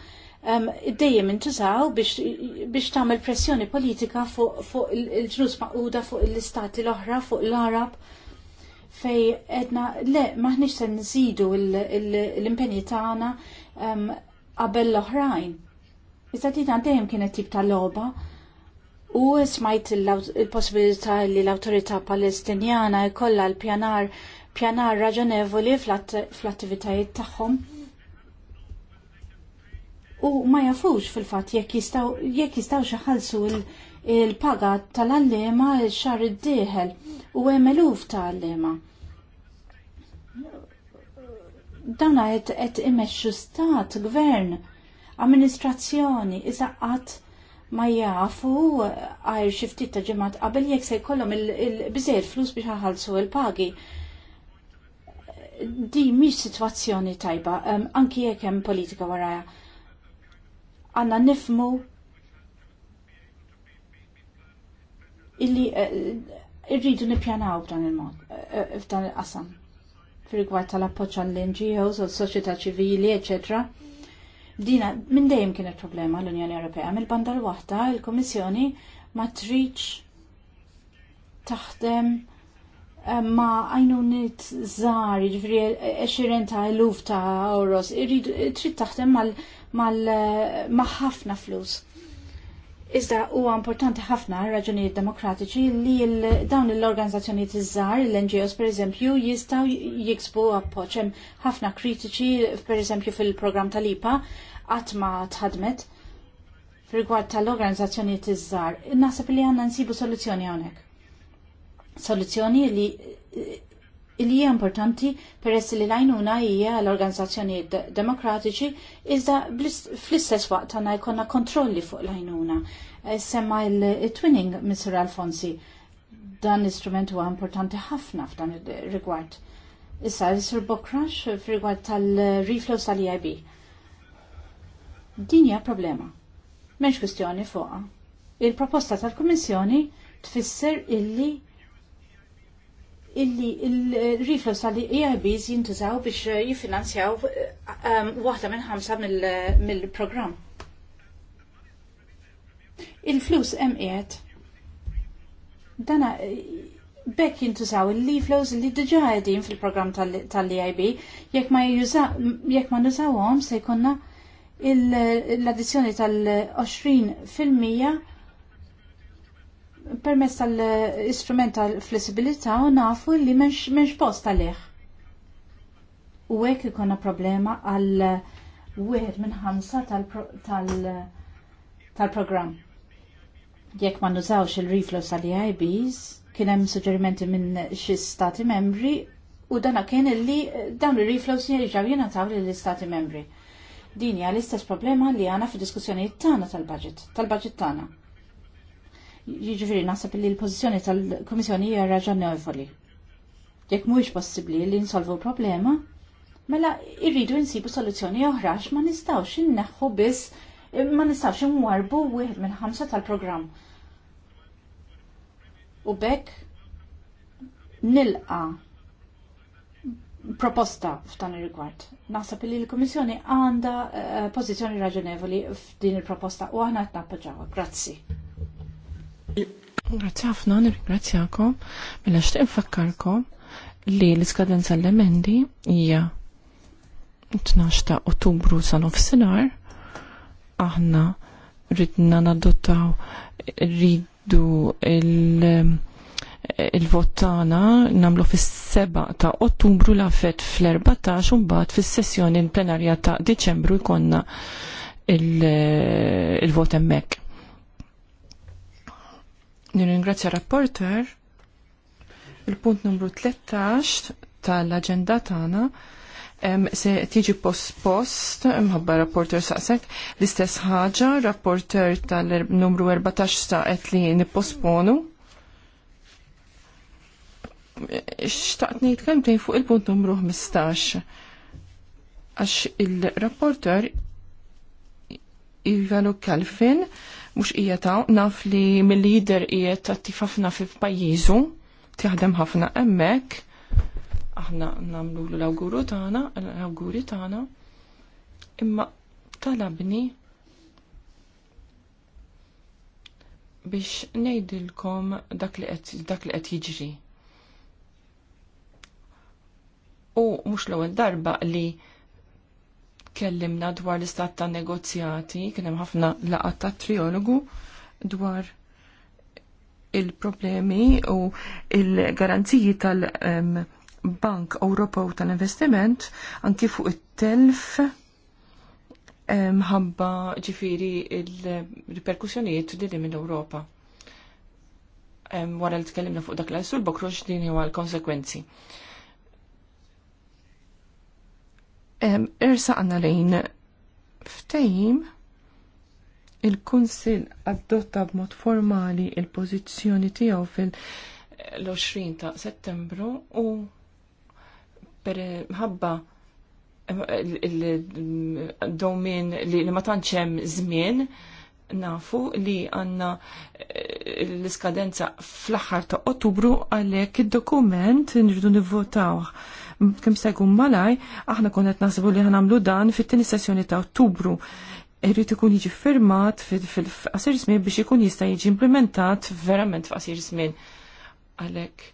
dejjem intużaw biex tagħmel pressjoni politika fuq il-ġnus maquda fuq l-istati l-oħra fuq l-Arab fej edna le maħniex se nżidu l-impenji tagħna qabel l-oħrajn. Iżda dina dejjem kienet tip ta' logħba u smajt il-possibilità li l-autorità palestinjana jkollha l-pjanar pjanar raġonevoli fl-attivitajiet tagħhom u ma jafux fil-fatt jekk jistaw xaħalsu il-paga tal-allema xar id-dieħel u hemm eluf ta' allema. Dawna qed imexxu stat, gvern, amministrazzjoni, isaqqat ma jafu għajr xiftit ta' ġemat qabel jekk se jkollhom il-biżejjed flus biex ħalsu il-pagi di mhix sitwazzjoni tajba, um, anki jekk hemm politika waraja. Għandna nifmu illi uh, irridu nippjanaw b'dan il-mod, uh, f'dan il-qasam, fil-rigward tal-appoġġ għall-NGOs, l soċjetà ċivili, eccetera. Dina, minn dejjem kien il problema l-Unjoni Ewropea, mill-banda l-waħda, il-Komissjoni ma triċ taħdem Eh, ma għajnu nit zar, ġifri 20 eh, ta' l-uf ta' euros, eh, trid taħdem mal-ħafna flus. Iżda huwa importanti ħafna raġunijiet demokratiċi li dawn l-organizzazzjonijiet iż-żgħar, l-NGOs pereżempju, jistgħu jiksbu appoġġ hemm ħafna kritiċi pereżempju fil-programm tal-IPA qatt ma tħadmet rigward tal-organizzazzjonijiet iż-żgħar. Naħseb li għandna nsibu soluzzjoni hawnhekk soluzzjoni li hija importanti peress li l-għajnuna hija l-organizzazzjoni demokratiċi iżda fl-istess waqt għanna jkollna kontrolli fuq l l-għajnuna. Eh, semma il-twinning Mr. Alfonsi dan l-istrument huwa importanti ħafna f'dan il rigward Issa Mr. Bokrax f'rigward tal-reflows tal-EIB. Din hija problema. M'hemmx kwistjoni fuqha. Il-proposta tal-Kummissjoni tfisser illi illi il-reflus għalli e EIBs jintużaw biex eh, jifinanzjaw eh, eh, waħda minn ħamsa mill-program. Il-flus hemm qiegħed. Dana bekk jintużaw il-leaflows li diġà għedin fil-program tal-EIB, jekk ma jekk ma nużawhom se jkollna l-addizzjoni tal-20 fil-mija permess tal-istrument tal-flessibilità u nafu li menx post għalih. U hekk ikonna problema għal wieħed minn ħamsa tal-programm. Jekk ma nużawx il-reflows għal IBs, kien hemm suġġerimenti minn xi stati membri u dana kien li dawn il-reflows jirġaw jingħataw lill-istati membri. Din hija l-istess problema li għana fid-diskussjonijiet tagħna tal-budget, tal-budget tagħna. Jiġifieri naħseb li l-pożizzjoni tal-Kummissjoni hija raġonevoli. Jekk mhuwiex possibbli li nsolvu problema, mela irridu nsibu soluzzjoni oħra ma nistgħux inneħħu biss ma nistgħux inwarbu wieħed minn ħamsa tal-programm. U bekk nilqa proposta f'dan ir-rigward. Naħseb li l-Kummissjoni għandha eh, pożizzjoni raġonevoli f'din il-proposta u aħna qed nappoġġawha. Grazzi. Grazie ħafna, nirringrazzjakom. Mela xtieq infakkarkom li l-iskadenza l-emendi hija 12 ta' Ottubru sa nofsinhar aħna ridna nadottaw rridu il- il-votana namlu fis-7 ta' Ottubru la fet fl-14 un mbagħad fis-sessjoni plenarja ta' Diċembru jkollna il-vot il hemmhekk. Nirringrazzja rapporter. Il-punt numru 13 tal-agenda tagħna se tiġi post-post, mħabba rapporter saqsek, l-istess ħaġa, rapporter tal-numru 14 staqet li nipposponu. Xtaqt kemm tejn fuq il-punt numru 15. Għax il-rapporter jivalu Kalfin, mux ijeta, naf li mill-lider ijet attif ħafna fi pajizu, tiħdem ħafna emmek, aħna namlu l-auguru tana, l-auguri tana, imma talabni biex nejdilkom dak li qed jiġri. U mhux l-ewwel darba li Kellimna dwar l-istat ta' negozjati, kien hemm ħafna laqat ta' triologu dwar il-problemi u il-garanziji tal-Bank Ewropew tal-Investiment anki fuq it-telf ħabba ġifiri il-riperkussjonijiet li minn Ewropa. Wara li tkellimna fuq dak l-għal sur bokroġ din għal l-konsekwenzi. irsa għanna lejn ftejim il-Kunsil adotta b'mod formali il-pożizzjoni tiegħu fil-20 ta' Settembru u per ħabba il-domin li ma tantx hemm żmien nafu li għanna eh, l-iskadenza fl-aħħar ta' Ottubru għalhekk id-dokument nirdu nivvotaw kemm se jkun malaj, aħna konna qed naħsbu li ħanamlu dan fit-tieni sessjoni ta' Ottubru. Irrid ikun jiġi firmat fil-qasir żmien biex ikun jista' jiġi implementat verament f'qasir żmien. Għalhekk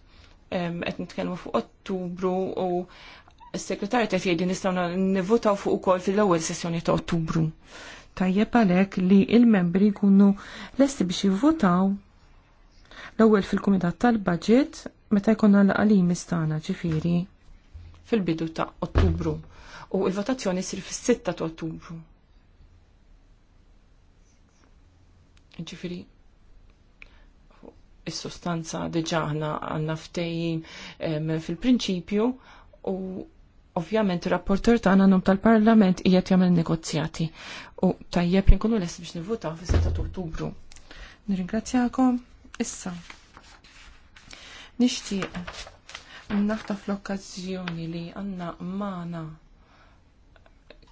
qed nitkellmu fuq Ottubru u s segretarju qed jgħid nistgħu nivvotaw fuq ukoll fil-ewwel sessjoni ta' Ottubru. Tajjeb għalhekk li il-membri jkunu lesti biex jivvotaw l-ewwel fil-Kumitat tal-Budget meta jkollna l-qalim istana ġifieri fil-bidu ta' Ottubru u il-votazzjoni sir fis-6 ta' Ottubru. Ġifiri, is-sostanza deġaħna għanna ftejjim fil-prinċipju u ovvjament ir-rapporter tagħna għanna tal-Parlament qiegħed jagħmel negozjati u tajjeb inkunu lest biex nivvutaw fis-6 ta' Ottubru. Nirringrazzjakom issa. Nixtieq naħta fl okkazzjoni li għanna maħna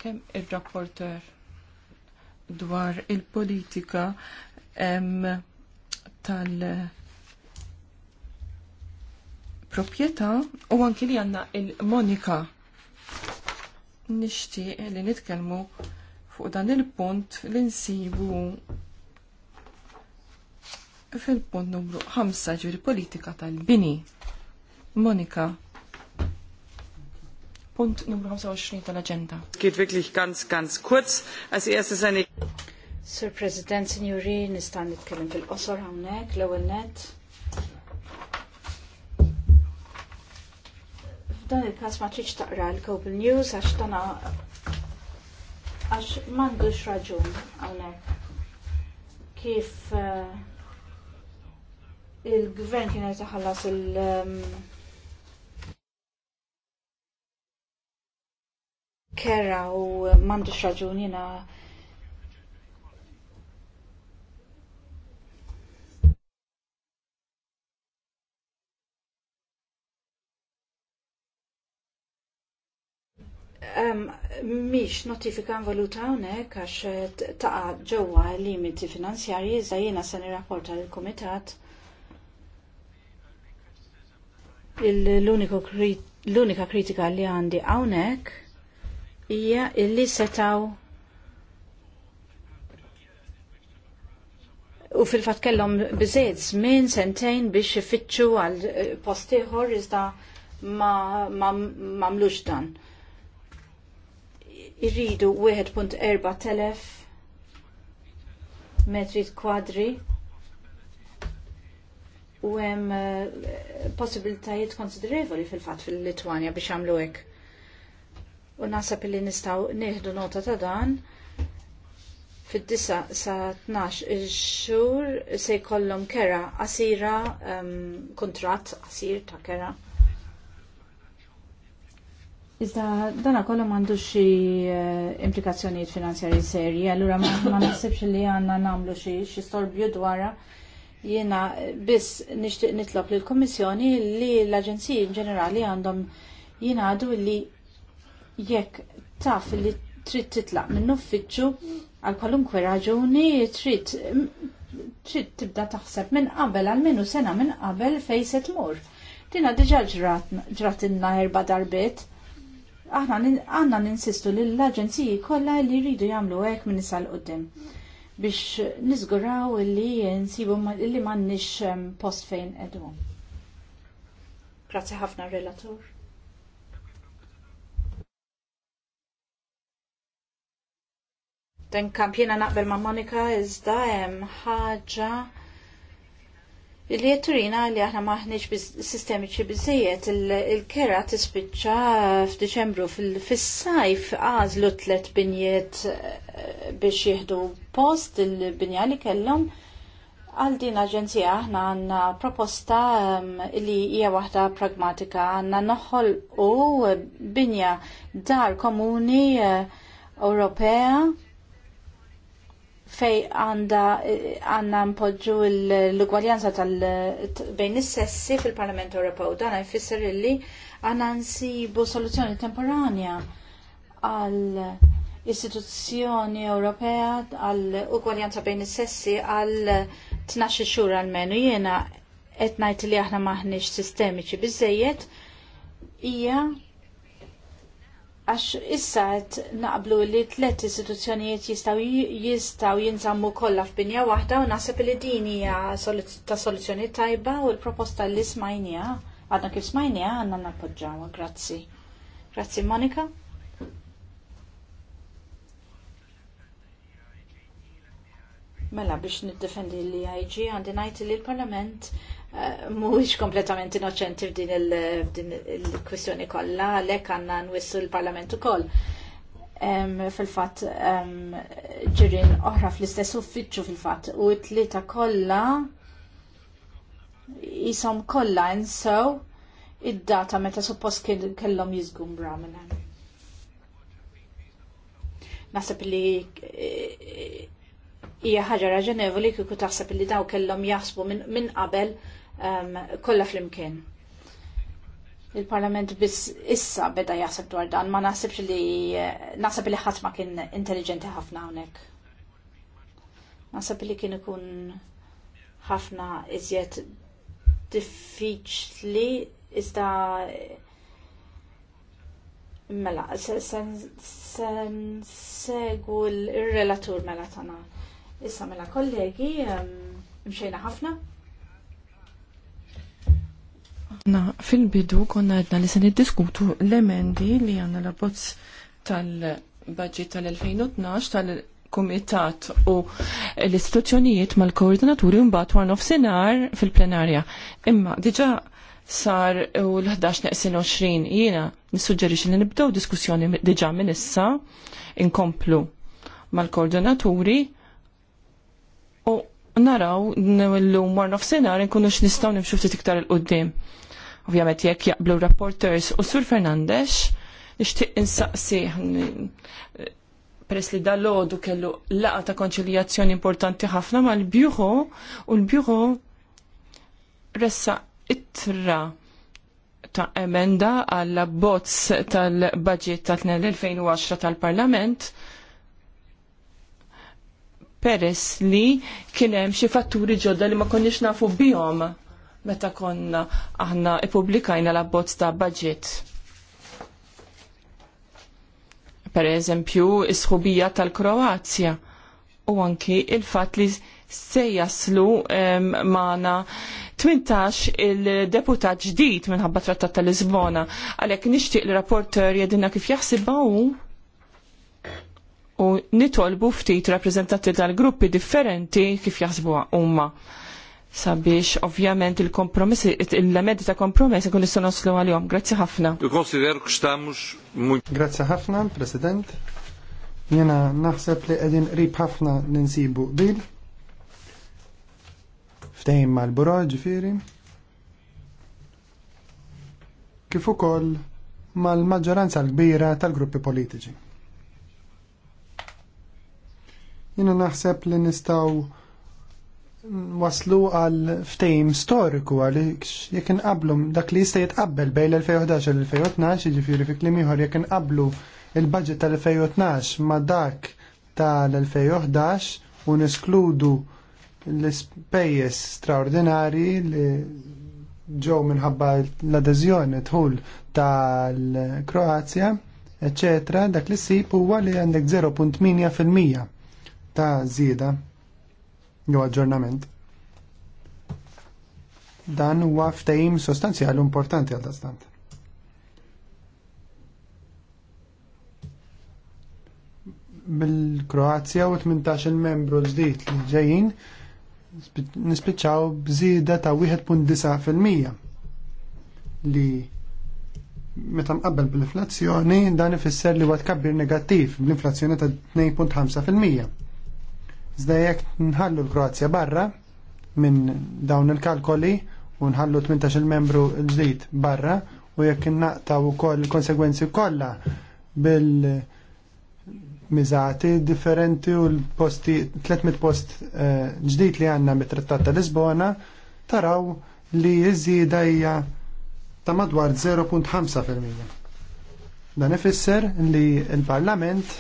kem il-rapporter dwar il-politika tal- proprjetà u anki li għanna il-Monika. nishti li nitkelmu fuq dan il-punt li nsibu fil-punt numru 5 ġiri politika tal-bini. Monika. Punkt Nummer 25 der agenda Es Geht wirklich ganz, ganz kurz. Als erstes eine... Sir President, Signori, nistan nitkellem fil-qosor hawnhekk, l-ewwel net. F'dan il-każ ma tridx taqra l-Global News għax tana għax m'għandux raġun hawnhekk. Kif uh, il-gvern kien qed iħallas il- um, kera u mandu xraġun jina. Um, notifika nvoluta hawnhekk għax taqa ġewwa limiti finanzjarji iżda jiena sani rapporta lill kumitat l-unika kritika li għandi hawnhekk hija illi setaw u fil-fat kellhom biżejt żmien sentejn biex ifittxu għal eh, post ieħor iżda ma mamlux dan. Irridu 1.4 telef metri kwadri u hemm eh, possibilitajiet konsiderevoli fil-fatt fil-Litwanja biex għamlu hekk u nasab li nistaw nieħdu nota ta' dan fid-disa sa 12 xhur se jkollhom kera qasira um, kontrat qasir ta' kera. Iżda dana kollu mandu xi eh, implikazzjonijiet finanzjarji serji, allura ma naħsibx li għandna nagħmlu xi xi storbju dwarha jiena biss nixtieq nitlob lill-Kummissjoni li l-Aġenziji ġenerali għandhom jingħadu li jekk taf li trid titlaq minn uffiċċju għal kwalunkwe raġuni trid trid tibda taħseb minn qabel għal minnu sena minn qabel fejn se tmur. Tina diġà ġrat inna erba darbiet. Aħna għandna ninsistu lill aġenziji kollha li jridu jagħmlu hekk minn isal qudiem biex niżguraw li nsibu li m'għandniex ehm, post fejn edhom. Grazzi ħafna relatur. Dan kampjena naqbel ma' Monika iżda hemm ħaġa li turina li aħna maħniġ sistemiċi bizzejiet il-kera tispiċċa f'Diċembru fis-sajf għażlu tlet binjiet eh, biex jieħdu post il-binja li kellhom għal din aġenzija aħna għanna proposta ehm, li hija waħda pragmatika għanna noħol u binja dar komuni uh, Ewropea fej għanna npoġġu l-ugwaljanza bejn is-sessi fil-Parlament Ewropew. Dan jfisser illi għanna nsibu soluzzjoni temporanja għal istituzzjoni Ewropea għal ugwaljanza bejn is-sessi għal 12 xhur għal-menu jiena qed ngħid li aħna maħniex sistemiċi biżejjed hija għax issa qed naqblu li tliet istituzzjonijiet jistgħu jistgħu jinżammu kollha f'binja waħda u naħseb li din hija ta' soluzzjoni tajba u l-proposta li smajnija għadna kif smajnija għandna nappoġġaw. Grazzi. Grazzi Monika. Mela biex niddefendi li IG għandi ngħid li l-Parlament mhuwiex kompletament innoċenti f'din il-kwistjoni kollha, għalhekk għandna nwissu l-Parlament ukoll. Fil-fatt ġirien oħra fl-istess uffiċċju fil-fatt u t-tlieta kollha jisom kollha insew id-data meta suppost kellhom jiżgum minn hemm. Naħseb li eh, hija ħaġa raġonevoli kieku taħseb li daw kellhom jaħsbu minn qabel um, kollha flimkien. Il-Parlament biss issa beda jaħseb dwar dan, ma naħsibx li eh, naħseb li ħadd ma kien intelligenti ħafna hawnhekk. Naħseb li kien ikun ħafna iżjed diffiċli iżda mela, sen segu l-relatur mela tana. Issa mela kollegi, mxejna ħafna. Na, fil-bidu konna għedna li se niddiskutu l-emendi li għanna la bozz tal-budget tal-2012 tal-Kumitat u l-istituzzjonijiet mal-koordinaturi mbagħad war nofsinhar fil-plenarja. Imma diġà sar u l-11 neqsin 20 jiena nissuġġerixi li nibdew diskussjoni diġà minn issa inkomplu mal-koordinaturi u naraw l-lum war nofsinhar nkunux nistgħu nimxu ftit iktar il-qudiem Ovvjament jekk jaqblu rapporters u Sur Fernandez, nixtieq insaqsi peress li dal-lodu kellu laqa ta' konċiljazzjoni importanti ħafna mal-bjuħu u l-bjuħu ressa ittra ta' emenda għall bozz tal-budget ta' 2010 tal-Parlament peress li kien hemm xi fatturi ġodda li ma konniex nafu bihom meta konna aħna ippubblikajna l-abbozz ta' budget. Per eżempju, is-sħubija tal-Kroazja u anki il-fat li se jaslu maħna 18 il-deputat ġdid minħabba trattat tal-Lisbona. Għalek nishtiq l-rapporter jedinna kif jaħsibba u u nitolbu ftit rappresentanti tal-gruppi differenti kif jaxsibu umma sabiex ovvjament il-kompromessi, il-lamedi ta' kompromessi kun nistu noslu jom. Grazie ħafna. Grazzi ħafna, President. Jena naħseb li għedin rib ħafna ninsibu bil. Ftejn mal-buro ġifieri. Kif ukoll mal-maġġoranza l-kbira tal-gruppi politiċi. Jena naħseb li nistgħu waslu għal ftejm storiku għal jekk nqablu dak li jista' jitqabbel bejn l-2011 l-2012, jiġifieri fi klim ieħor jekk inqablu il-budget tal-2012 ma' dak tal-2011 u neskludu l-ispejjeż straordinari li ġew minħabba l-adeżjoni tħul tal-Kroazja, eccetera, dak li ssib huwa li għandek 0.8% ta' żieda jew aġġornament. Dan huwa ftehim sostanzjali importanti għal dastant. Bil-Kroazja u 18 membru l-ġdid li ġejjin nispiċċaw bżieda ta' 1.9% li meta mqabbel bil-inflazzjoni dan ifisser li huwa tkabbir negattiv bl-inflazzjoni ta' 2.5%. Iżda jekk nħallu l-Kroazja barra minn dawn il-kalkoli u nħallu 18 membru l-ġdid barra u jekk innaqtaw ukoll konsegwenzi kollha bil miżati differenti u l-posti 300 post eh, ġdid li għandna mit-Trattat ta' Lisbona taraw li jiżida hija ta' madwar 0.5%. Dan ifisser li l-Parlament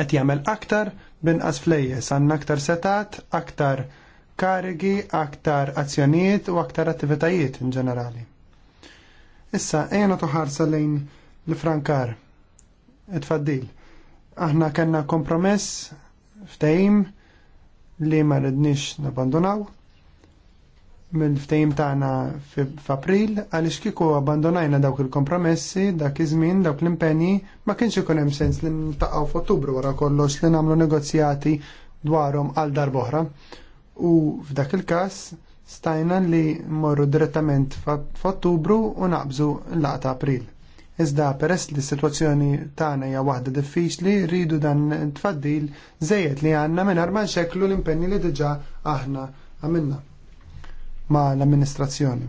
qed jagħmel aktar binqas flejjes għandna aktar setat, aktar karigi, aktar azzjonijiet u aktar attivitajiet in ġenerali. Issa, ejna tuħar lejn l-Frankar, it-faddil. Aħna kellna kompromess ftehim li ma rridniex nabandonaw mill-ftejim tagħna f'April għaliex kieku abbandonajna dawk il-kompromessi dak iż-żmien dawk l-impenji ma kienx ikun hemm sens li ntaqgħu f'Ottubru wara kollox li nagħmlu negozjati dwarhom għal darb'oħra. U f'dak il-każ stajna li morru direttament f'Ottubru u naqbżu l-laqta April. Iżda peress li s-sitwazzjoni tagħna hija waħda diffiċli, rridu dan tfaddil żejjed li għandna mingħajr ma nxekklu l-impenni li diġà aħna għamilna ma' l-amministrazzjoni.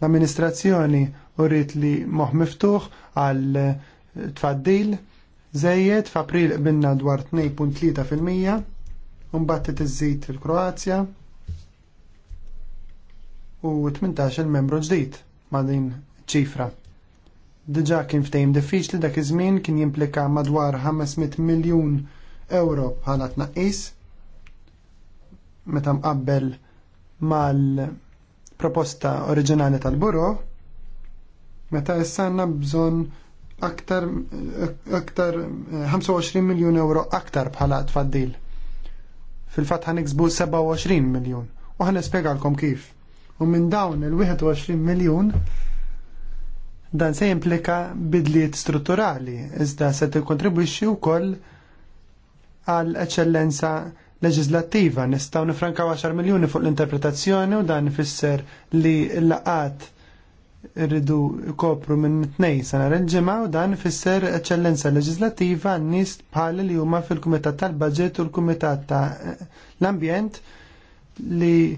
L-amministrazzjoni urrit li moħ miftuħ għal eh, tfaddil Zejjed f'April binna dwar 2.3% unbattit iż-żid il-Kroazja u 18 membru ġdid ma' din ċifra. Diġà kien ftejm diffiċli dak iż-żmien kien jimplika madwar 500 miljun euro bħala tnaqqis meta mqabbel mal-proposta oriġinali tal-buro, meta issa għandna bżonn aktar, aktar 25 eh, miljun euro aktar bħala tfaddil. Fil-fatt ħan 27 miljun u ħan nispjegalkom kif. U minn dawn il-21 miljun dan se jimplika bidliet strutturali, iżda se tikkontribwixxi wkoll għal eċċellenza leġislattiva nistgħu nifrankaw 10 miljuni fuq l-interpretazzjoni u dan ifisser li l-laqat rridu kopru minn tnej sena l-ġimgħa u dan ifisser eċċellenza leġislattiva nies bħal li huma fil-Kumitat tal budget u l-Kumitat ta' l-Ambjent li eh,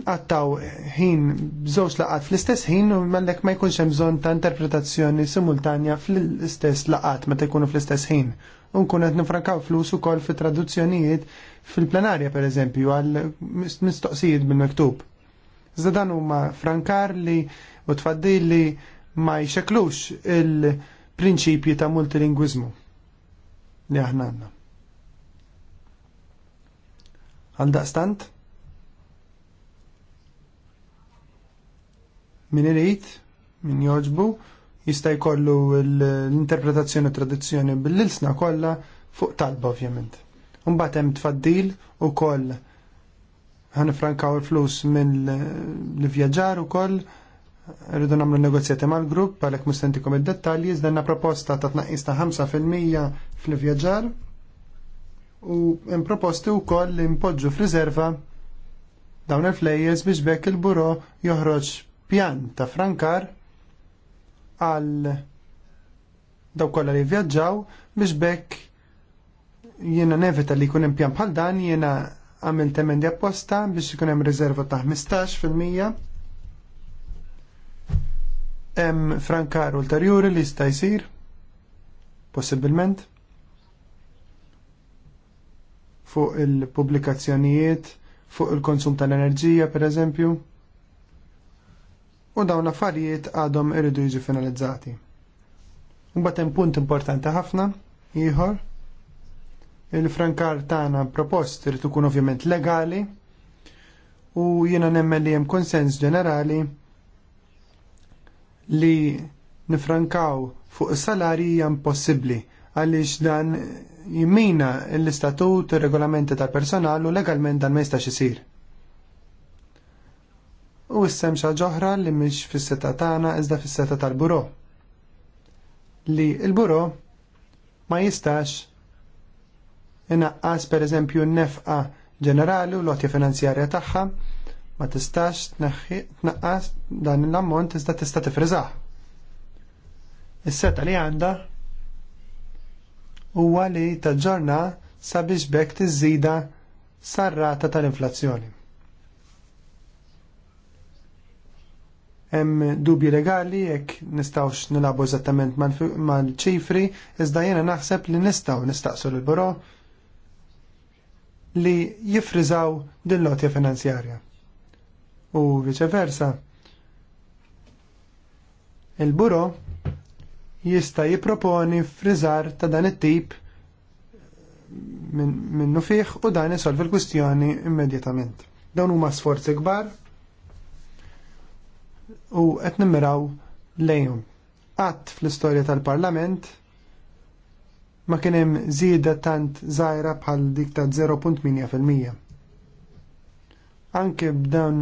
nqattaw ħin bżewġ laqat fl-istess ħin u mellek ma jkunx hemm bżonn ta' interpretazzjoni simultanja fl-istess laqat meta jkunu fl-istess ħin u nkun qed nifrankaw flus ukoll fi traduzzjonijiet fil-plenarja pereżempju għal mistoqsijiet bil-miktub. Iżda dan huma frankar li u tfaddili ma jxeklux il-prinċipji ta' multilingwiżmu li aħna għandna. Għal daqstant? Min irid, min joġbu, jista' jkollu l-interpretazzjoni tradizzjoni bil-ilsna kollha fuq talba ovvjament. Imbagħad hemm tfaddil ukoll ħanifrankaw il-flus mill-vjaġġar ukoll rridu nagħmlu negozjati mal-grupp għalhekk mustentikom id-dettalji iżdanna proposta ta' tnaqqis ta' 5% fil-vjaġġar u hemm proposti wkoll li mpoġġu f'riserva dawn il-flejjes biex bekk il-buro joħroġ pjan ta' frankar għal daw kollha li vjaġġaw biex bekk jiena nevita li jkun impjan bħal dan jiena għamilt emendi apposta biex ikun hemm riserva ta' 15 fil-mija. Hemm frankar ulterjuri li jista' jsir possibilment fuq il-pubblikazzjonijiet, fuq il-konsum tal-enerġija pereżempju u dawn affarijiet għadhom iridu jiġu finalizzati. U hemm punt importanti ħafna ieħor il-frankar tagħna propost irid ikun ovvjament legali u jiena nemmen li hemm konsens ġenerali li nifrankaw fuq is-salari hija impossibbli għaliex dan jimmina l-istatut, ir-regolamenti tal-personal u legalment dan ma jistax isir u issem xi ġoħra li mhix fis-seta tagħna iżda fis-seta tal-buro. Li l-buro ma jistax inaqqas pereżempju n-nefqa ġenerali u lotja finanzjarja tagħha ma tistax tnaqqas dan l-ammont iżda tista' tifriżaħ. Is-seta li għandha huwa li taġġorna sabiex bekk tiżida sarrata tal-inflazzjoni. hemm dubji legali jekk nistgħux nilabu eżattament mal-ċifri, iżda jiena naħseb li nistgħu nistaqsu l-buro li jifriżaw din lotja finanzjarja. U versa. Il-buro jista' jipproponi friżar ta' dan it-tip minnu fih u dan isolvi l-kwistjoni immedjatament. Dawn huma sforzi kbar u qed nimmiraw lejhom. Qatt fl-istorja tal-Parlament ma kien hemm żieda tant żgħira bħal dik ta' 0.8%. Anke b'dan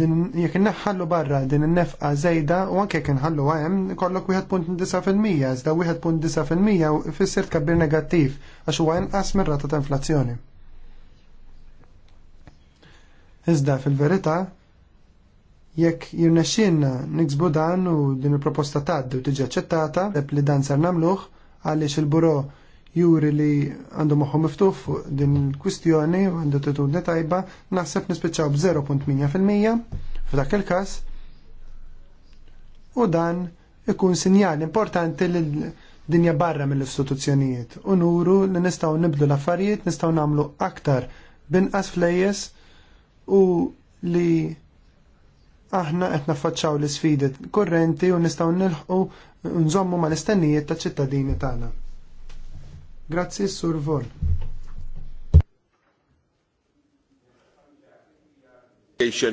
din jekk inneħħallu barra din in-nefqa żejda u anke jekk inħallu hemm kollok 1.9% iżda 1.9% ifisser tkabbir negattiv għax huwa inqas mir-rata ta' inflazzjoni. Iżda fil-verità Jekk jirnexxinna niksbu dan u din il-proposta tgħaddi u tiġi aċċettata, li dan ser nagħmluh għaliex il-buro juri li għandu moħħu miftuħ fuq din il-kwistjoni u għandu titudni tajba, naħseb nispiċċaw b'0.8% f'dak il-każ. U dan ikun sinjal importanti lil dinja barra mill-istituzzjonijiet u nuru li nistgħu nibdu l-affarijiet, nistgħu nagħmlu aktar binqas flejjes u li aħna qed naffaċċaw l-isfidi korrenti u nistgħu nilħqu nżommu mal-istennijiet ta' ċittadini tagħna. Grazzi Sur Vol.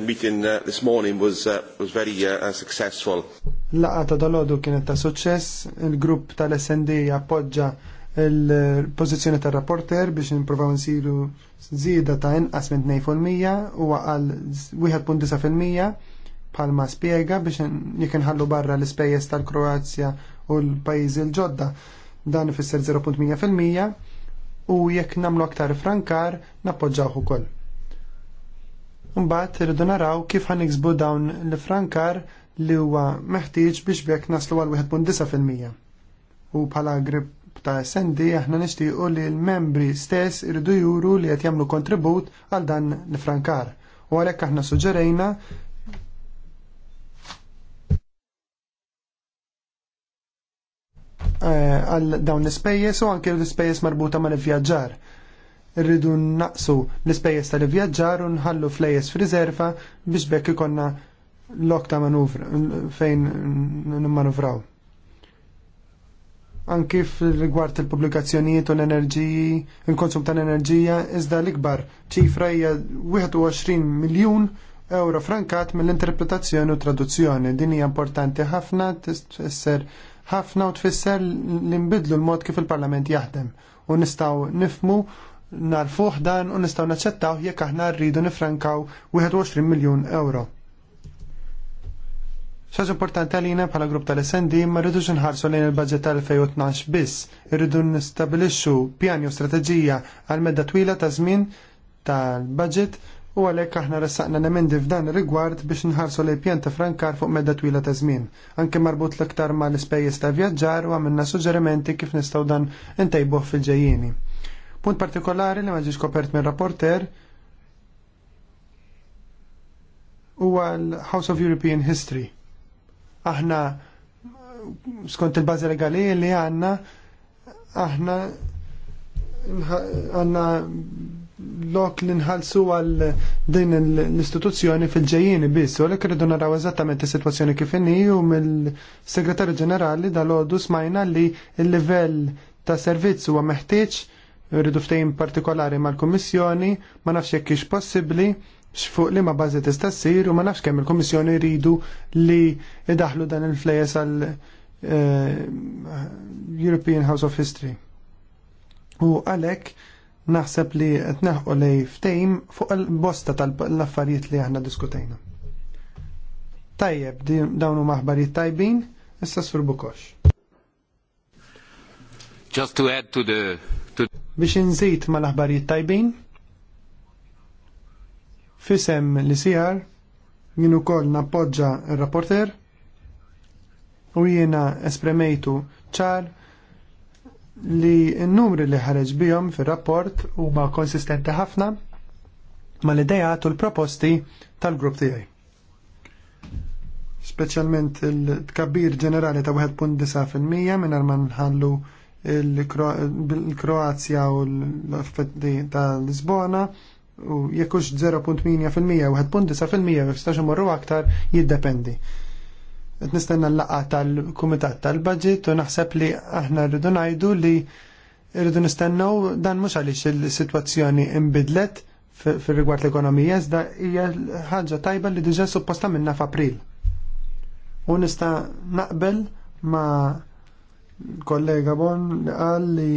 meeting uh, this morning was, uh, was very uh, uh successful. Laqa ta' dalodu kienet ta' suċċess, il-grupp tal-SND appoġġa il-pozizjoni tal rapporter biex nipprovaw nsiru zida ta' inqas minn 2% u għal 1.9% palma spiega biex jek nħallu barra l-ispejjeż tal-Kroazja u l-pajjiżi l-ġodda dan ifisser 0.8% u jekk nagħmlu aktar frankar nappoġġawh ukoll. Mbagħad irridu naraw kif ħaniksbu dawn l-frankar li huwa meħtieġ biex bjekk naslu għal 1.9%. U bħala grib ta' sendi aħna nixtiequ li l-membri stess irridu juru li qed jagħmlu kontribut għal dan l-frankar u għalhekk aħna suġġerejna Eh, għal dawn l-ispejjeż u anke l-ispejjeż marbuta mal-ivvjaġġar. Irridu naqsu l-ispejjeż tal-ivvjaġġar u nħallu flejjeż f'riserva biex bekk ikonna lok ta' manuvra fejn n-manuvraw. Anki fil-rigward il-pubblikazzjonijiet u l-enerġiji, il-konsum tal-enerġija, iżda l-ikbar ċifra hija 21 miljun euro frankat mill-interpretazzjoni u traduzzjoni. Din hija importanti ħafna tisser ħafna u tfisser li nbidlu l-mod kif il-Parlament jaħdem u nistaw nifmu narfuħ dan u nistaw naċċettaw jekk aħna rridu nifrankaw 21 miljun euro. Xaġ importanti għalina bħala grupp tal-SND ma rridux nħarsu lejn il-budget tal-2012 biss, irridu nistabilixxu pjani u strateġija għal medda twila ta' żmien tal-budget u għalhekk aħna ressaqna nemendi f'dan rigward biex nħarsu l pjanta frankar fuq medda twila ta' żmien. Anke marbut l-iktar ma' l-ispejjeż ta' vjaġġar u għamilna suġġerimenti kif nistgħu dan intejbuh fil ġejjini Punt partikolari li ma kopert minn rapporter huwa l-House of European History. Aħna skont il-bażi legali li għandna aħna għandna lok li nħallsu għal din l-istituzzjoni fil-ġejjini biss, u għalhekk rridu naraw eżattament is-sitwazzjoni kif u mill-Segretarju Ġenerali dal ħodu smajna li l-livell ta' servizz huwa meħtieġ rridu ftejn partikolari mal-Kummissjoni, ma nafx jekk hix possibbli x'fuq li ma bażi tista' ssir u ma nafx kemm il-Kummissjoni rridu li idaħlu dan il-flejes għal eh, European House of History. U għalhekk naħseb li tnaħqu lej ftejm fuq il-bosta tal-affarijiet li aħna diskutejna. Tajjeb, dawnu maħbarijiet tajbin, issa sur Bukox. Just to add to the... To... Biex nżid ma l-aħbarijiet tajbin, fisem li sijar, jien ukoll nappoġġa r rapporter u jiena espremejtu ċar li n-numri li ħareġ bijom fir-rapport huma konsistenti ħafna ma l-idejat u l-proposti tal-grupp tiegħi. Speċjalment il-tkabbir ġenerali ta' 1.9% minn ma nħallu il-Kroazja u l-affetti ta' Lisbona u jekkux 0.8% u 1.9% jekk stax imorru aktar jiddependi qed nistenna l-laqgħa tal-Kumitat tal-Budget u naħseb li aħna rridu ngħidu li rridu nistennew dan mhux għaliex il-sitwazzjoni imbidlet fir-rigward l-ekonomija iżda hija ħaġa tajba li diġà supposta minna f'April. U nista' naqbel ma' kollega Bon li qal li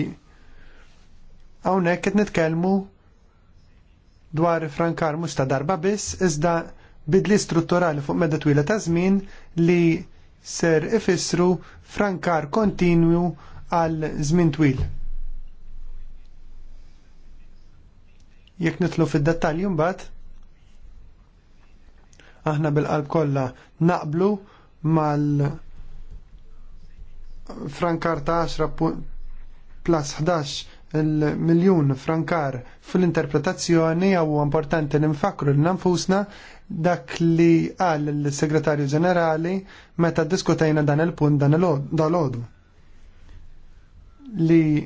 hawnhekk qed nitkellmu dwar Frankar mhux ta' darba biss iżda bidli strutturali fuq medda twila ta' żmien li ser ifissru frankar kontinju għal żmien twil. Jekk nitlu fid-dettalji mbagħad, aħna bil-qalb kollha naqblu mal frankar ta' 10 plus 11 il-miljun frankar fil-interpretazzjoni għu importanti ninfakru l-nanfusna dak li qal il-Segretarju Ġenerali meta diskutajna dan il-punt dan l ħodu Li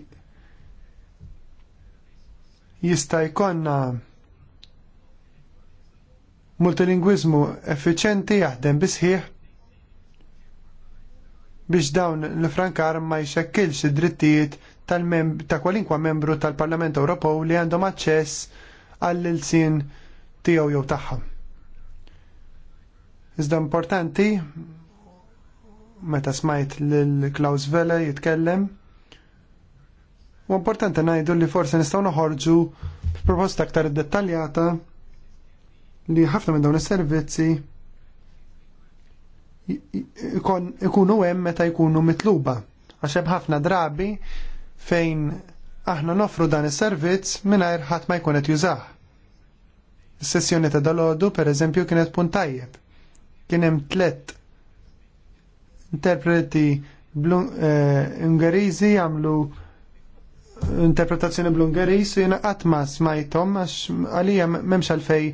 jista' jkollna multilingwiżmu effiċenti jaħdem bisħiħ biex dawn l-Frankar ma jxekkilx id-drittijiet ta' kwalinkwa membru tal-Parlament Ewropew li għandhom aċċess għall-ilsin tiegħu jew tagħha. Iżda importanti meta smajt l Klaus Vele jitkellem. U importanti ngħidu li forsi nistgħu noħorġu proposta aktar dettaljata li ħafna minn dawn is-servizzi ikunu hemm meta jkunu mitluba. Għax hemm ħafna drabi fejn aħna nofru dan is-servizz mingħajr ħadd ma jkun qed jużah. Is-sessjoni ta' dalodu pereżempju kienet punt tajjeb kien hemm tliet interpreti eh, Ungeriżi jagħmlu interpretazzjoni bl-Ungeriż u jiena qatt ma smajthom għax għalija m'hemmx għalfej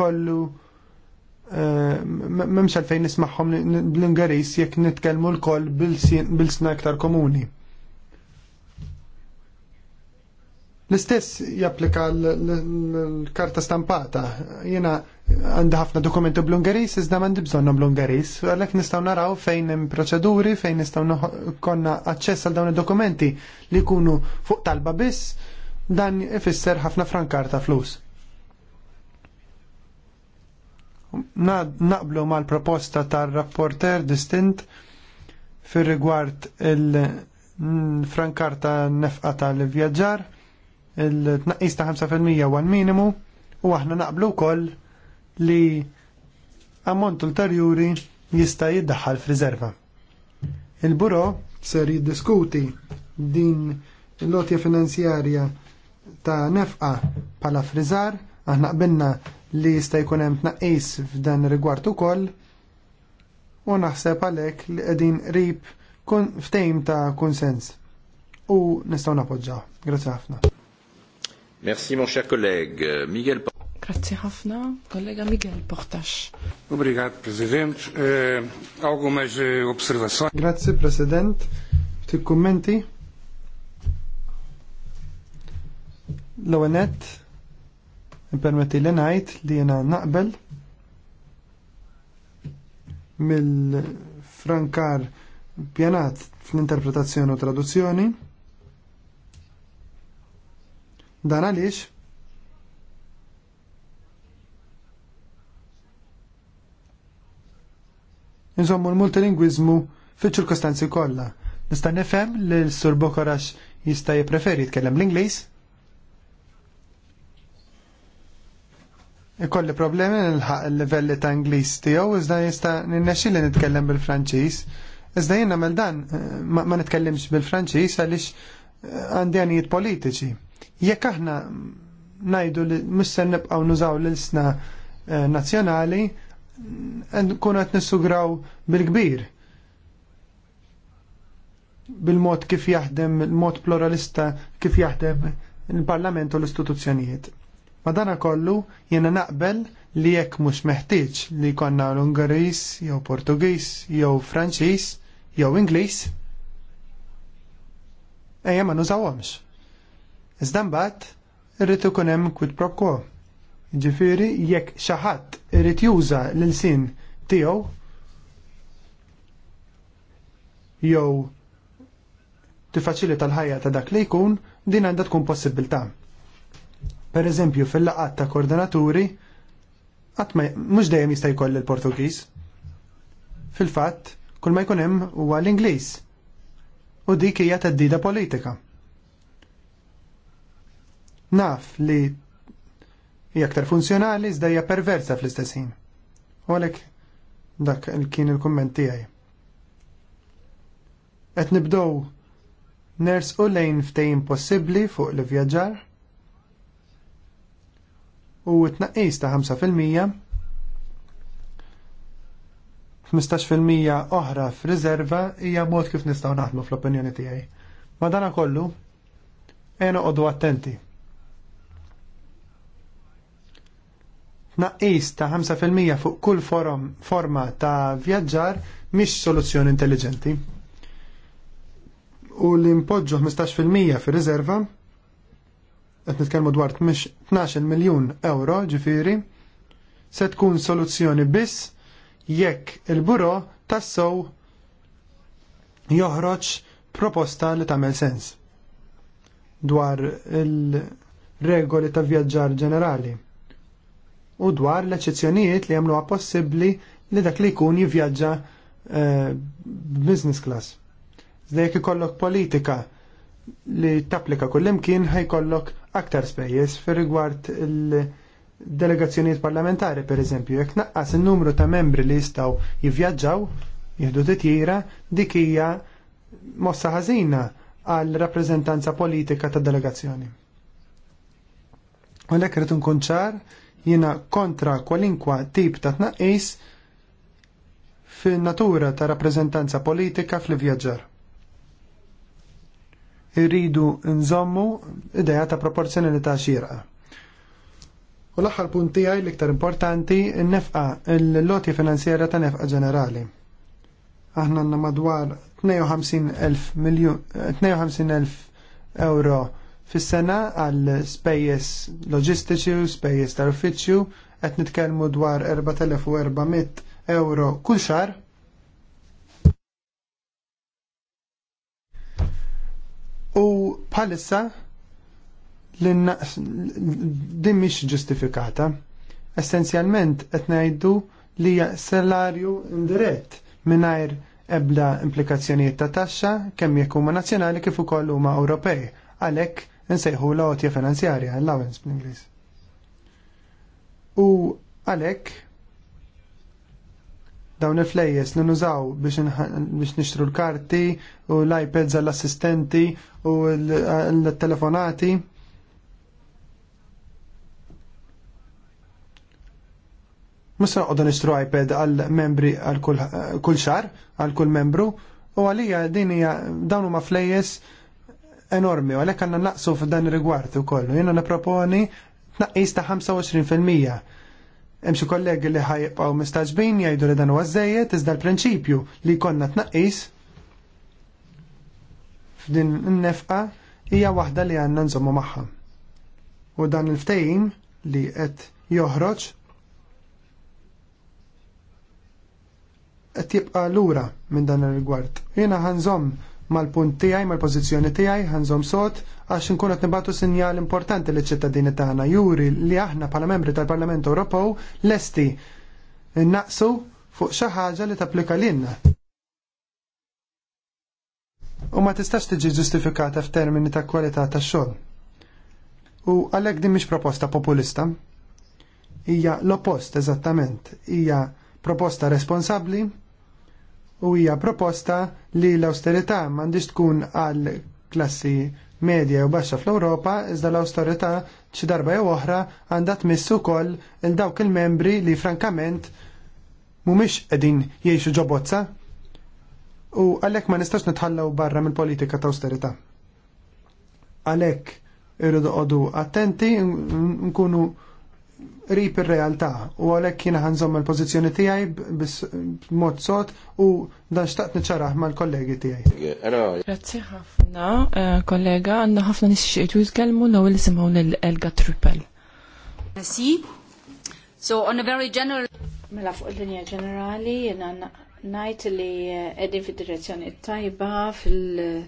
kollu eh, memx għalfejn nismaħħom bl-Ungaris jekk nitkellmu l-koll bil-sna iktar komuni. L-istess japplika l-karta stampata. Jena għandha ħafna dokumenti bl-Ungaris, iżda m'għandi bżonnhom bl-Ungaris. Għalhekk nistgħu naraw fejn hemm proċeduri, fejn nistgħu konna aċċess għal dawn id-dokumenti li jkunu fuq talba biss, dan ifisser ħafna frankar ta' flus. Naqblu mal-proposta tar-rapporter distint fir-rigward il frankarta nefqa tal-vjaġġar, il-tnaqqis ta' 5% għal l-minimu, u aħna naqblu wkoll li ammont ulterjuri jista' jiddaħħal f'riserva. Il-buro ser jiddiskuti din l-lotja finanzjarja ta' nefqa pala frizar, aħna qbilna li jista' jkun hemm tnaqqis f'dan rigward ukoll u naħseb għalhekk li qegħdin qrib ftejm ta' kunsens u nistgħu nappoġġaw. Grazzi ħafna. Merci mon cher collègue Miguel Grazzi ħafna, kollega Miguel Portax. Obrigat, President. Eh, Algumas observazzjoni. Grazie, President. Ti kummenti? L-għanet, permetti li najt li jena naqbel mill-frankar pjanat fl-interpretazzjoni u traduzzjoni. Dan għaliex nżommu l-multilingwiżmu fiċ-ċirkostanzi kollha. Nista' nifhem li l-Sur Bokarax jista' jippreferi jitkellem l-Ingliż. Ikolli problemi nilħaq il-livelli ta' Ingliż tiegħu iżda jista' ninnexxi li nitkellem bil-Franċiż. Iżda jien nagħmel dan eh, ma nitkellimx bil-Franċiż għaliex eh, għandi għanijiet politiċi. Jekk aħna ngħidu li mhux se nibqgħu nużaw l-isna eh, nazzjonali, kun qed nissugraw bil-kbir bil-mod kif jaħdem, il-mod pluralista kif jaħdem il-parlament u l-istituzzjonijiet. dana kollu jena naqbel li jekk mhux meħtieġ li jkollna l-Ungaris, jew Portugiż, jew Franċiż, jew Ingliż. Ejja ma nużawhomx. Iżda mbagħad irrid ikun hemm quid pro quo. Ġifiri, jekk xi ħadd irid juża l insin tiegħu jew tifaċilita l-ħajja ta' dak li jkun, din għandha tkun possibilità. Per eżempju, fil-laqat ta' koordinaturi, għatma mhux dejjem jista' jkoll il-Portugiż. Fil-fatt, kull ma jkun hemm huwa l-Ingliż. U dik hija teddida politika. Naf li hija funzjonali iżda perversa fl istessin ħin. U għalhekk dak kien il-kumment tiegħi. Qed nibdew ners u lejn ftejn possibbli fuq l vjaġġar u t-tnaqqis ta' 5% 15% oħra f'riserva hija mod kif nistgħu naħdmu fl-opinjoni tiegħi. Madana kollu, għena qodu attenti. Tnaqqis ta' 5% fuq kull forma ta' vjaġġar mhix soluzzjoni intelligenti. U li impoġġu 15% fir-riserva qed nitkellmu dwar 12 miljun euro ġifieri se tkun soluzzjoni biss jekk il-buro tassow joħroġ proposta li tagħmel sens dwar il-regoli ta' vjaġġar ġenerali u dwar l-eċezzjonijiet li jagħmluha possibbli li dak li jkun jivvjaġġa eh, business class. Iżda jekk ikollok politika li tapplika kullimkien ħajkollok aktar spejjeż fir rigward il-delegazzjonijiet parlamentari, per eżempju, jekk naqqas in-numru ta' membri li jistgħu jivvjaġġaw, jieħdu titjira, dik hija mossa ħażina għal rappreżentanza politika tad delegazzjoni. U l-ek ċar Jiena kontra kwalinkwa tip ta' tnaqqis fin-natura ta' rappreżentanza politika fil vjaġġar Irridu nżommu ideja ta' proporzjonalità xierqa. U l-aħħar punt tiegħi l-iktar importanti n-nefqa l-loti finanzjera ta' nefqa ġenerali. Aħna għandna madwar 52,000 52 euro fis-sena għal spejjeż loġistiċi u spejjeż tal-uffiċċju qed nitkellmu dwar 4400 euro kull xahar. U bħalissa din mhix ġustifikata. Essenzjalment qed ngħidu li salarju indirett mingħajr ebda implikazzjonijiet ta' taxxa kemm jekk huma nazzjonali kif ukoll huma Ewropej. Għalhekk nsejħu l-għotja finanzjarja, allowance bl-Inglis. U għalek, dawn il-flejjes li nużaw biex nixtru l-karti u l-iPads għall-assistenti u l-telefonati. Musa għoddu nixtru iPad għal-membri għal-kull xar, għal-kull membru, u għalija din hija dawn huma flejjes enormi, u għalhekk għandna naqsu f'dan ir-rigward ukoll. Jiena naproponi tnaqqis ta' 25%. Hemm xi kollegi li ħajbqgħu mistaġbin jgħidu li dan u żejjed iżda l-prinċipju li jkollna tnaqqis f'din n nefqa hija waħda li għandna nżommu magħha. U dan il-ftehim li qed joħroġ qed jibqa' lura minn dan ir-rigward. Jiena ħanżomm mal-punt tiegħi, mal-pożizzjoni tiegħi, għanżom sot għax nkun għat nibgħatu sinjal importanti liċ ċittadini tagħna juri li aħna bħala membri tal-Parlament Ewropew lesti naqsu fuq xi ħaġa li tapplika lilna. U ma tistax tiġi ġustifikata f'termini ta' kwalità tax-xogħol. U għalhekk din mhix proposta populista. Hija l-oppost eżattament, hija proposta responsabbli u hija proposta li l-austerità m'għandix tkun għal klassi medja u baxxa fl-Ewropa iżda l-austerità xi darba jew oħra għandha tmissu wkoll il dawk il-membri li frankament mhumiex qegħdin jgħixu ġobozza u għalhekk ma nistax nitħallew barra mill-politika ta' austerità. Għalhekk irridu qogħdu attenti nkunu rip il realtà u għalek jiena ħanżomm il pozizjoni tijaj bis mod sot u dan xtaqt nċaraħ ma l kollegi tijaj. Grazie ħafna, eh, kollega, għanna ħafna nies xieqtu jizgħalmu l-ewwel isimgħu l-Elga Trippel. Grazie. So on a very general Mela fuq l linja ġenerali jena najt li qegħdin eh, fil direzzjoni tajba fil-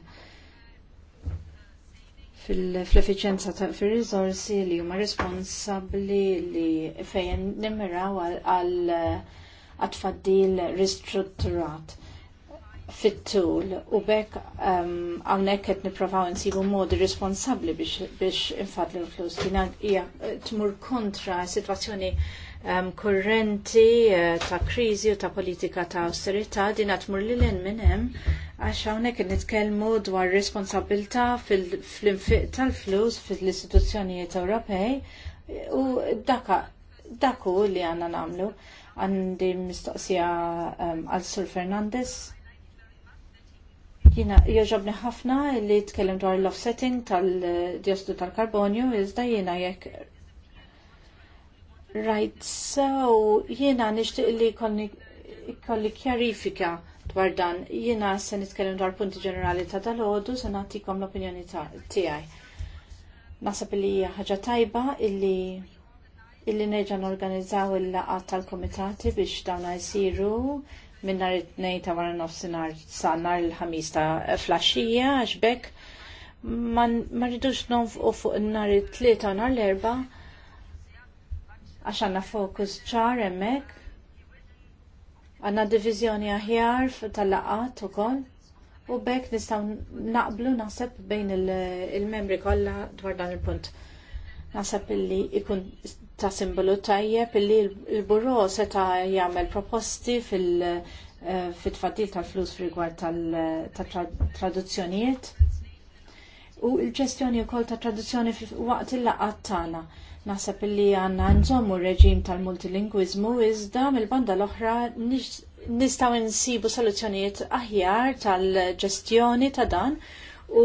fil-efficienza ta' fil-rizorsi li huma responsabbli li fejn nimmiraw għal għatfaddil ristrutturat fit-tul u bekk għawnek ehm, qed niprofaw nsibu modi responsabbli biex infadli l-flus kienet hija eh, tmur kontra situazzjoni um, kurrenti uh, ta' kriżi u ta' politika ta' austerità din għatmur tmur lil hinn minnem hemm għax hawnhekk nitkellmu dwar responsabilta fil-infiq tal-flus fil-istituzzjonijiet Ewropej u daka daku li għandna nagħmlu għandi mistoqsija għal Sur Fernandez jina joġobni ħafna li tkellem dwar l-offsetting tal diostu tal-karbonju, iżda jina jekk Right, so jiena nixtieq li kolli kjarifika dwar dan. Jiena se nitkellem dwar punti ġenerali ta' dal-ħodu se nagħtikom l-opinjoni tiegħi. Nasab li hija ħaġa tajba illi illi nerġa' norganizzaw il laqgħa tal-komitati biex dawna isiru minn nhar it-tnejn ta' wara nofsinhar sa nhar il-ħamis ta' flaxxija għax bekk ma rridux nonfqu fuq nhar it-tlieta nhar l-erba' għax għanna fokus ċar emmek, għanna divizjoni aħjar tal-laqat u koll, u bekk nistaw naqblu naħseb bejn il-membri kollha dwar dan il-punt. Naħseb illi ikun ta' simbolu tajjeb illi il-buro seta jagħmel proposti fil- eh, fit-tfaddil tal-flus rigward tal-traduzzjonijiet u l-ġestjoni wkoll ta' traduzzjoni waqt il-laqat tagħna Naħseb illi għandna nżommu r-reġim tal-multilingwiżmu iżda mill-banda l-oħra nistgħu nsibu soluzzjonijiet aħjar tal-ġestjoni ta' dan u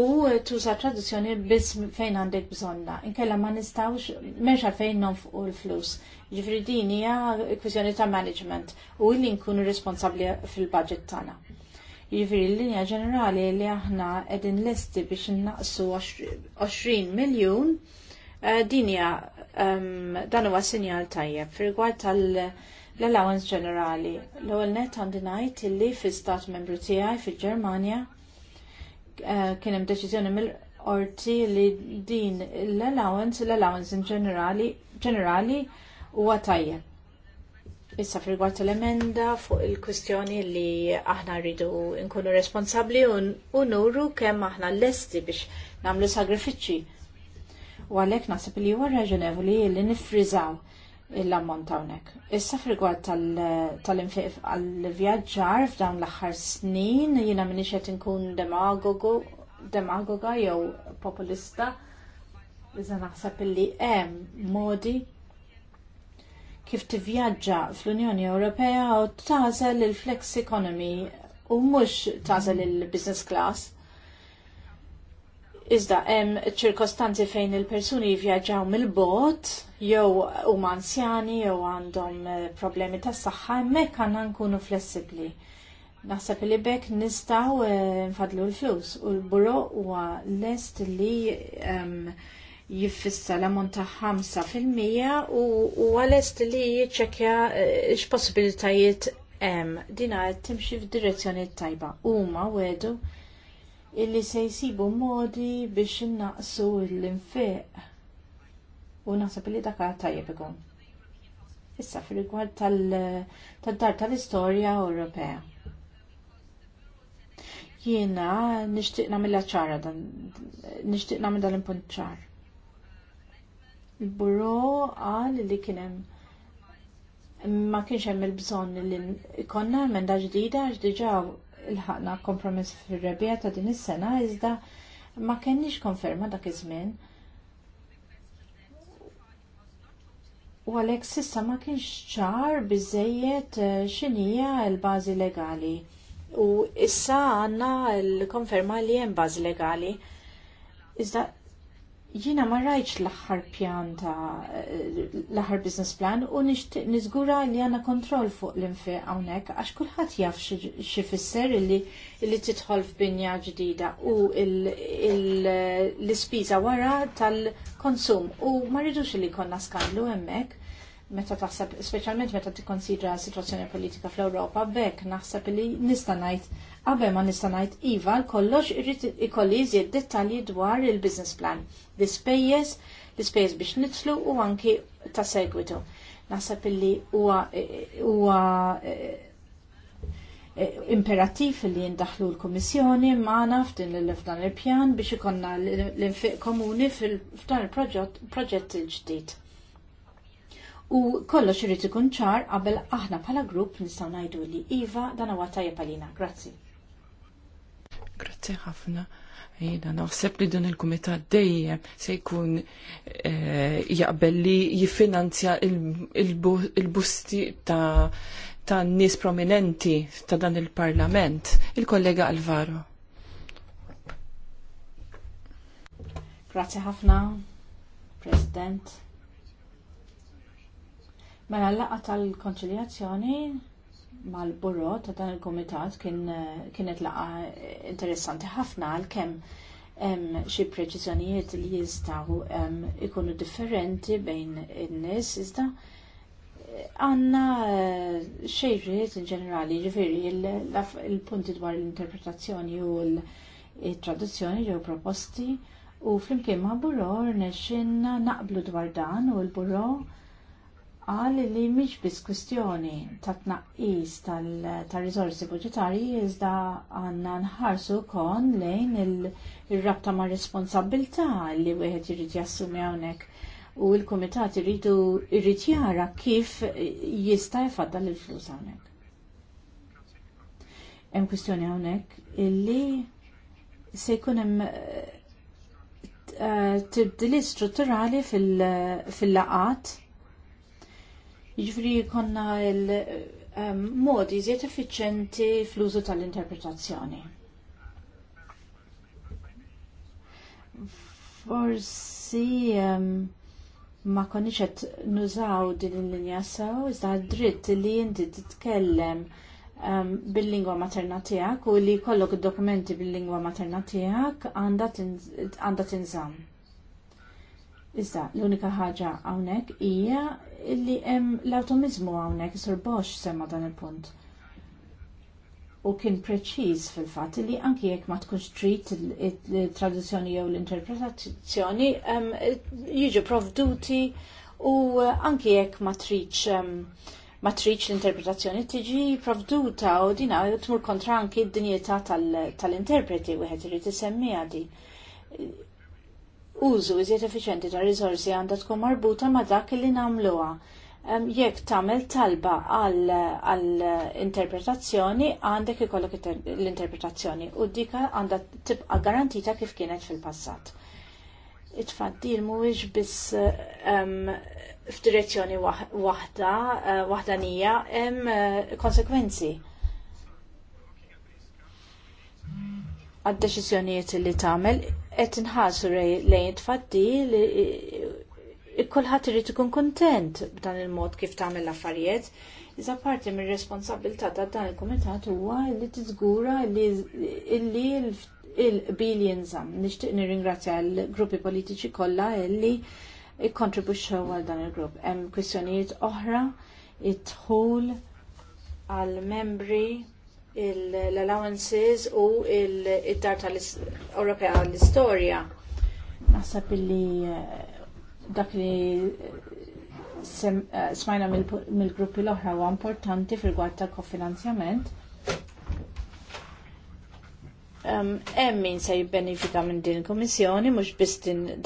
tuża traduzzjoni biss fejn għandek bżonna. Inkella ma nistawx meċa fejn non fuq l-flus. Ġifri din hija kwistjoni ta' management u illi nkunu responsabli fil-budget tagħna. Ġifri l-linja ġenerali li aħna qegħdin listi biex innaqsu 20 miljun eh, din hija Ehm, dan huwa sinjal tajjeb. Fir-rigward tal-allowance ġenerali, l-ewwel net għandi ngħid illi fl-istat membru tiegħi fil-Ġermanja eh, kien hemm deċiżjoni mill-qorti li din l-allowance, l-allowance in ġenerali, ġenerali huwa tajjeb. Issa fil-gwart l-emenda fuq il-kwistjoni li aħna rridu nkunu responsabli un nuru kemm aħna l-lesti biex namlu sagrifiċċji u għalhekk naħseb li huwa raġunevoli li nifriżaw l-ammont hawnhekk. Issa f'rigward tal-infiq għall-vjaġġar f'dawn l-aħħar snin jiena m'iniex qed inkun demagogu demagoga jew populista. Iżda naħseb li hemm modi kif tivvjaġġa fl-Unjoni Ewropea u tażel il-flex economy u mhux tażel il-business class Iżda hemm ċirkostanzi fejn il-persuni jivvjaġġaw mill-bot jew huma anzjani jew għandhom eh, problemi tas saħħa hemmhekk għandna nkunu flessibbli. Naħseb li bekk nistgħu eh, nfadlu l-flus u l-buro huwa lest li ehm, jiffissa l-ammont ta' 5% u lest li jiċċekkja eh, x'possibilitajiet hemm din qed timxi f'direzzjoni tajba. Huma wedu illi se jsibu modi biex innaqsu l-infeq. U naħseb li dak tajjeb ikun. Issa fil-rigward tal-dar tal-istorja Ewropea. Jiena nixtieq nagħmilha ċara dan, nixtieq nagħmel dal impunt ċar. Il-buro qal li kien hemm ma kienx hemm il-bżonn li konna emenda ġdida għax il-ħakna kompromess fil-rebija ta' din is-sena iżda ma kenniex konferma dak iż-żmien. U għalhekk sissa ma kienx ċar biżejjed eh, x'inhija l-bażi legali. U issa għandna l-konferma li hemm bażi legali. Iżda Jina ma rajċ l-axħar pjan ta' l-axħar business plan u nizgura li għanna kontrol fuq l-infi għawnek għax kullħat jaf xifisser li li titħol f'binja ġdida u l spiza wara tal-konsum u ma rridux li konna skandlu emmek meta taħseb, speċjalment meta tikkonsidra situazzjoni politika fl-Ewropa, bekk naħseb li nista' ngħid qabel ma nista' ngħid iva kollox irid ikolli iżjed dettalji dwar il-business plan, l-ispejjeż, l-ispejjeż biex nitlu u anki ta' segwitu. Naħseb li huwa huwa eh, eh, imperattiv li jindaħlu l-Komissjoni maħna f'din l-fdan il-pjan biex ikonna l-infiq komuni f'dan il-proġett il-ġdid U kollox irrid ikun ċar qabel aħna bħala grupp nistgħu ngħidu li iva dan huwa tajjeb għalina. Grazzi. Grazzi ħafna. Jiena naħseb li dan il-kumitat dejjem se jkun eh, jaqbel li jiffinanzja il-busti ta' ta' nies prominenti ta' dan il-parlament, il-kollega Alvaro. Grazie ħafna, President. Mela l tal-konċiljazzjoni mal-burro ta' dan il-komitat kienet laqgħa interessanti ħafna għalkemm xi preċiżjonijiet li jistgħu ikunu differenti bejn in-nies iżda eh, għanna eh, xejriet in ġenerali ġifieri il-punti dwar l-interpretazzjoni u l-traduzzjoni ġew proposti u flimkien ma' burro rnexxinna naqblu dwar dan u l-burro qal li mhix biss kwistjoni ta' tnaqqis tal-riżorsi budġetarji iżda għandna nħarsu kon lejn ir-rabta ma' responsabilità li wieħed irid jassumi hawnhekk u l-kumitat iridu irid jara kif jista' jfaddal il-flus hawnhekk. Hemm kwistjoni hawnhekk illi se jkun hemm eh, tibdili strutturali fil-laqat Ġifri konna il-modi ehm, um, ziet effiċenti fl-użu tal-interpretazzjoni. Forsi um, ma konniex qed nużaw din il-linja sew, iżda dritt li inti titkellem ehm, bil-lingwa materna tiegħek u li jkollok id dokumenti bil-lingwa materna tiegħek għandha tinżamm. Iżda, l-unika ħaġa hawnhekk hija li hemm l-automiżmu hawnhekk sur semma dan il-punt. U kien preċiż fil-fatt li anki jekk ma tkunx trid il-traduzzjoni jew l-interpretazzjoni jiġu provduti u anki jekk ma tridx ma tridx l-interpretazzjoni tiġi provduta u dina tmur kontra anki d dinjità tal-interpreti wieħed irid isemmiha din użu iżjed effiċenti ta' riżorsi għandha tkun marbuta ma' dak li nagħmluha. Jekk tagħmel talba għall interpretazzjoni għandek ikollok l-interpretazzjoni u dik għandha tibqa' garantita kif kienet fil-passat. It-tfaddil mhuwiex biss f'direzzjoni waħda, eh, waħdanija, hemm eh, konsekwenzi. għad-deċiżjonijiet li tagħmel qed inħarsu lejn tfaddi li kulħadd irid ikun kuntent b'dan il-mod kif tagħmel l-affarijiet. Iżda parti mir-responsabilità ta' dan il-kumitat huwa li tiżgura li il-qbil jinżamm. Nixtieq nirringrazzja l-gruppi politiċi kollha li ikkontribwixxew għal dan il-grupp. Hemm kwistjonijiet oħra, it-tħul għal membri l-allowances u id-dar tal-Ewropea l-istorja. Naħseb illi eh, dak li eh, eh, smajna mill-gruppi l-oħra huwa importanti fil-gwad tal-kofinanzjament hemm min se jibbenefika minn din il-Kummissjoni mhux biss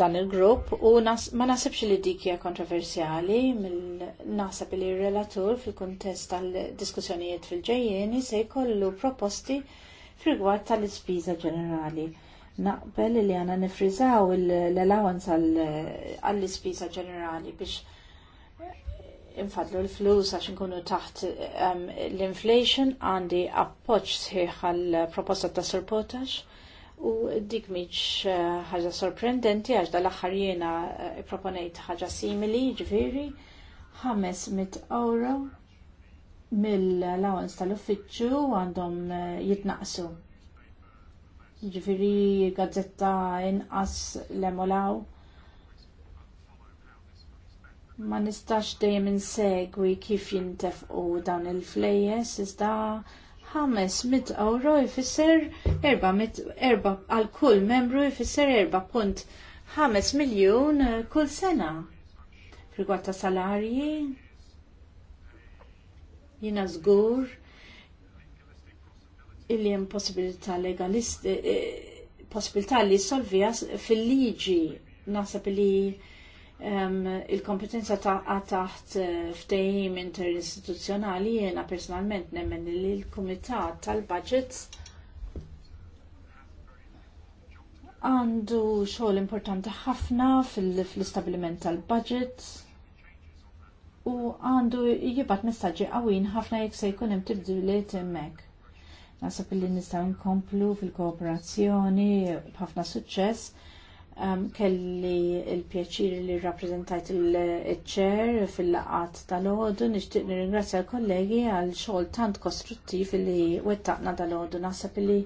dan il-grupp u ma nasibx li dik hija kontroversjali naħseb li r-relatur fil-kuntest tal-diskussjonijiet fil-ġejjeni se jkollu proposti fil tal-ispiża ġenerali. Naqbel li għana nifrizaw l-allowance għall-ispiża ġenerali biex infadlu l-flus għax nkunu taħt um, l-inflation għandi appoċ sħiħ għal-proposta ta' surpotax u dik miċ uh, ħaġa uh, sorprendenti għax dal axar jena uh, proponejt ħaġa simili ġviri 500 euro mill-allowance tal-uffiċċju għandhom uh, jitnaqsu ġviri gazzetta inqas l-emolaw ma nistax dejjem insegwi kif jintefqu dawn il-flejjes iżda ħames mit euro jfisser erba' għal kull membru jfisser ħames miljun eh, kull sena. Rigward ta' salarji, jina żgur illi hemm possibilità legalisti, eh, eh, possibilità li solvijas fil-liġi naħseb li il-kompetenza ta' taħt eh, ftehim interistituzzjonali jiena personalment nemmen li l-Kumitat tal-Budgets għandu xogħol importanti ħafna fl istabiliment tal-budget u għandu jibat messaġġi qawwin ħafna jekk se jkun hemm tibdiliet hemmhekk. Nasab li nistgħu nkomplu fil-kooperazzjoni b'ħafna suċċess Um, kelli il-pjaċir li rappresentajt il-ċer fil-laqat tal-ħodu, nishtiq nirringrazzja l-kollegi għal xogħol tant kostruttiv li wettaqna tal ħodu Nasab li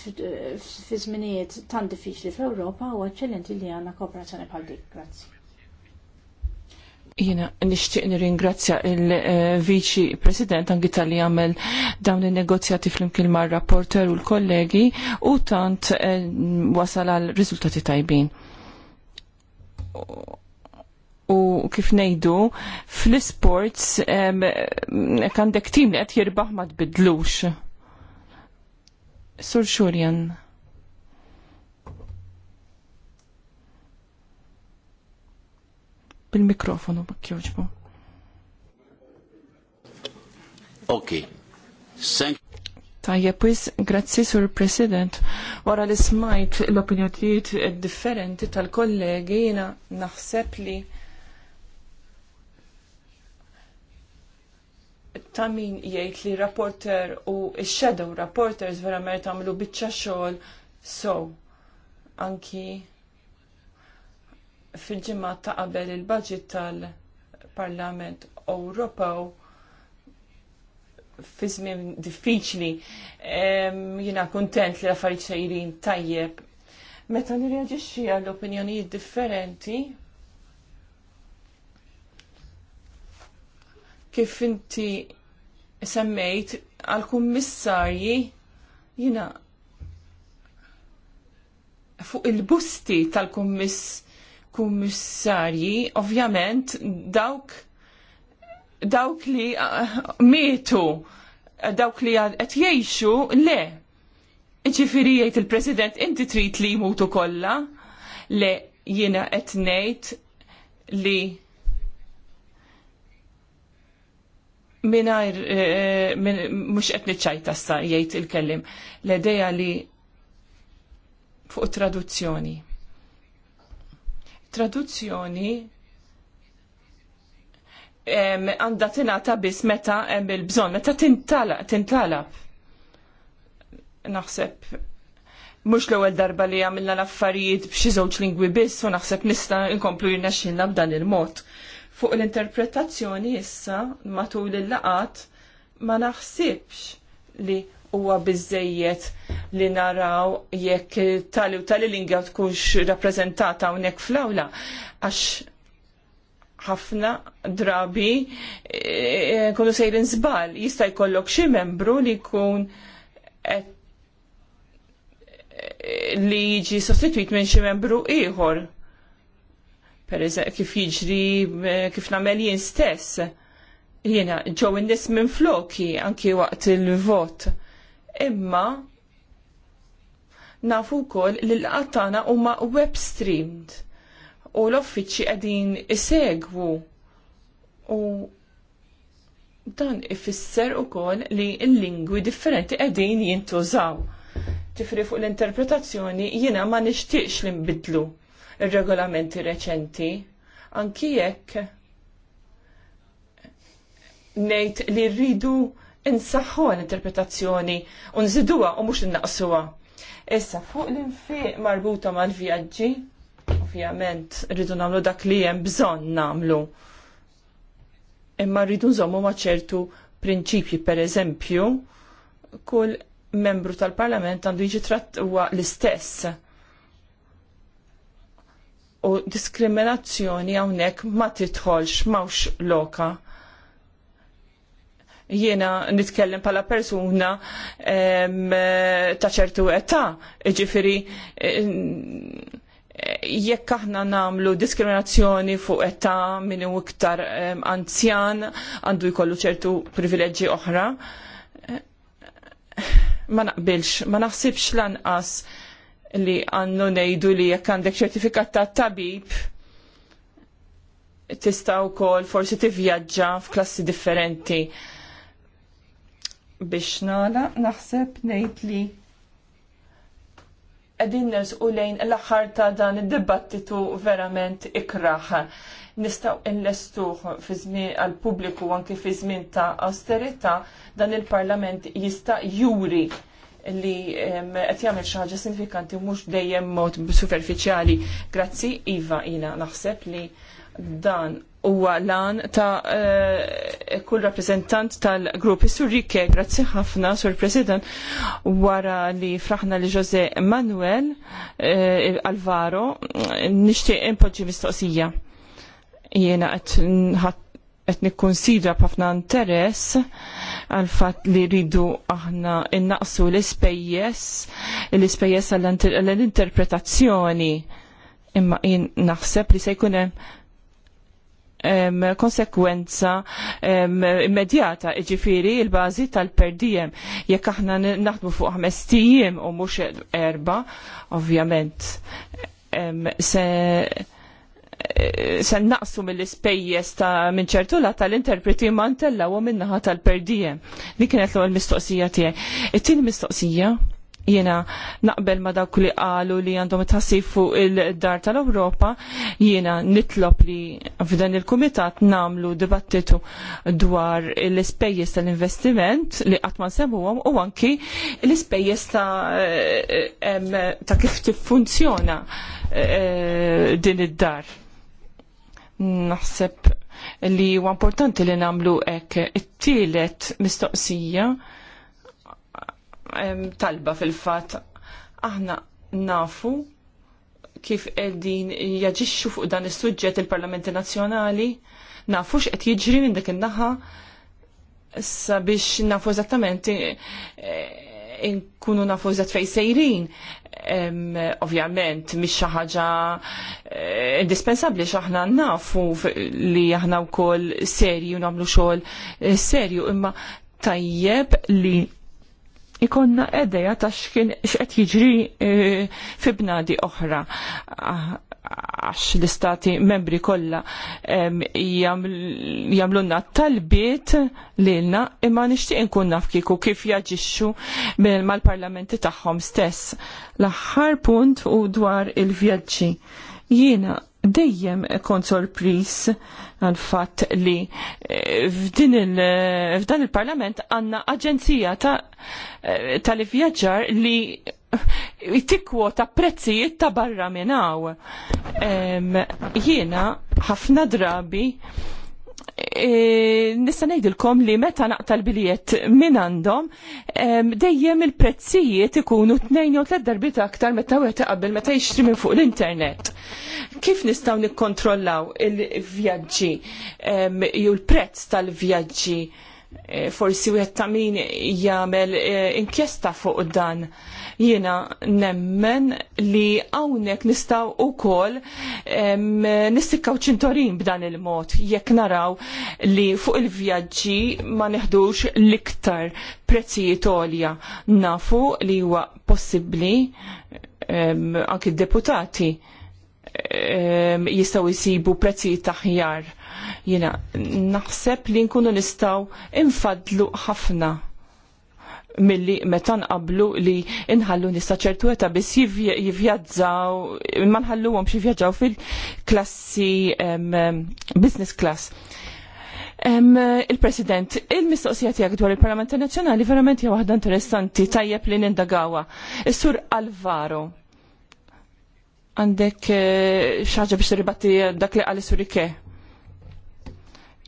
fi żminijiet tant diffiċli fl-Ewropa u eċċellenti li għandna kooperazzjoni bħal dik. Grazie. Jena, nishtiq nir-ingrazzja il-Viċi President anki tal-li għamel dawn il-negozjati fl-imkien mar rapporter u l-kollegi u tant eh, wasal għal riżultati tajbin. U kif nejdu, fl-sports kandek tim li għet jirbaħ ma tbidlux. Sur Xurjan. bil-mikrofonu bakjoġbu. Ok. Thank Tajjeb, wis, grazzi sur President. Wara li smajt l opinjotijiet differenti tal-kollegi, jina naħseb li ta' min jgħid li rapporter u shadow rapporters vera mer tagħmlu biċċa xogħol so anki fil-ġimgħa ta' qabel il-budget tal-Parlament Ewropew fi żmien diffiċli jiena kuntent li l-affarijiet sejrin tajjeb. Meta nirreġixxi għall opinjonijiet differenti kif inti semmejt għal kummissarji jiena fuq il-busti tal-kummiss kummissarji, ovvjament, dawk dawk li ah, mietu, dawk li qed jgħixu, le. Ġifieri jgħid il-President inti trid li jmutu kollha, le jiena qed ngħid li minajr eh, eh, min, mux qed niċċajta sa jgħid il-kellim l-edeja li fuq traduzzjoni traduzzjoni għanda tinata bis meta il-bżon, meta tintalab. Naħseb, mux l ewwel darba li għamilna l-affarijiet b'xi żewġ lingwi biss u naħseb nista' inkomplu jirnexxilna b'dan il-mod. Fuq l-interpretazzjoni issa matul il-laqat ma naħsibx li huwa biżejjed li naraw jekk tali u tali lingja tkunx rappreżentata hawnhekk fl-awla għax ħafna drabi e, eh, kunu sejrin żball Jista' jkollok xi membru li jkun et, eh, li jiġi sostituit minn xi membru ieħor. Per kif jiġri eh, kif nagħmel jien stess. Jiena ġew in-nies minn floki anki waqt il-vot imma nafu wkoll li l-laqat tagħna huma web streamed u l-offiċċji qegħdin isegwu u dan ifisser ukoll li l-lingwi differenti qegħdin jintużaw. Tifri fuq l-interpretazzjoni jiena ma nishtiqx li nbidlu il regolamenti reċenti anki jekk ngħid li rridu insaħħu l-interpretazzjoni u nżiduha u mhux innaqsuha. Issa fuq l-infiq marbuta mal-vjaġġi, ovvjament rridu nagħmlu dak li hemm bżonn nagħmlu. Imma rridu nżommu ma' ċertu prinċipji, per eżempju, kull membru tal-Parlament għandu jiġi tratt huwa l-istess u diskriminazzjoni hawnhekk ma titħolx mawx loka jiena nitkellem pala persuna ta' ċertu età, ġifiri jekk aħna namlu diskriminazzjoni fuq età minn u iktar anzjan għandu jkollu ċertu privileġġi oħra. Ma naqbilx, ma naħsibx lanqas li għannu nejdu li jekk għandek ċertifikat ta' tabib tista' kol forsi tivvjaġġa f'klassi differenti biex nala naħseb nejt li għedin u lejn l-axar ta' dan id-dibattitu verament ikraħ. Nistaw inlestuħ fi żmien għal pubbliku għanki fi żmien ta' austerita dan il-parlament jista' juri li qed jagħmel xi ħaġa sinifikanti mhux dejjem mod superfiċjali. Grazzi, Iva, jina naħseb li dan huwa lan ta' eh, kull rappresentant tal-grupp. Surrike, grazzi ħafna, sur President, wara li fraħna li Jose Manuel eh, Alvaro, nishtiq impoġi mistoqsija. Jena qed nikkonsidra b'ħafna interess għal fatt li ridu aħna innaqsu l-ispejjeż l-ispejjeż għall-interpretazzjoni imma jien naħseb li se jkun hemm konsekwenza immedjata, iġifiri il-bazi tal-perdiem. Jekk aħna naħdmu fuq ħmestijiem u mux erba, ovvjament, se se naqsu mill-ispejjeż ta' minn ċertula tal-interpreti mantella u minnaħa tal-perdijem. Dik kienet l-ewwel mistoqsija tiegħi. It-tieni mistoqsija Jiena naqbel ma dawk li qalu li għandhom tħassib fuq il-dar tal-Ewropa, jiena nitlob li f'dan il-kumitat namlu dibattitu dwar l-ispejjeż tal-investiment li qatt ma nsemmuhom u anki l-ispejjeż ta', eh, ta kif tiffunzjona eh, din id-dar. Naħseb li huwa importanti li namlu hekk it-tielet mistoqsija talba fil-fat. Aħna nafu kif qegħdin jaġixxu fuq dan is-suġġett il-Parlamenti Nazzjonali, nafu x'qed jiġri minn dik in-naħa sabiex nafu eżattament inkunu eh, eh, nafu eżatt fejn sejrin. Ovvjament mhix xi ħaġa eh, indispensabbli x'aħna nafu li aħna wkoll serju nagħmlu xogħol serju imma tajjeb li ikonna edeja ta' xqed jiġri e, fi bnadi oħra għax l-istati membri kollha jagħmlulna talbiet lilna imma nixtieq inkun naf kieku kif jaġixxu mal-parlamenti tagħhom stess. L-aħħar punt u dwar il-vjaġġi. Jiena dejjem kont sorpris għal fatt li eh, eh, f'dan il-parlament għanna aġenzija eh, tal-vjaġġar li li ta' prezzijiet ta' barra minnaw. Jiena ħafna drabi Eh, nista' ngħidilkom li meta naqtal biljett minn għandhom dejjem il-prezzijiet ikunu tnejn jew tliet darbiet aktar meta wieħed qabel meta jixtri minn fuq l-internet. Kif nistgħu nikkontrollaw il-vjaġġi jew il-prezz tal-vjaġġi eh, forsi wieħed ta' min jagħmel eh, inkjesta fuq dan Jiena nemmen li hawnhekk nistgħu wkoll nistikkaw ċintorin b'dan il-mod jekk naraw li fuq il-vjaġġi ma neħdux l-iktar prezzijiet għolja. Nafu li huwa possibbli anki d-deputati jistaw jisibu prezzijiet taħjar. Jina, naħseb li nkunu nistaw infadlu ħafna milli meta qablu li inħallu nista' ċertu eta biss jivvjaġġaw, ma nħalluhomx jivvjaġġaw fil-klassi business class. il-President, il-mistoqsija tiegħek dwar il-Parlament Nazzjonali verament hija waħda interessanti tajjeb li nindagawa. Is-Sur Alvaro, għandek eh, xaġa biex ribatti dak li għal surike.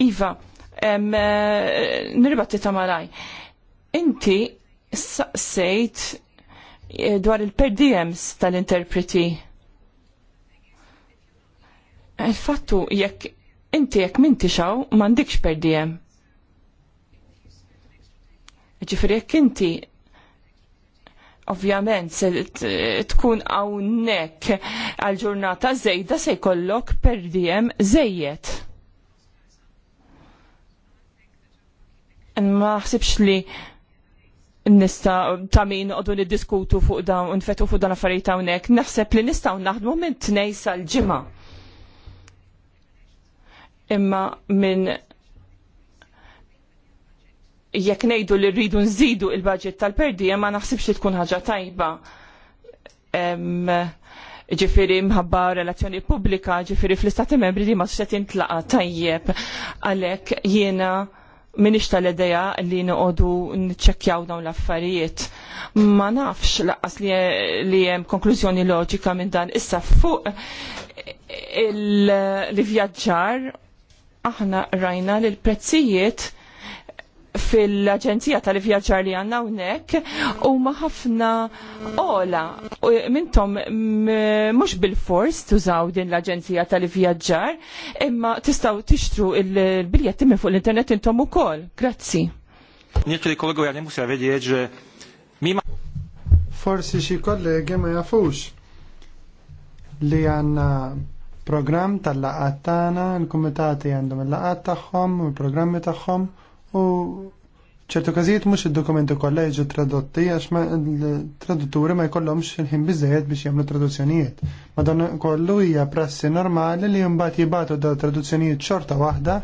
Iva, eh, niribatti ta' malaj. Inti sejt eh, dwar il-perdiems tal-interpreti. Il-fattu jekk inti jekk minti xaw mandikx perdiem. Ġifri jekk inti ovvjament se tkun hawnhekk għal ġurnata żejda se jkollok perdiem żejjed. Ma xsibx li nista ta' min għodu niddiskutu fuq dawn, nfetu fuq dan affarijiet hawnhekk, naħseb li nistgħu naħdmu minn tnej sal-ġimgħa. Imma minn jekk ngħidu li rridu nżidu il-budget tal-perdi, ma naħsibx li tkun ħaġa tajba. Em, ġifiri mħabba relazzjoni pubblika, ġifiri fl-istati membri li ma s-setin tlaqa tajjeb. Għalek jiena minix tal ideja li noqodu nċekjaw dawn l-affarijiet. Ma nafx laqqas li hemm konklużjoni loġika minn dan issa fuq il vjagġar aħna rajna li l-prezzijiet fil-Aġenzija tal-Vjaġġar li għanna unnek u ħafna ola mintom mux bil-fors tużaw din l-Aġenzija tal-Vjaġġar imma tistaw tixtru il-biljetti minn fuq l-internet intom u kol. Grazzi. Niektórzy li kollegu muszą wiedzieć, że Mima Forsi xi kollegi ma jafux li għanna program tal-laqat tagħna, il-kumitati għandhom il-laqat tagħhom u l-programmi tagħhom u ċertu każijiet mhux id-dokumenti kollha jiġu tradotti għax ma tradutturi ma jkollhomx il-ħin biżejjed biex jagħmlu traduzzjonijiet. Madan kollu hija prassi normali li mbagħad jibgħatu da traduzzjonijiet xorta waħda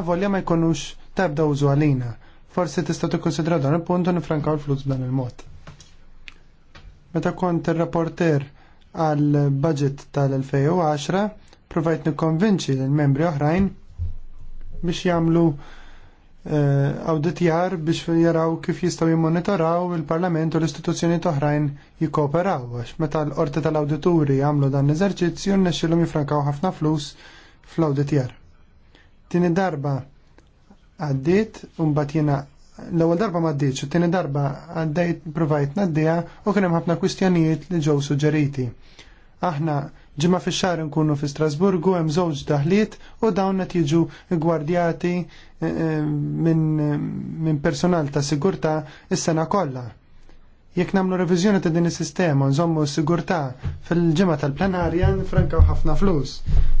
avolja ma jkunux tabda użu għalina. Forsi tista' tikkonsidra dan il-punt u nifrankaw l-flus b'dan il-mod. Meta kont ir-rapporter għal budget tal-2010, provajt nikkonvinċi l-membri oħrajn biex jagħmlu Eh, awditjar biex jaraw kif jistaw jimmonitoraw il-Parlament u l-istituzzjoni toħrajn jikkooperaw, għax meta l-Qorti tal-Awdituri għamlu dan l-eżerċizzju nnexxilhom jifrankaw ħafna flus fl-awditjar. Tieni darba għaddiet u mbagħad jiena l-ewwel darba ma ddiċ, it-tieni darba għaddejt provajt ngħaddiha u kien hemm ħafna kwistjonijiet li ġew suġġeriti. Aħna Ġimma fi xar nkunu fi Strasburgu hemm żewġ daħliet u dawn qed jiġu gwardjati eh, eh, minn personal ta' sigurtà is-sena kollha. Jekk nagħmlu reviżjoni ta' din is-sistema nżommu s-sigurtà fil-ġimgħa tal-plenarja nfrankaw ħafna flus.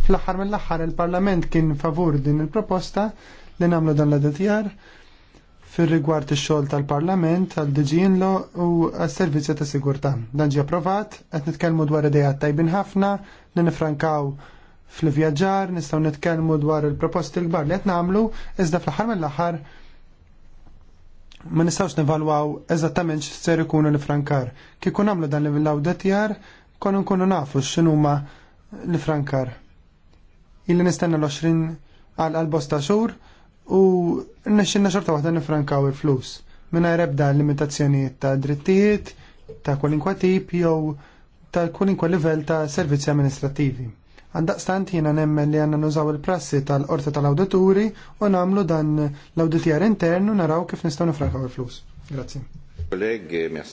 Fl-aħħar mill-aħħar il-Parlament kien favur din il-proposta li nagħmlu dan l-adatjar fir rigward ix-xogħol tal-Parlament għal diġinlo u għas-servizzi ta' sigurtà. Dan ġie approvat, qed nitkellmu dwar idejat tajbin ħafna, li nifrankaw fl-vjaġġar, nistgħu nitkellmu dwar il-proposti l-kbar li qed nagħmlu, iżda fl-aħħar mill-aħħar ma nistgħux nivalwaw eżattament x'ser ikunu nifrankar. Kieku nagħmlu dan l-awdetjar, kon nkunu nafu x'inhuma l Illi nistenna l-20 għal bosta xhur u nixxinna xorta waħda nifrankaw il-flus minna rebda limitazzjonijiet ta' drittijiet ta' kwalinkwa tip jew ta' kwalinkwa livell ta' servizzi amministrativi. stant jiena nemmen li għanna nużaw il-prassi tal-orta tal-awdituri u namlu dan l-awditjar internu naraw kif nistaw nifrankaw il-flus. Grazie.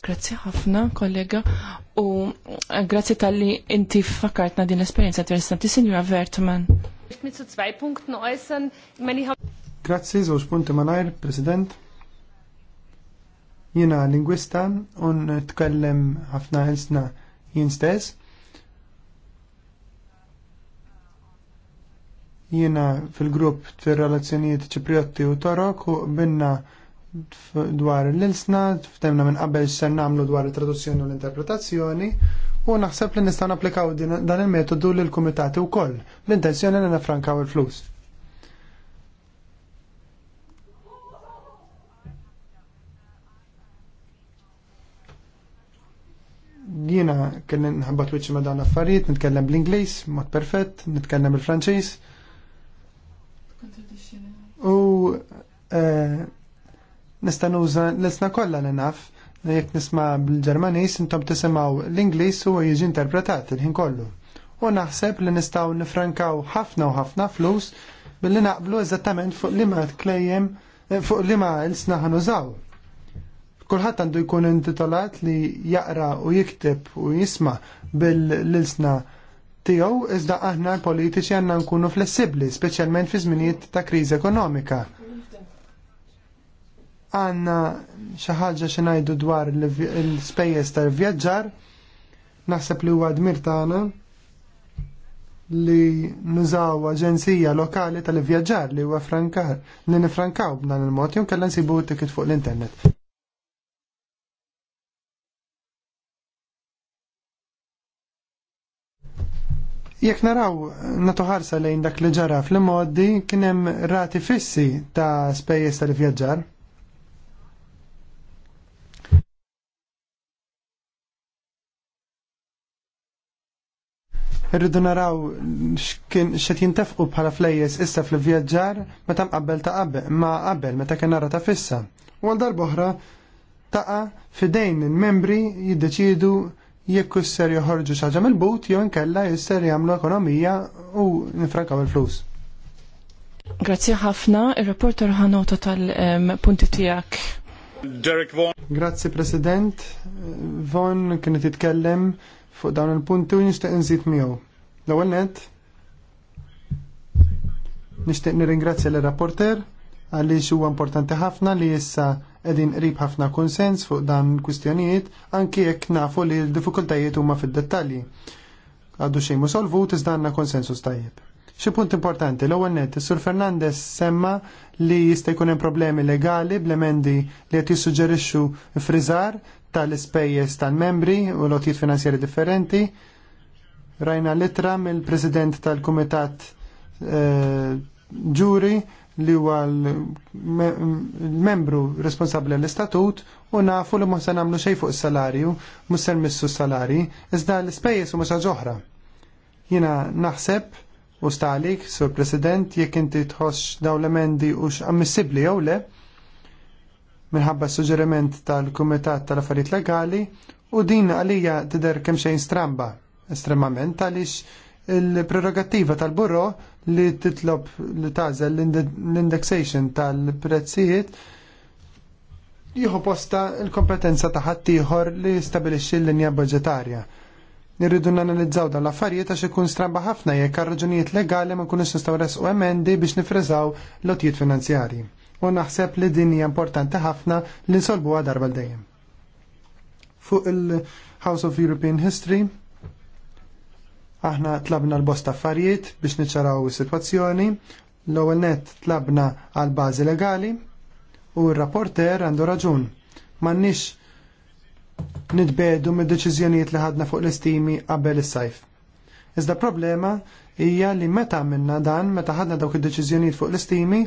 Grazzi ħafna, kollega, u eh, grazie tal-li inti fakartna din l-esperienza interessanti, Signora Vertman. Grazzi, żewġ punti manajr, President. Jiena lingwista u tkellem ħafna elsna jien stess. Jiena fil-grupp fil-relazzjonijiet ċipriotti u torok u binna dwar l-ilsna, ftemna minn qabel xser namlu dwar il-traduzzjoni u l-interpretazzjoni u naħseb li nistgħu napplikaw dan il-metodu lill kumitati wkoll. L-intenzjoni li nafrankaw il-flus. jiena kellin nħabbat wiċċi ma dawn l-affarijiet, nitkellem bl-Ingliż mod perfett, nitkellem bil-Franċiż. U eh, nista' nuża l-isna kollha li naf jekk nisma' bil-Ġermaniż intom tisimgħu l-Ingliż huwa jiġi interpretat il-ħin kollu. U naħseb li nistgħu nifrankaw ħafna u ħafna flus billi naqblu eżattament fuq liema tklejjem eh, fuq liema l-sna ħanużaw. Kulħadd għandu jkun intitolat li jaqra u jikteb u jisma bil lilsna tiegħu iżda aħna politiċi għandna nkunu flessibbli, speċjalment fi żminijiet ta' kriżi ekonomika. Għanna xi ħaġa xi ngħidu dwar l-spejjeż tal-vjaġġar, naħseb li huwa dmir tagħna li nużaw aġenzija lokali tal-vjaġġar li huwa frankar li nifrankaw b'dan il-mod jew kellha nsibu ticket fuq l-internet. Jekk naraw natu ħarsa lejn dak li ġara fl-modi kien hemm rati fissi ta' spejjeż tal-vjaġġar. Irridu naraw x'qed jintefqu bħala flejjes issa fl-vjaġġar meta mqabbel ta' qabel ma qabel meta kien nara ta' fissa. U għal darba oħra taqa' fidejn il-membri jiddeċidu jekk isser joħorġu xi ħaġa mill-but jew inkella jisser jagħmlu ekonomija u nifrankaw il-flus. Grazzi ħafna, ir-reporter ħanota tal-punti tiegħek. Derek Vaughan. Grazzi President. Vaughan kienet titkellem fuq dawn il-punti u nixtieq nżid miegħu. L-ewwel net nixtieq nirringrazzja l-rapporter għaliex huwa importanti ħafna li issa qegħdin qrib ħafna konsens fuq dan kwistjonijiet anki jekk nafu li l-diffikultajiet huma fid-dettalji. Għadu xejn musolvu iżda għandna konsensus tajjeb. Xi punt importanti, l-ewwel nett, sur Fernandez semma li jista' jkun hemm problemi legali bl-emendi li qed jissuġġerixxu friżar tal-ispejjeż tal-membri u lotijiet finanzjari differenti. Rajna litra mill-President tal-Kumitat eh, ġuri li huwa l-membru responsabbli l-istatut u nafu li mhux se nagħmlu xejn fuq is-salarju, mhux se nmissu s salarji iżda l-ispejjeż huma xi ġoħra. Jiena naħseb u stalik, Sur President, jekk inti tħoss dawn l-emendi u x'ammissibbli jew le, minħabba suġġeriment tal-Kumitat tal-Affarijiet Legali u din għalija tidher kemm xejn stramba estremament għaliex il-prerogattiva tal-burro li titlob li tażel l-indexation tal-prezzijiet jieħu posta l-kompetenza ta' ħaddieħor li stabilixxi l-linja budġetarja. Nirridu nanalizzaw dan l-affarijiet għax ikun stramba ħafna jekk għal raġunijiet legali ma nkunux nistgħu resqu emendi biex nifreżaw lotijiet finanzjarji. U naħseb li din hija importanti ħafna li nsolbuha darba l-dejjem. Fuq il- House of European History, Aħna tlabna l bost affarijiet biex niċċaraw is-sitwazzjoni. L-ewwel net tlabna għal bażi legali u r-rapporter għandu raġun. M'għandniex nitbedu mid-deċiżjonijiet li ħadna fuq l-istimi qabel is-sajf. Iżda problema hija li meta għamilna dan, meta ħadna dawk id-deċiżjonijiet fuq l-istimi,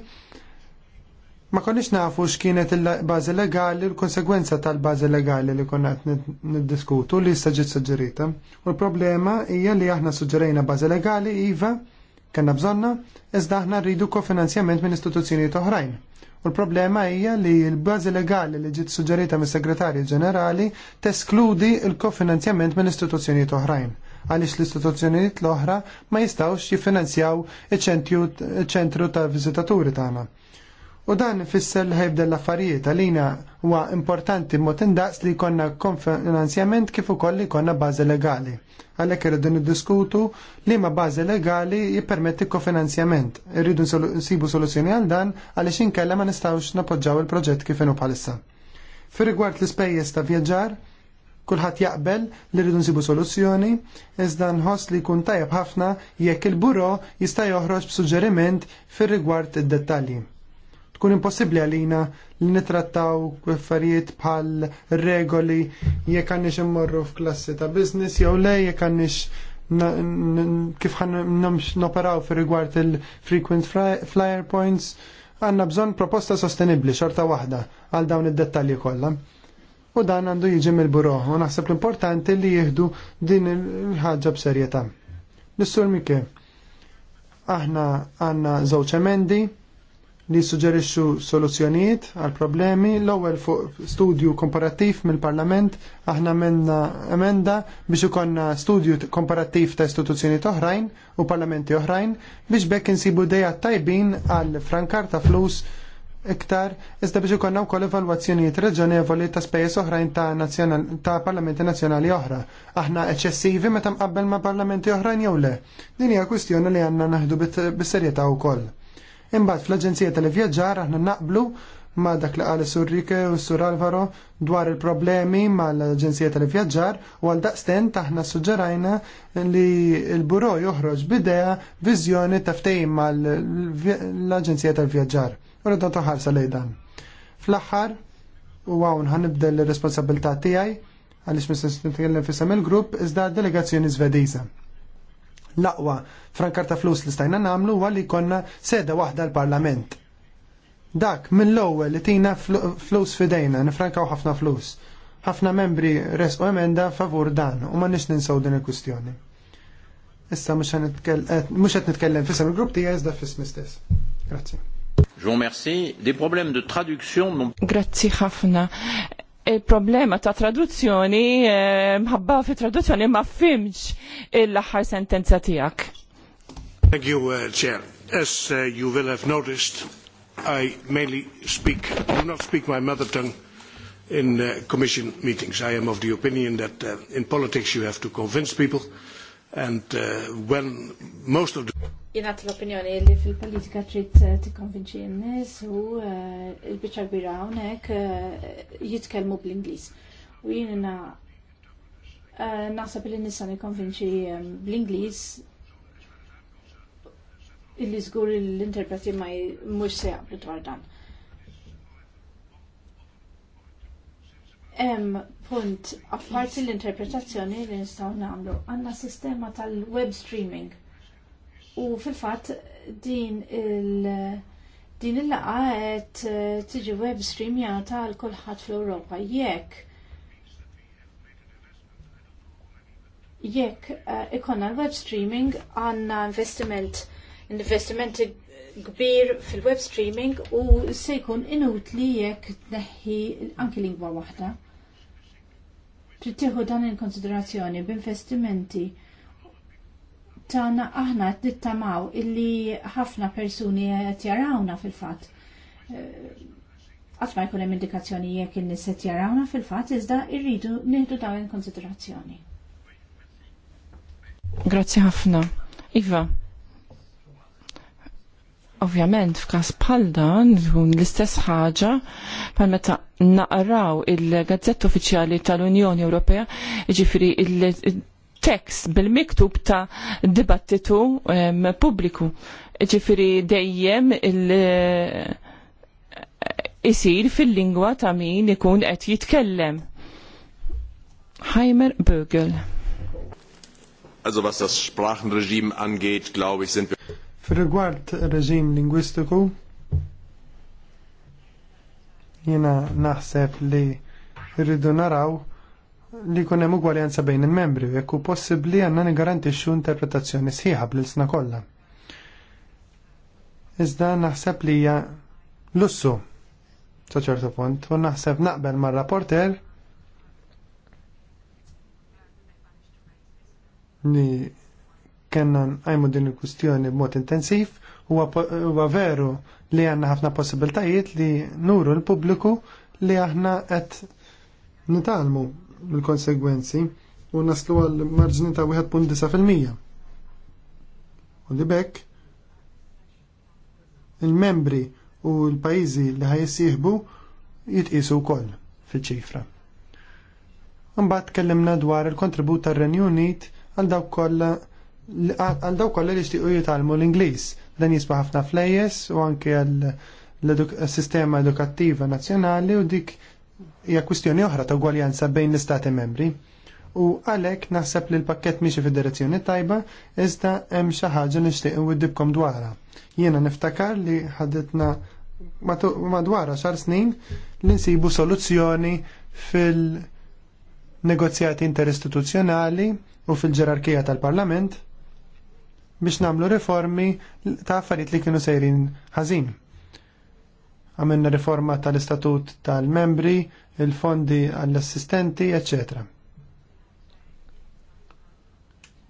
ma konniex nafu x'kienet il-bażi legali l-konsegwenza tal-bażi legali li konna qed niddiskutu li issa ġiet suġġerita. U l-problema hija li aħna suġġerejna bażi legali iva kellna bżonna iżda aħna rridu kofinanzjament minn istituzzjonijiet oħrajn. U l-problema hija li l-bażi legali li ġiet suġġerita mis-Segretarju Ġenerali teskludi l-kofinanzjament minn istituzzjonijiet oħrajn għaliex l-istituzzjonijiet l-oħra ma jistawx jiffinanzjaw iċ-ċentru tal-viżitaturi tagħna U dan ifisser l ħajbda l-affarijiet għalina huwa importanti mod indaqs li jkollna konfinanzjament kif ukoll li jkollna bażi legali. Għalhekk irridu niddiskutu li ma bażi legali jippermetti kofinanzjament. Irridu nsibu soluzzjoni għal dan għaliex inkella ma nistgħux napoġġaw il-proġett kif inhu bħalissa. Fi rigward l-ispejjeż ta' vjaġġar, kulħadd jaqbel li rridu nsibu soluzzjoni, iżda nħoss li jkun tajjeb ħafna jekk il-buro jista' joħroġ b'suġġeriment fir-rigward id-dettalji tkun impossibbli għalina li nitrattaw affarijiet bħal regoli jekk għannix immorru f'klassi ta' business jew le jekk għannix kif ħan noperaw fi rigward il-frequent flyer points, għanna bżon proposta sostenibli xorta wahda għal dawn id-dettalji kollha. U dan għandu jiġi mill-buro, u naħseb l-importanti li jihdu din il-ħagġa b'serjetà. Nissur Mike, aħna għanna żewġ emendi li suġġerixxu soluzzjonijiet għal problemi l-ewwel fuq studju komparattiv mill-Parlament aħna menna emenda biex ikonna studju komparattiv ta' istituzzjonijiet oħrajn u parlamenti oħrajn biex bekk insibu dejja tajbin għal frankar ta' flus iktar, iżda biex ikonna wkoll evalwazzjonijiet reġonevoli ta' spejjeż oħrajn ta', nazjonal, ta parlamenti nazzjonali oħra. Aħna eċċessivi meta mqabbel ma' parlamenti oħrajn jew le. Din hija kwistjoni li għandna naħdu bis-serjetà wkoll. Imbagħad fl-Aġenzija tal-Ivvjaġġar aħna naqblu ma' dak li qal sur Rike u sur Alvaro dwar il-problemi ma' l-Aġenzija tal-Ivvjaġġar u għal daqstent aħna suġġerajna li l-Buro joħroġ bidea viżjoni ta' ftehim ma' l-Aġenzija tal-Vjaġġar. U rridu toħarsa lejdan. Fl-aħħar, u għawn ħanibdel l-responsabilità tiegħi għaliex mis nitkellem fissam il-grupp iżda delegazzjoni Żvediża l-aqwa frankar ta' flus li stajna namlu għalli li konna seda waħda l-Parlament. Dak, mill l-ewwel li tina flus fidejna, nifrankaw ħafna flus. Ħafna membri res u emenda favur dan u ma nix ninsaw din il-kustjoni. Issa mux qed nitkellem fisem il-grupp tiegħi iżda fiss mistess. Grazzi. Je vous remercie. Des problèmes de traduction. Grazzi ħafna il-problema ta' traduzzjoni eh, mħabba fi traduzzjoni ma fimx il-laħar sentenza tijak. Thank you, uh, Chair. As uh, you will have noticed, I mainly speak, do not speak my mother tongue in uh, commission meetings. I am of the opinion that uh, in politics you have to convince people and uh, when most of the jenat l-opinjoni li fil-politika trid eh, tikkonvinċi n-nies u eh, l-biċċa kbira hawnhekk eh, jitkellmu bl-Ingliż. U jiena naħseb li nisa nikkonvinċi ehm, bl-Ingliż illi żgur l-interpreti ma mhux se jaqblu dwar dan. Hemm punt, apparti l-interpretazzjoni li nistgħu nagħmlu, għandna sistema tal-web streaming U fil-fatt din il- din il-laqa qed eh, tiġi web streamjata għal kulħadd fl-Ewropa. Jekk jekk eh, ikonna l-web streaming għanna investiment investiment kbir fil-web streaming u se jkun inutli jekk tneħħi anki lingwa waħda. Trittiħu dan il konsiderazzjoni b'investimenti tana aħna nittamaw illi ħafna persuni tjarawna jarawna fil-fatt. Eh, qatt ma jkun hemm indikazzjoni jekk in-nies qed jarawna fil-fatt iżda rridu nieħdu dawn konsiderazzjoni. Grazzi ħafna. Iva, ovvjament f'każ bħal dan tkun l-istess ħaġa bħal meta naqraw il gazzetta uffiċjali tal-Unjoni Ewropea, jiġifieri tekst bil-miktub ta' dibattitu um, pubbliku. Ġifiri dejjem il- eh, isir fil-lingwa ta' min ikun qed jitkellem. Heimer Bögel. Also was das Sprachenregime angeht, glaube ich, sind wir... den Guard Regime lingwistiku, jena naħseb li rridu naraw li jkun hemm ugwaljanza bejn il-membri u jekk hu possibbli għandna nigarantixxu interpretazzjoni sħiħa bl-isna kollha. Iżda naħseb li hija lussu ta' ċertu punt u naħseb naqbel mar-rapporter li kena għajmu din il-kustjoni b'mod intensiv, huwa veru li għanna ħafna possibiltajiet li nuru l-pubbliku li aħna qed nitalmu l-konsegwenzi u naslu għal marġni ta' 1.9%. U li bekk il-membri u l-pajizi li ħajsieħbu jitqisu wkoll fiċ-ċifra. Mbagħad tkellimna dwar il-kontribut tar-Renju Unit għal dawk kollha li jixtiequ jitalmu l-Ingliż. Dan jisba' ħafna flejjes u anke għal l-sistema edukattiva nazzjonali u dik hija kwistjoni oħra ta' ugwaljanza bejn l-istati membri. U għalhekk naħseb li l-pakket miexi fid-direzzjoni tajba iżda hemm xi ħaġa nixtieq iwiddibkom dwarha. Jiena niftakar li ħadetna madwar xar snin li nsibu soluzzjoni fil-negozjati interistituzzjonali u fil-ġerarkija tal-Parlament biex namlu reformi ta' affarijiet li kienu sejrin ħażin għamilna riforma tal-istatut tal-membri, il-fondi għall-assistenti, ecc.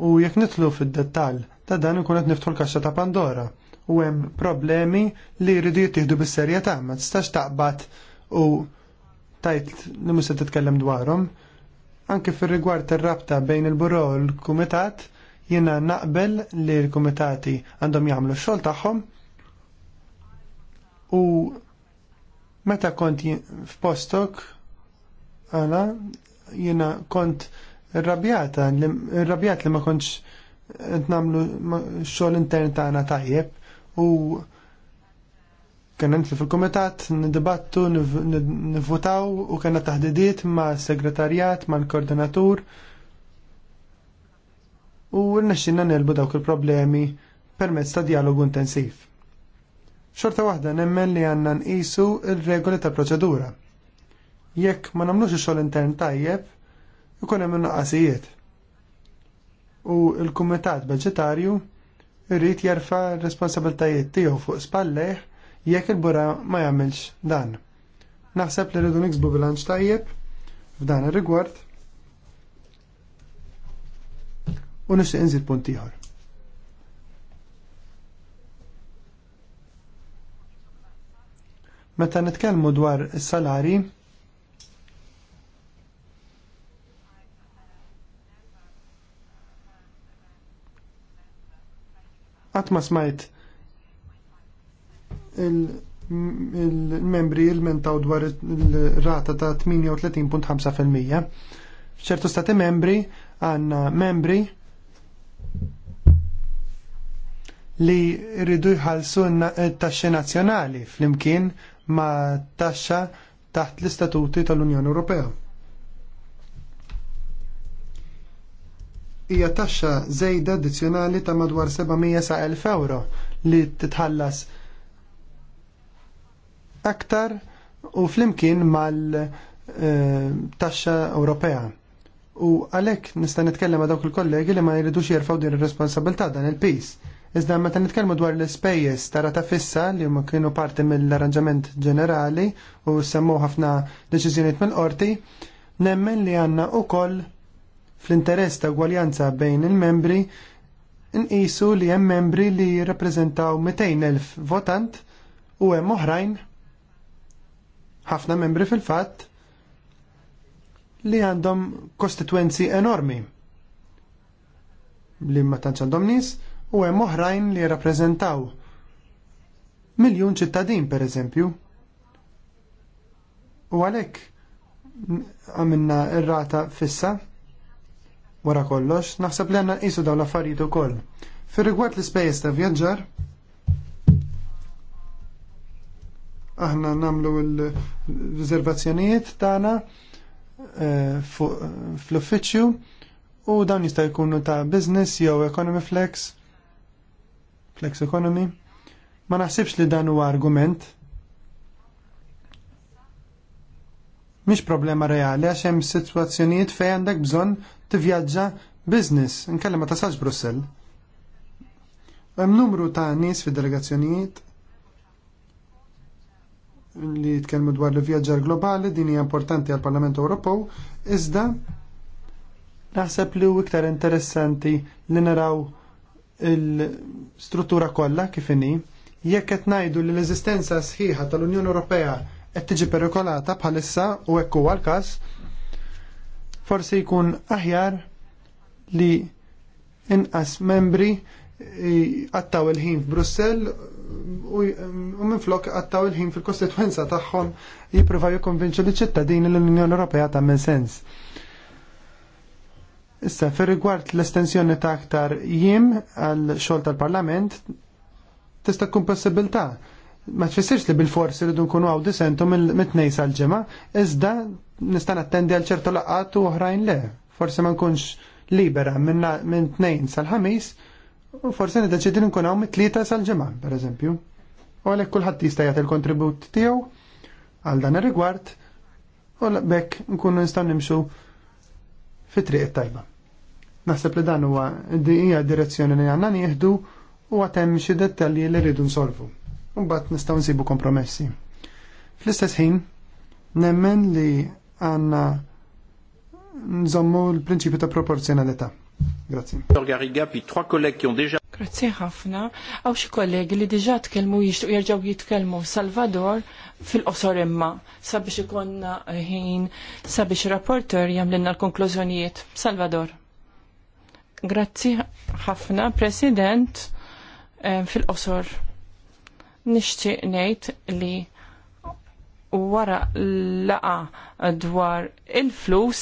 U jekk nitlu fid-dettall ta' dan ikun qed niftħu l-kaxxa ta' Pandora u hemm problemi li jridu jittieħdu bis-serjetà ma tistax taqbad u tajt li mhux se titkellem dwarhom. Anke fir-rigward ir-rabta bejn il-buro u l-kumitat jiena naqbel li l-kumitati għandhom jagħmlu x-xogħol tagħhom u Meta kont f'postok, għala, jena kont irrabjata, irrabjat li ma kontx namlu xogħol intern tagħna tajjeb u kena nitli fil-komitat, nidibattu, nivvotaw u kena taħdidiet ma' segretarjat, ma' l-koordinatur u rnexxinna nelbu dawk il-problemi permezz ta' dialogu intensiv. Xorta waħda nemmen li għanna nqisu il-regoli ta' proċedura. Jekk ma namlux ix intern tajjeb, ikun hemm inqasijiet. U l-Kumitat Budġetarju irrid jarfa r-responsabiltajiet tiegħu fuq spalleh jekk il-bura ma jagħmilx dan. Naħseb li rridu niksbu bilanċ tajjeb f'dan ir-rigward u nixtieq inżid punt ieħor. Meta nitkellmu dwar is-salari, qatt ma smajt il-membri il jilmentaw dwar il-rata ta' 38.5%. F'ċertu stati membri għanna membri li rridu jħalsu t-taxxi nazjonali fl-imkien ma' taxxa taħt l-istatuti tal-Unjoni Ewropea. Hija taxxa żejda addizzjonali ta' madwar 700 sa' 1000 euro li titħallas aktar u flimkien mal-taxxa eh, Ewropea. U għalhekk nista' nitkellem ma' dawk il-kollegi li ma jridux jerfgħu din ir-responsabilità dan il-peace Iżda meta nitkellmu dwar l-ispejjeż tara ta' fissa li huma kienu parti mill-arranġament ġenerali u semmu ħafna deċiżjonijiet mill-qorti, nemmen li għandna wkoll fl-interess ta' gwaljanza bejn il-membri nqisu li hemm membri li jirrappreżentaw 200,000 votant u hemm oħrajn ħafna membri fil-fatt li għandhom kostitwenzi enormi li ma tantx għandhom nies u hemm oħrajn li jirrappreżentaw miljun ċittadin pereżempju. U għalhekk għamilna r-rata fissa wara kollox, naħseb li għandna qisu dawn l-affarijiet ukoll. Fir-rigward l-ispejjeż ta' vjaġġar, aħna namlu l riservazzjonijiet tagħna eh, fl-uffiċċju u dawn jista' jkunu ta' business jew economy flex flex economy. Ma naħsibx li dan huwa argument. Mhix problema reali għax hemm sitwazzjonijiet fejn għandek bżonn tivvjaġġa business, nkellem ma tasalx Brussell. Hemm numru ta' nies fid-delegazzjonijiet li jitkellmu dwar l-vjaġġar globali din hija importanti għall parlament Ewropew, iżda naħseb li hu iktar interessanti li naraw il-struttura kollha kif inhi, jekk qed ngħidu li l-eżistenza sħiħa tal-Unjoni Ewropea qed tiġi perikolata bħalissa u hekk huwa l-każ, forsi jkun aħjar li inqas membri għattaw il-ħin f'Brussell u minflok għattaw il-ħin fil-kostituenza tagħhom jippruvaw jikkonvinċu liċ ċittadini l-Unjoni Ewropea tagħmel sens. Issa, fir rigward l-estensjoni ta' aktar jiem għal xogħol tal-Parlament, tista' tkun possibilità. Ma tfissirx li bil-forsi rridu nkunu għaw disentu mit-tnej sal-ġemma, iżda nista' nattendi għal ċertu laqgħat u oħrajn le. Forsi ma nkunx libera minn tnejn sal-ħamis, u forsi nideċidi nkun hawn mit sal-ġemma, pereżempju. U għalek kulħadd jista' jagħti il kontribut tiegħu għal dan ir-rigward u bekk nkunu nistgħu nimxu fit-triq tajba. Naħseb li dan huwa hija direzzjoni li għandna nieħdu u għatem xi dettalji li rridu nsolvu. U mbagħad nistgħu nsibu kompromessi. Fl-istess ħin, nemmen li għandna nżommu l-prinċipju ta' proporzjonalità. Grazie. Garriga, trois collègues qui ont déjà... Grazie ħafna. Għaw xi kollegi li diġà tkellmu jixtuq jerġgħu jitkellmu Salvador fil-qosor imma sabiex ikonna ħin sabiex rapporter jagħmlilna l-konklużjonijiet. Salvador. Grazzi ħafna, President, eh, fil-qosor. Nixtieq ngħid li wara laqa dwar il-flus,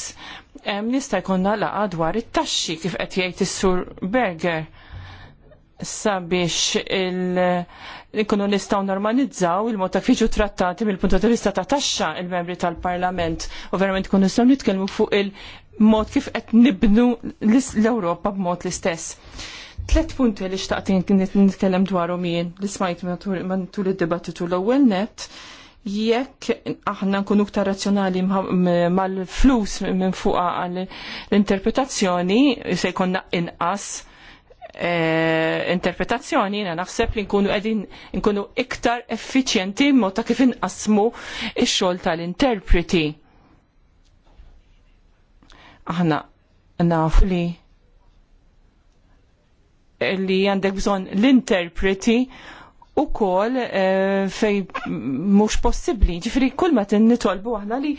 nista' eh, jkollna laqa dwar it-taxxi kif qed jgħid is-Sur Berger sabiex il-ikunu nistaw normalizzaw il-mod ta' fiġu trattati mill-punto ta vista ta' taxxa il-membri tal-Parlament u verament kunu nistaw nitkellmu fuq il- mod kif qed nibnu l-Ewropa b'mod l-istess. Tlet punti li xtaqtin nitkellem dwarhom jien li smajt matul id-dibattitu l-ewwel net jekk aħna nkunu ktar razzjonali mal-flus minn fuqa għall l-interpretazzjoni se jkollna inqas eh, interpretazzjoni jiena naħseb li nkunu qegħdin nkunu iktar effiċjenti mod ta' kif inqasmu ix-xogħol tal-interpreti aħna naf li li għandek bżon l-interpreti u kol eh, fej mux possibli. Ġifri, kull ma nitolbu aħna li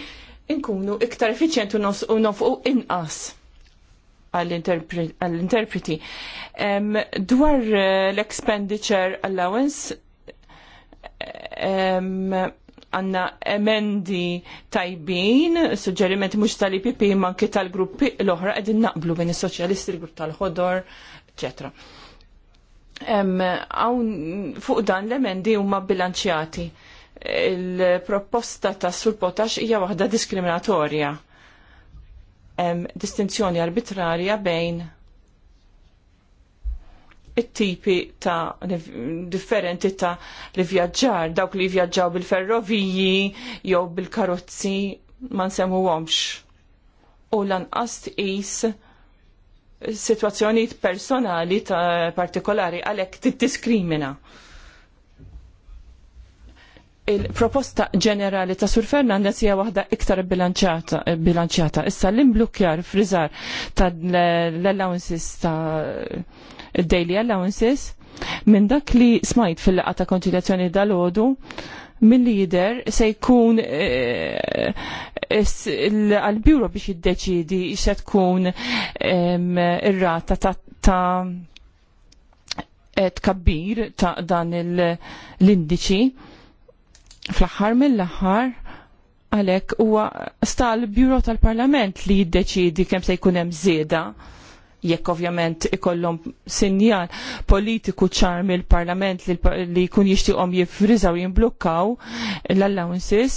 nkunu iktar efficient u nofqu inqas għall-interpreti. Dwar eh, l-expenditure allowance, għanna emendi tajbin, suġġerimenti mux tal-IPP manki tal-gruppi l-oħra għedin naqblu minn il-soċjalisti, il-grupp tal-ħodor, etc. Fuq dan l-emendi huma bilanċjati. Il-proposta ta' sul-potax hija waħda diskriminatorja. Distinzjoni arbitrarja bejn it-tipi ta' differenti ta' li vjaġġar, dawk li vjaġġaw bil-ferroviji jew bil-karozzi ma nsemmuhomx. U lanqas tqis situazzjonijiet personali ta' partikolari għalhekk tiddiskrimina. Il-proposta ġenerali ta' Sur Fernandez hija waħda iktar bilanċjata. Issa l-imblukjar friżar tal-allowances ta' il-daily allowances, minn dak li smajt fil-laqa ta' konċiljazzjoni dal-ħodu, mill-lider se jkun eh, eh, għal bjuro biex jiddeċidi se tkun ir-rata ta' eh, tkabbir ta' dan l-indiċi fl-axar mill ħar għalek huwa sta l-Biro tal-Parlament li jiddeċidi kemm se jkun hemm żieda jekk ovvjament ikollhom sinjal politiku ċar mill-parlament li jkun jixtieqhom jifriżaw jimblukkaw l-allowances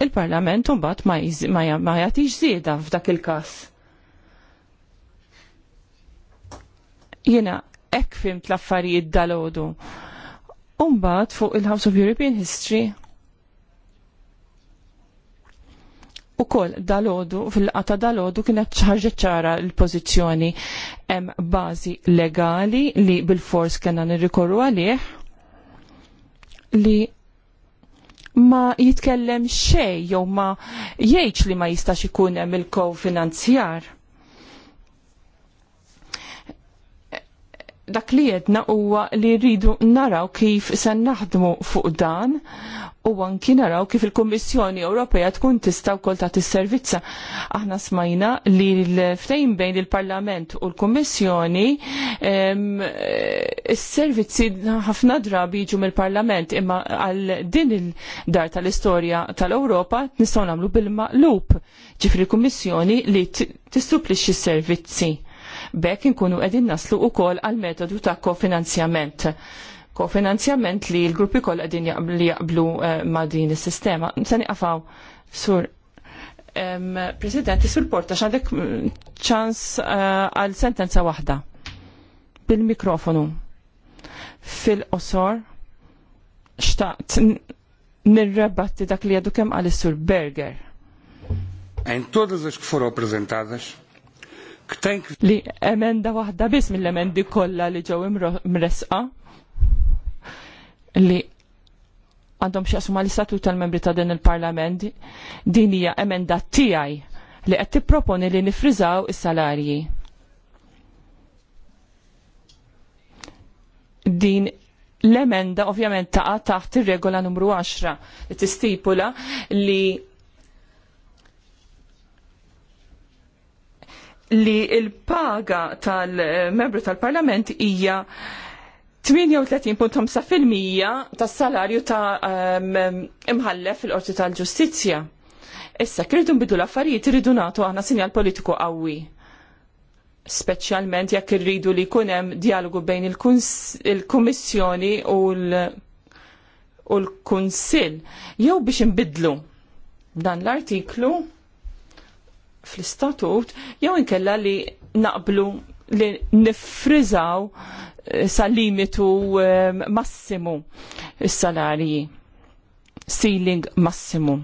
il-parlament mbagħad ma jagħtix żieda f'dak il-każ. Jiena hekk fimt l-affarijiet dalodu. Umbagħad fuq il-House of European History u koll dalodu, fil-qata dalodu kienet ħarġet ċara l-pozizjoni em bazi legali li bil-fors kena nirrikorru għalih li ma jitkellem xej jew ma jgħidx li ma jistax ikun hemm il-kow finanzjar dak li jedna huwa li rridu naraw kif se naħdmu fuq dan u anki naraw kif il-Kummissjoni Ewropea tkun tista' wkoll tagħti s-servizza. Aħna smajna li l-ftejn bejn il-Parlament u l-Kummissjoni s-servizzi ħafna drabi jiġu mill-Parlament imma għal din il-dar tal-istorja tal-Ewropa nistgħu nagħmlu bil-maqlub ġifri l-Kummissjoni li tistupplixxi s-servizzi Bekk inkunu qegħdin naslu wkoll għal metodu ta' kofinanzjament. Kofinanzjament li l-gruppi koll qegħdin jaqblu eh, ma' din is-sistema. Se għafaw, sur President, sur porta xandek mm, ċans eh, għal sentenza waħda bil-mikrofonu fil-qosor xtaqt nirrebatti dak li għadu kem għal-sur Berger. Em todas as que foram apresentadas, Li emenda waħda biss mill-emendi kollha li ġew imresqa li għandhom xaqsuma l-istatut tal-membri ta' din il-parlament din hija emenda tiegħi li qed tipproponi li nifriżaw is-salarji. Din l-emenda ovvjament taqa' taħt ir-regola numru 10 li tistipula li li il-paga tal-membru tal-parlament hija 38.5% tas-salarju ta' ehm, imħallef fil-qorti tal-ġustizzja. Issa, kirridu nbidu l-affarijiet, irridu nagħtu aħna sinjal politiku qawwi. Speċjalment jekk irridu li jkun hemm dialogu bejn il-Kummissjoni u l-Kunsill. Jew biex inbidlu dan l-artiklu fl-istatut, jew inkella li naqblu li nifrizaw eh, sal-limitu eh, massimu s-salarji, ceiling massimu.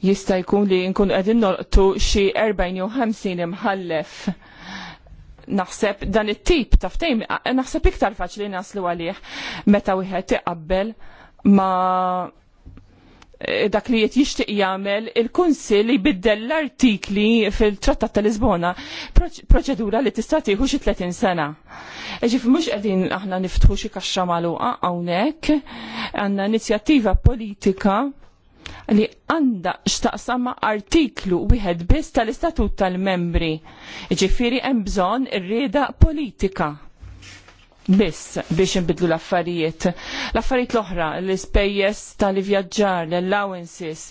Jista' jkun li nkun qegħdin noqtu xi 40 jew 50 imħallef naħseb dan it-tip ta' ftejm naħseb iktar faċli naslu għalih meta wieħed iqabbel ma' dak li qed jixtieq jagħmel il-Kunsill jbiddel l-artikli fil-Trattat ta' Lisbona proċedura li tista' tieħu xi 30 sena. Ġif mhux qegħdin aħna niftħu xi kaxxa magħluqa hawnhekk, għandna inizjattiva politika li għanda xtaqsama artiklu wieħed biss tal-istatut tal-membri. Ġifiri hemm bżonn ir-rieda politika biss biex nbidlu l-affarijiet. L-affarijiet l-oħra, l-spejjes tal-vjaġġar, l-allowances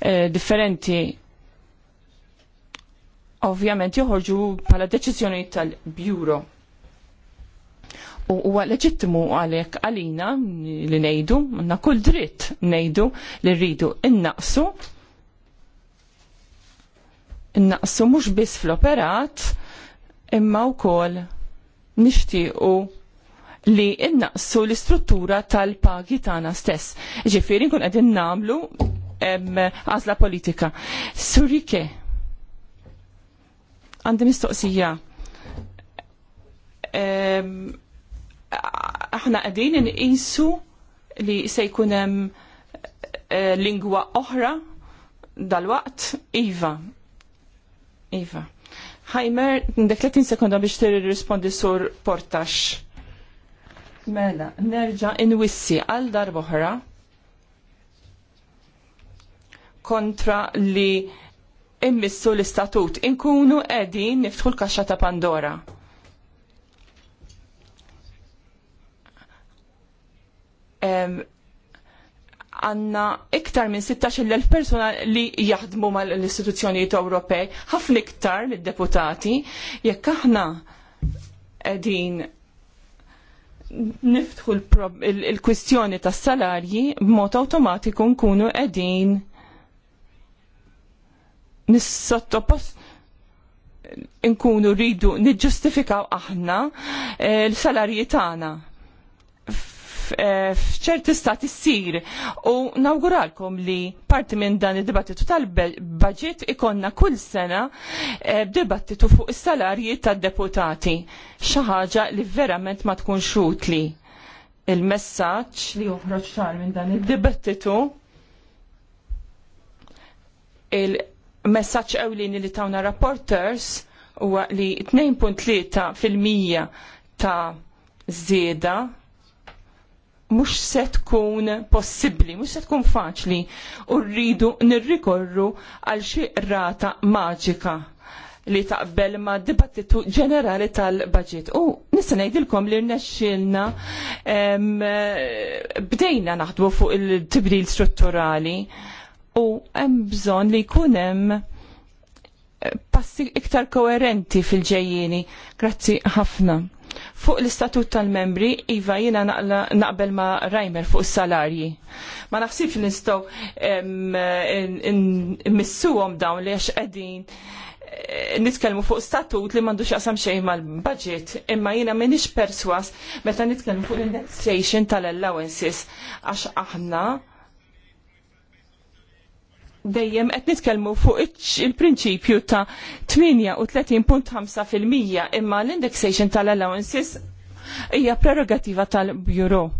eh, differenti ovvjament joħorġu pala deċizjoni tal-bjuro. U huwa leġittimu għalek għalina li nejdu, għanna kull dritt nejdu li rridu innaqsu. Innaqsu mux biss fl-operat, imma u kol nishtiqu li innaqsu l-istruttura tal-pagi tagħna stess. Ġifieri nkun qegħdin nagħmlu għażla politika. Surike, għandi mistoqsija. Aħna qegħdin inqisu li se jkun hemm eh, lingwa oħra dal-waqt, Iva. Iva. Ħajmer, ndek 30 sekonda biex t-rispondi sur portax. Mela, nerġa inwissi għal darboħra kontra li immissu l-istatut. Inkunu edin niftħu l-kaxxa ta' Pandora. għanna iktar minn 16.000 persona li jaħdmu mal-istituzzjonijiet Ewropej, ħafna iktar mid-deputati, jekk aħna edin niftħu il-kwistjoni tas salarji b'mod awtomatiku nkunu qegħdin nissottopost nkunu rridu niġġustifikaw aħna eh, l-salarji tagħna Eh, f'ċerti stati ssir u nawguralkom li parti minn dan id-dibattitu tal-budget ikonna kull sena b'dibattitu eh, fuq is-salarji tad-deputati. Xi ħaġa li verament ma tkunx utli. Il-messaġġ li joħroġ xar minn dan id-dibattitu il-messaġġ ewlieni li tawna rapporters huwa li 2.3 fil-mija ta' żieda mhux se tkun possibbli, mhux se tkun faċli u rridu nirrikorru għal xi rata maġika li taqbel ma' dibattitu ġenerali tal-budget. U nista' ngħidilkom li rnexxilna bdejna naħdmu fuq il-tibdil strutturali u hemm bżonn li jkun hemm eh, passi iktar koerenti fil-ġejjieni. Grazzi ħafna. Fuq l-istatut tal-membri, Iva jina naqbel ma Rajmer fuq s-salarji. Ma fil nistaw missuwom dawn li għax għedin eh, nitkellmu fuq statut li mandu xaqsam xej mal-budget, imma jina minix perswas meta nitkellmu fuq l-indexation tal-allowances għax aħna dejjem qed nitkellmu fuq il-prinċipju ta' 38.5% imma l-indexation tal-allowances hija prerogativa tal-Bureau.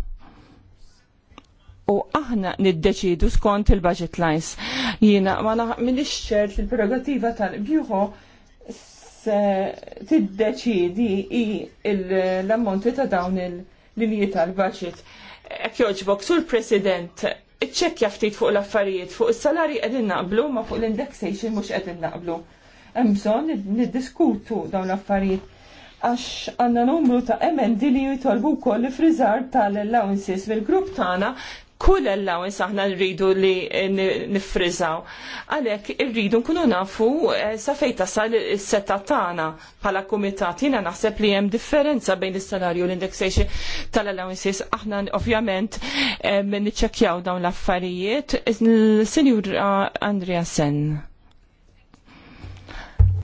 U aħna niddeċidu skont il-budget lines. Jiena ma minix ċert il-prerogativa tal-Bureau se tiddeċidi l-ammonti ta' dawn il-linji tal-budget. Ek sur President iċċekkja ftit fuq l-affarijiet, fuq is-salari qegħdin naqblu, ma fuq l-indexation mhux qegħdin naqblu. Hemm bżonn niddiskutu dawn l-affarijiet għax għanna numru ta' emendi li jitolbu koll frizar tal-allowances fil-grupp tagħna kull allowance aħna rridu li nifrizaw. Għalek rridu nkunu nafu eh, sa fejn tasal is-setta tagħna bħala kumitat jiena naħseb li hemm differenza bejn l salarju l-indexation tal-allowances aħna ovvjament eh, niċċekkjaw dawn l-affarijiet. Senjur Andrea Sen.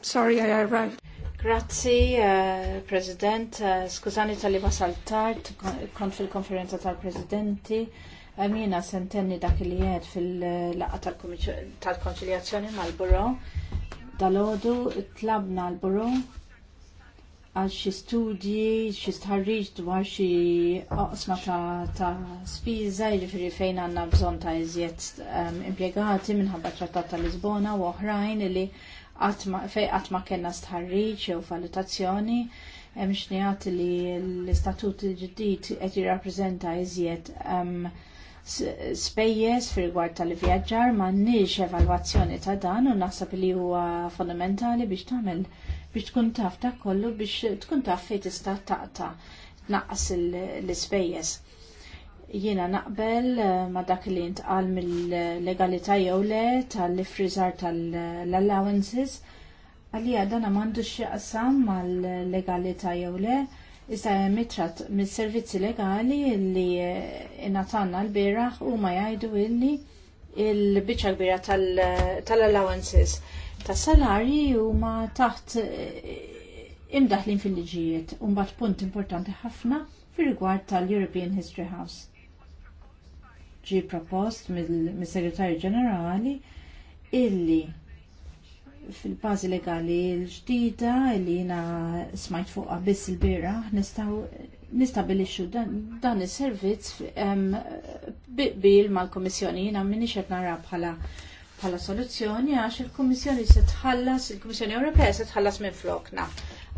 Sorry, I arrived. Grazzi, uh, President. Uh, skużani tal-li wasal tard, kont fil-konferenza tal-Presidenti. Għamina sentenni dak li jgħed fil-laqqa tal-konċiljazzjoni mal-buro, dal-ħodu tlabna l-buro għal xi studji, xi stħarriġ dwar xi oqsma ta' spiża, jiġifieri fejn għandna bżonn ta' iżjed ehm, impjegati minħabba trattat ta' Lisbona u oħrajn li fej qatt ma kellna stħarriġ jew valutazzjoni hemm xnejat li l-istatut il-ġdid qed jirrappreżenta iżjed ehm, spejjeż fir-rigward tal-vjaġġar m'għandniex evalwazzjoni ta' dan u naħseb li huwa fondamentali biex tagħmel biex tkun taf ta' kollu biex tkun taf fejn tista' taqta' tnaqqas l-ispejjeż. Jiena naqbel eh, ma' dak li ntqal mill-legalità jew le tal-ifriżar tal-allowances għalija dan m'għandux xi qasam mal-legalità jew le. Issa mitrat mis-servizzi legali li eh, inatanna l-biraħ u ma jajdu illi il-bicċa kbira tal-allowances tas salari u ma taħt eh, imdaħlin fil-liġijiet un bat punt importanti ħafna fil rigward tal-European History House. Ġi propost mill-Segretarju Ġenerali illi fil-bazi legali l-ġdida li jina smajt fuqa biss il-bira, nistaw nistabilixxu dan, is il-servizz um, mal-Komissjoni jina minni xed nara bħala bħala soluzzjoni għax il-Komissjoni se tħallas, il-Komissjoni Ewropea se tħallas minn flokna.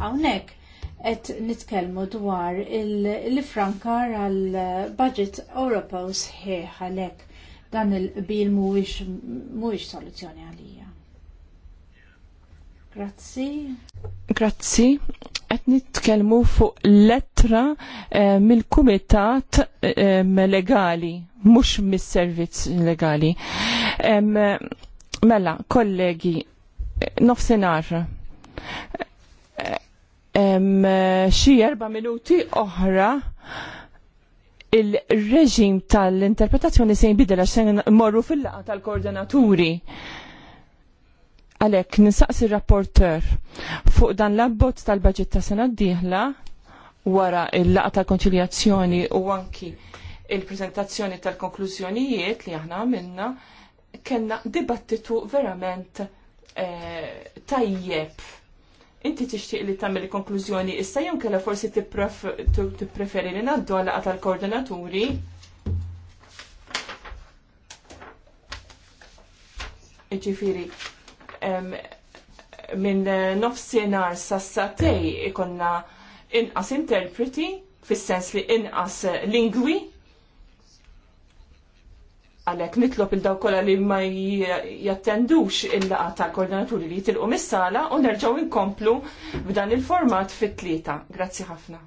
Hawnhekk qed nitkellmu dwar il-frankar għal-budget Ewropew sħiħ għalhekk dan il-qbil mhuwiex soluzzjoni għalija. Grazzi. Grazzi. Qed nitkellmu fuq lettra eh, mill-kumitat eh, legali, mhux mis-servizz legali. Em, mela, kollegi, nofsinhar. Xi erba' minuti oħra il-reġim tal-interpretazzjoni se jinbidel għax morru fil-laqa tal-koordinaturi. Għalek, nisaqsi rapporter fuq dan l-abbozz tal-budget ta' sena d-dihla wara il-laqa tal-konċiljazzjoni u anki il-prezentazzjoni tal-konklużjonijiet li aħna għamilna, kena dibattitu verament eh, tajjeb. Inti tixtieq li tagħmel konklużjoni issa jew kellha forsi tippreferi li ngħaddu għal tal-koordinaturi Ġifiri, minn nofsinhar sassatej ikonna inqas interpreti fis-sens li inqas lingwi għalek nitlob il-daw kolla li ma jattendux il-laqa tal-koordinaturi li jitilqu mis-sala u nerġaw inkomplu b'dan il-format fit-tlieta. Grazzi ħafna.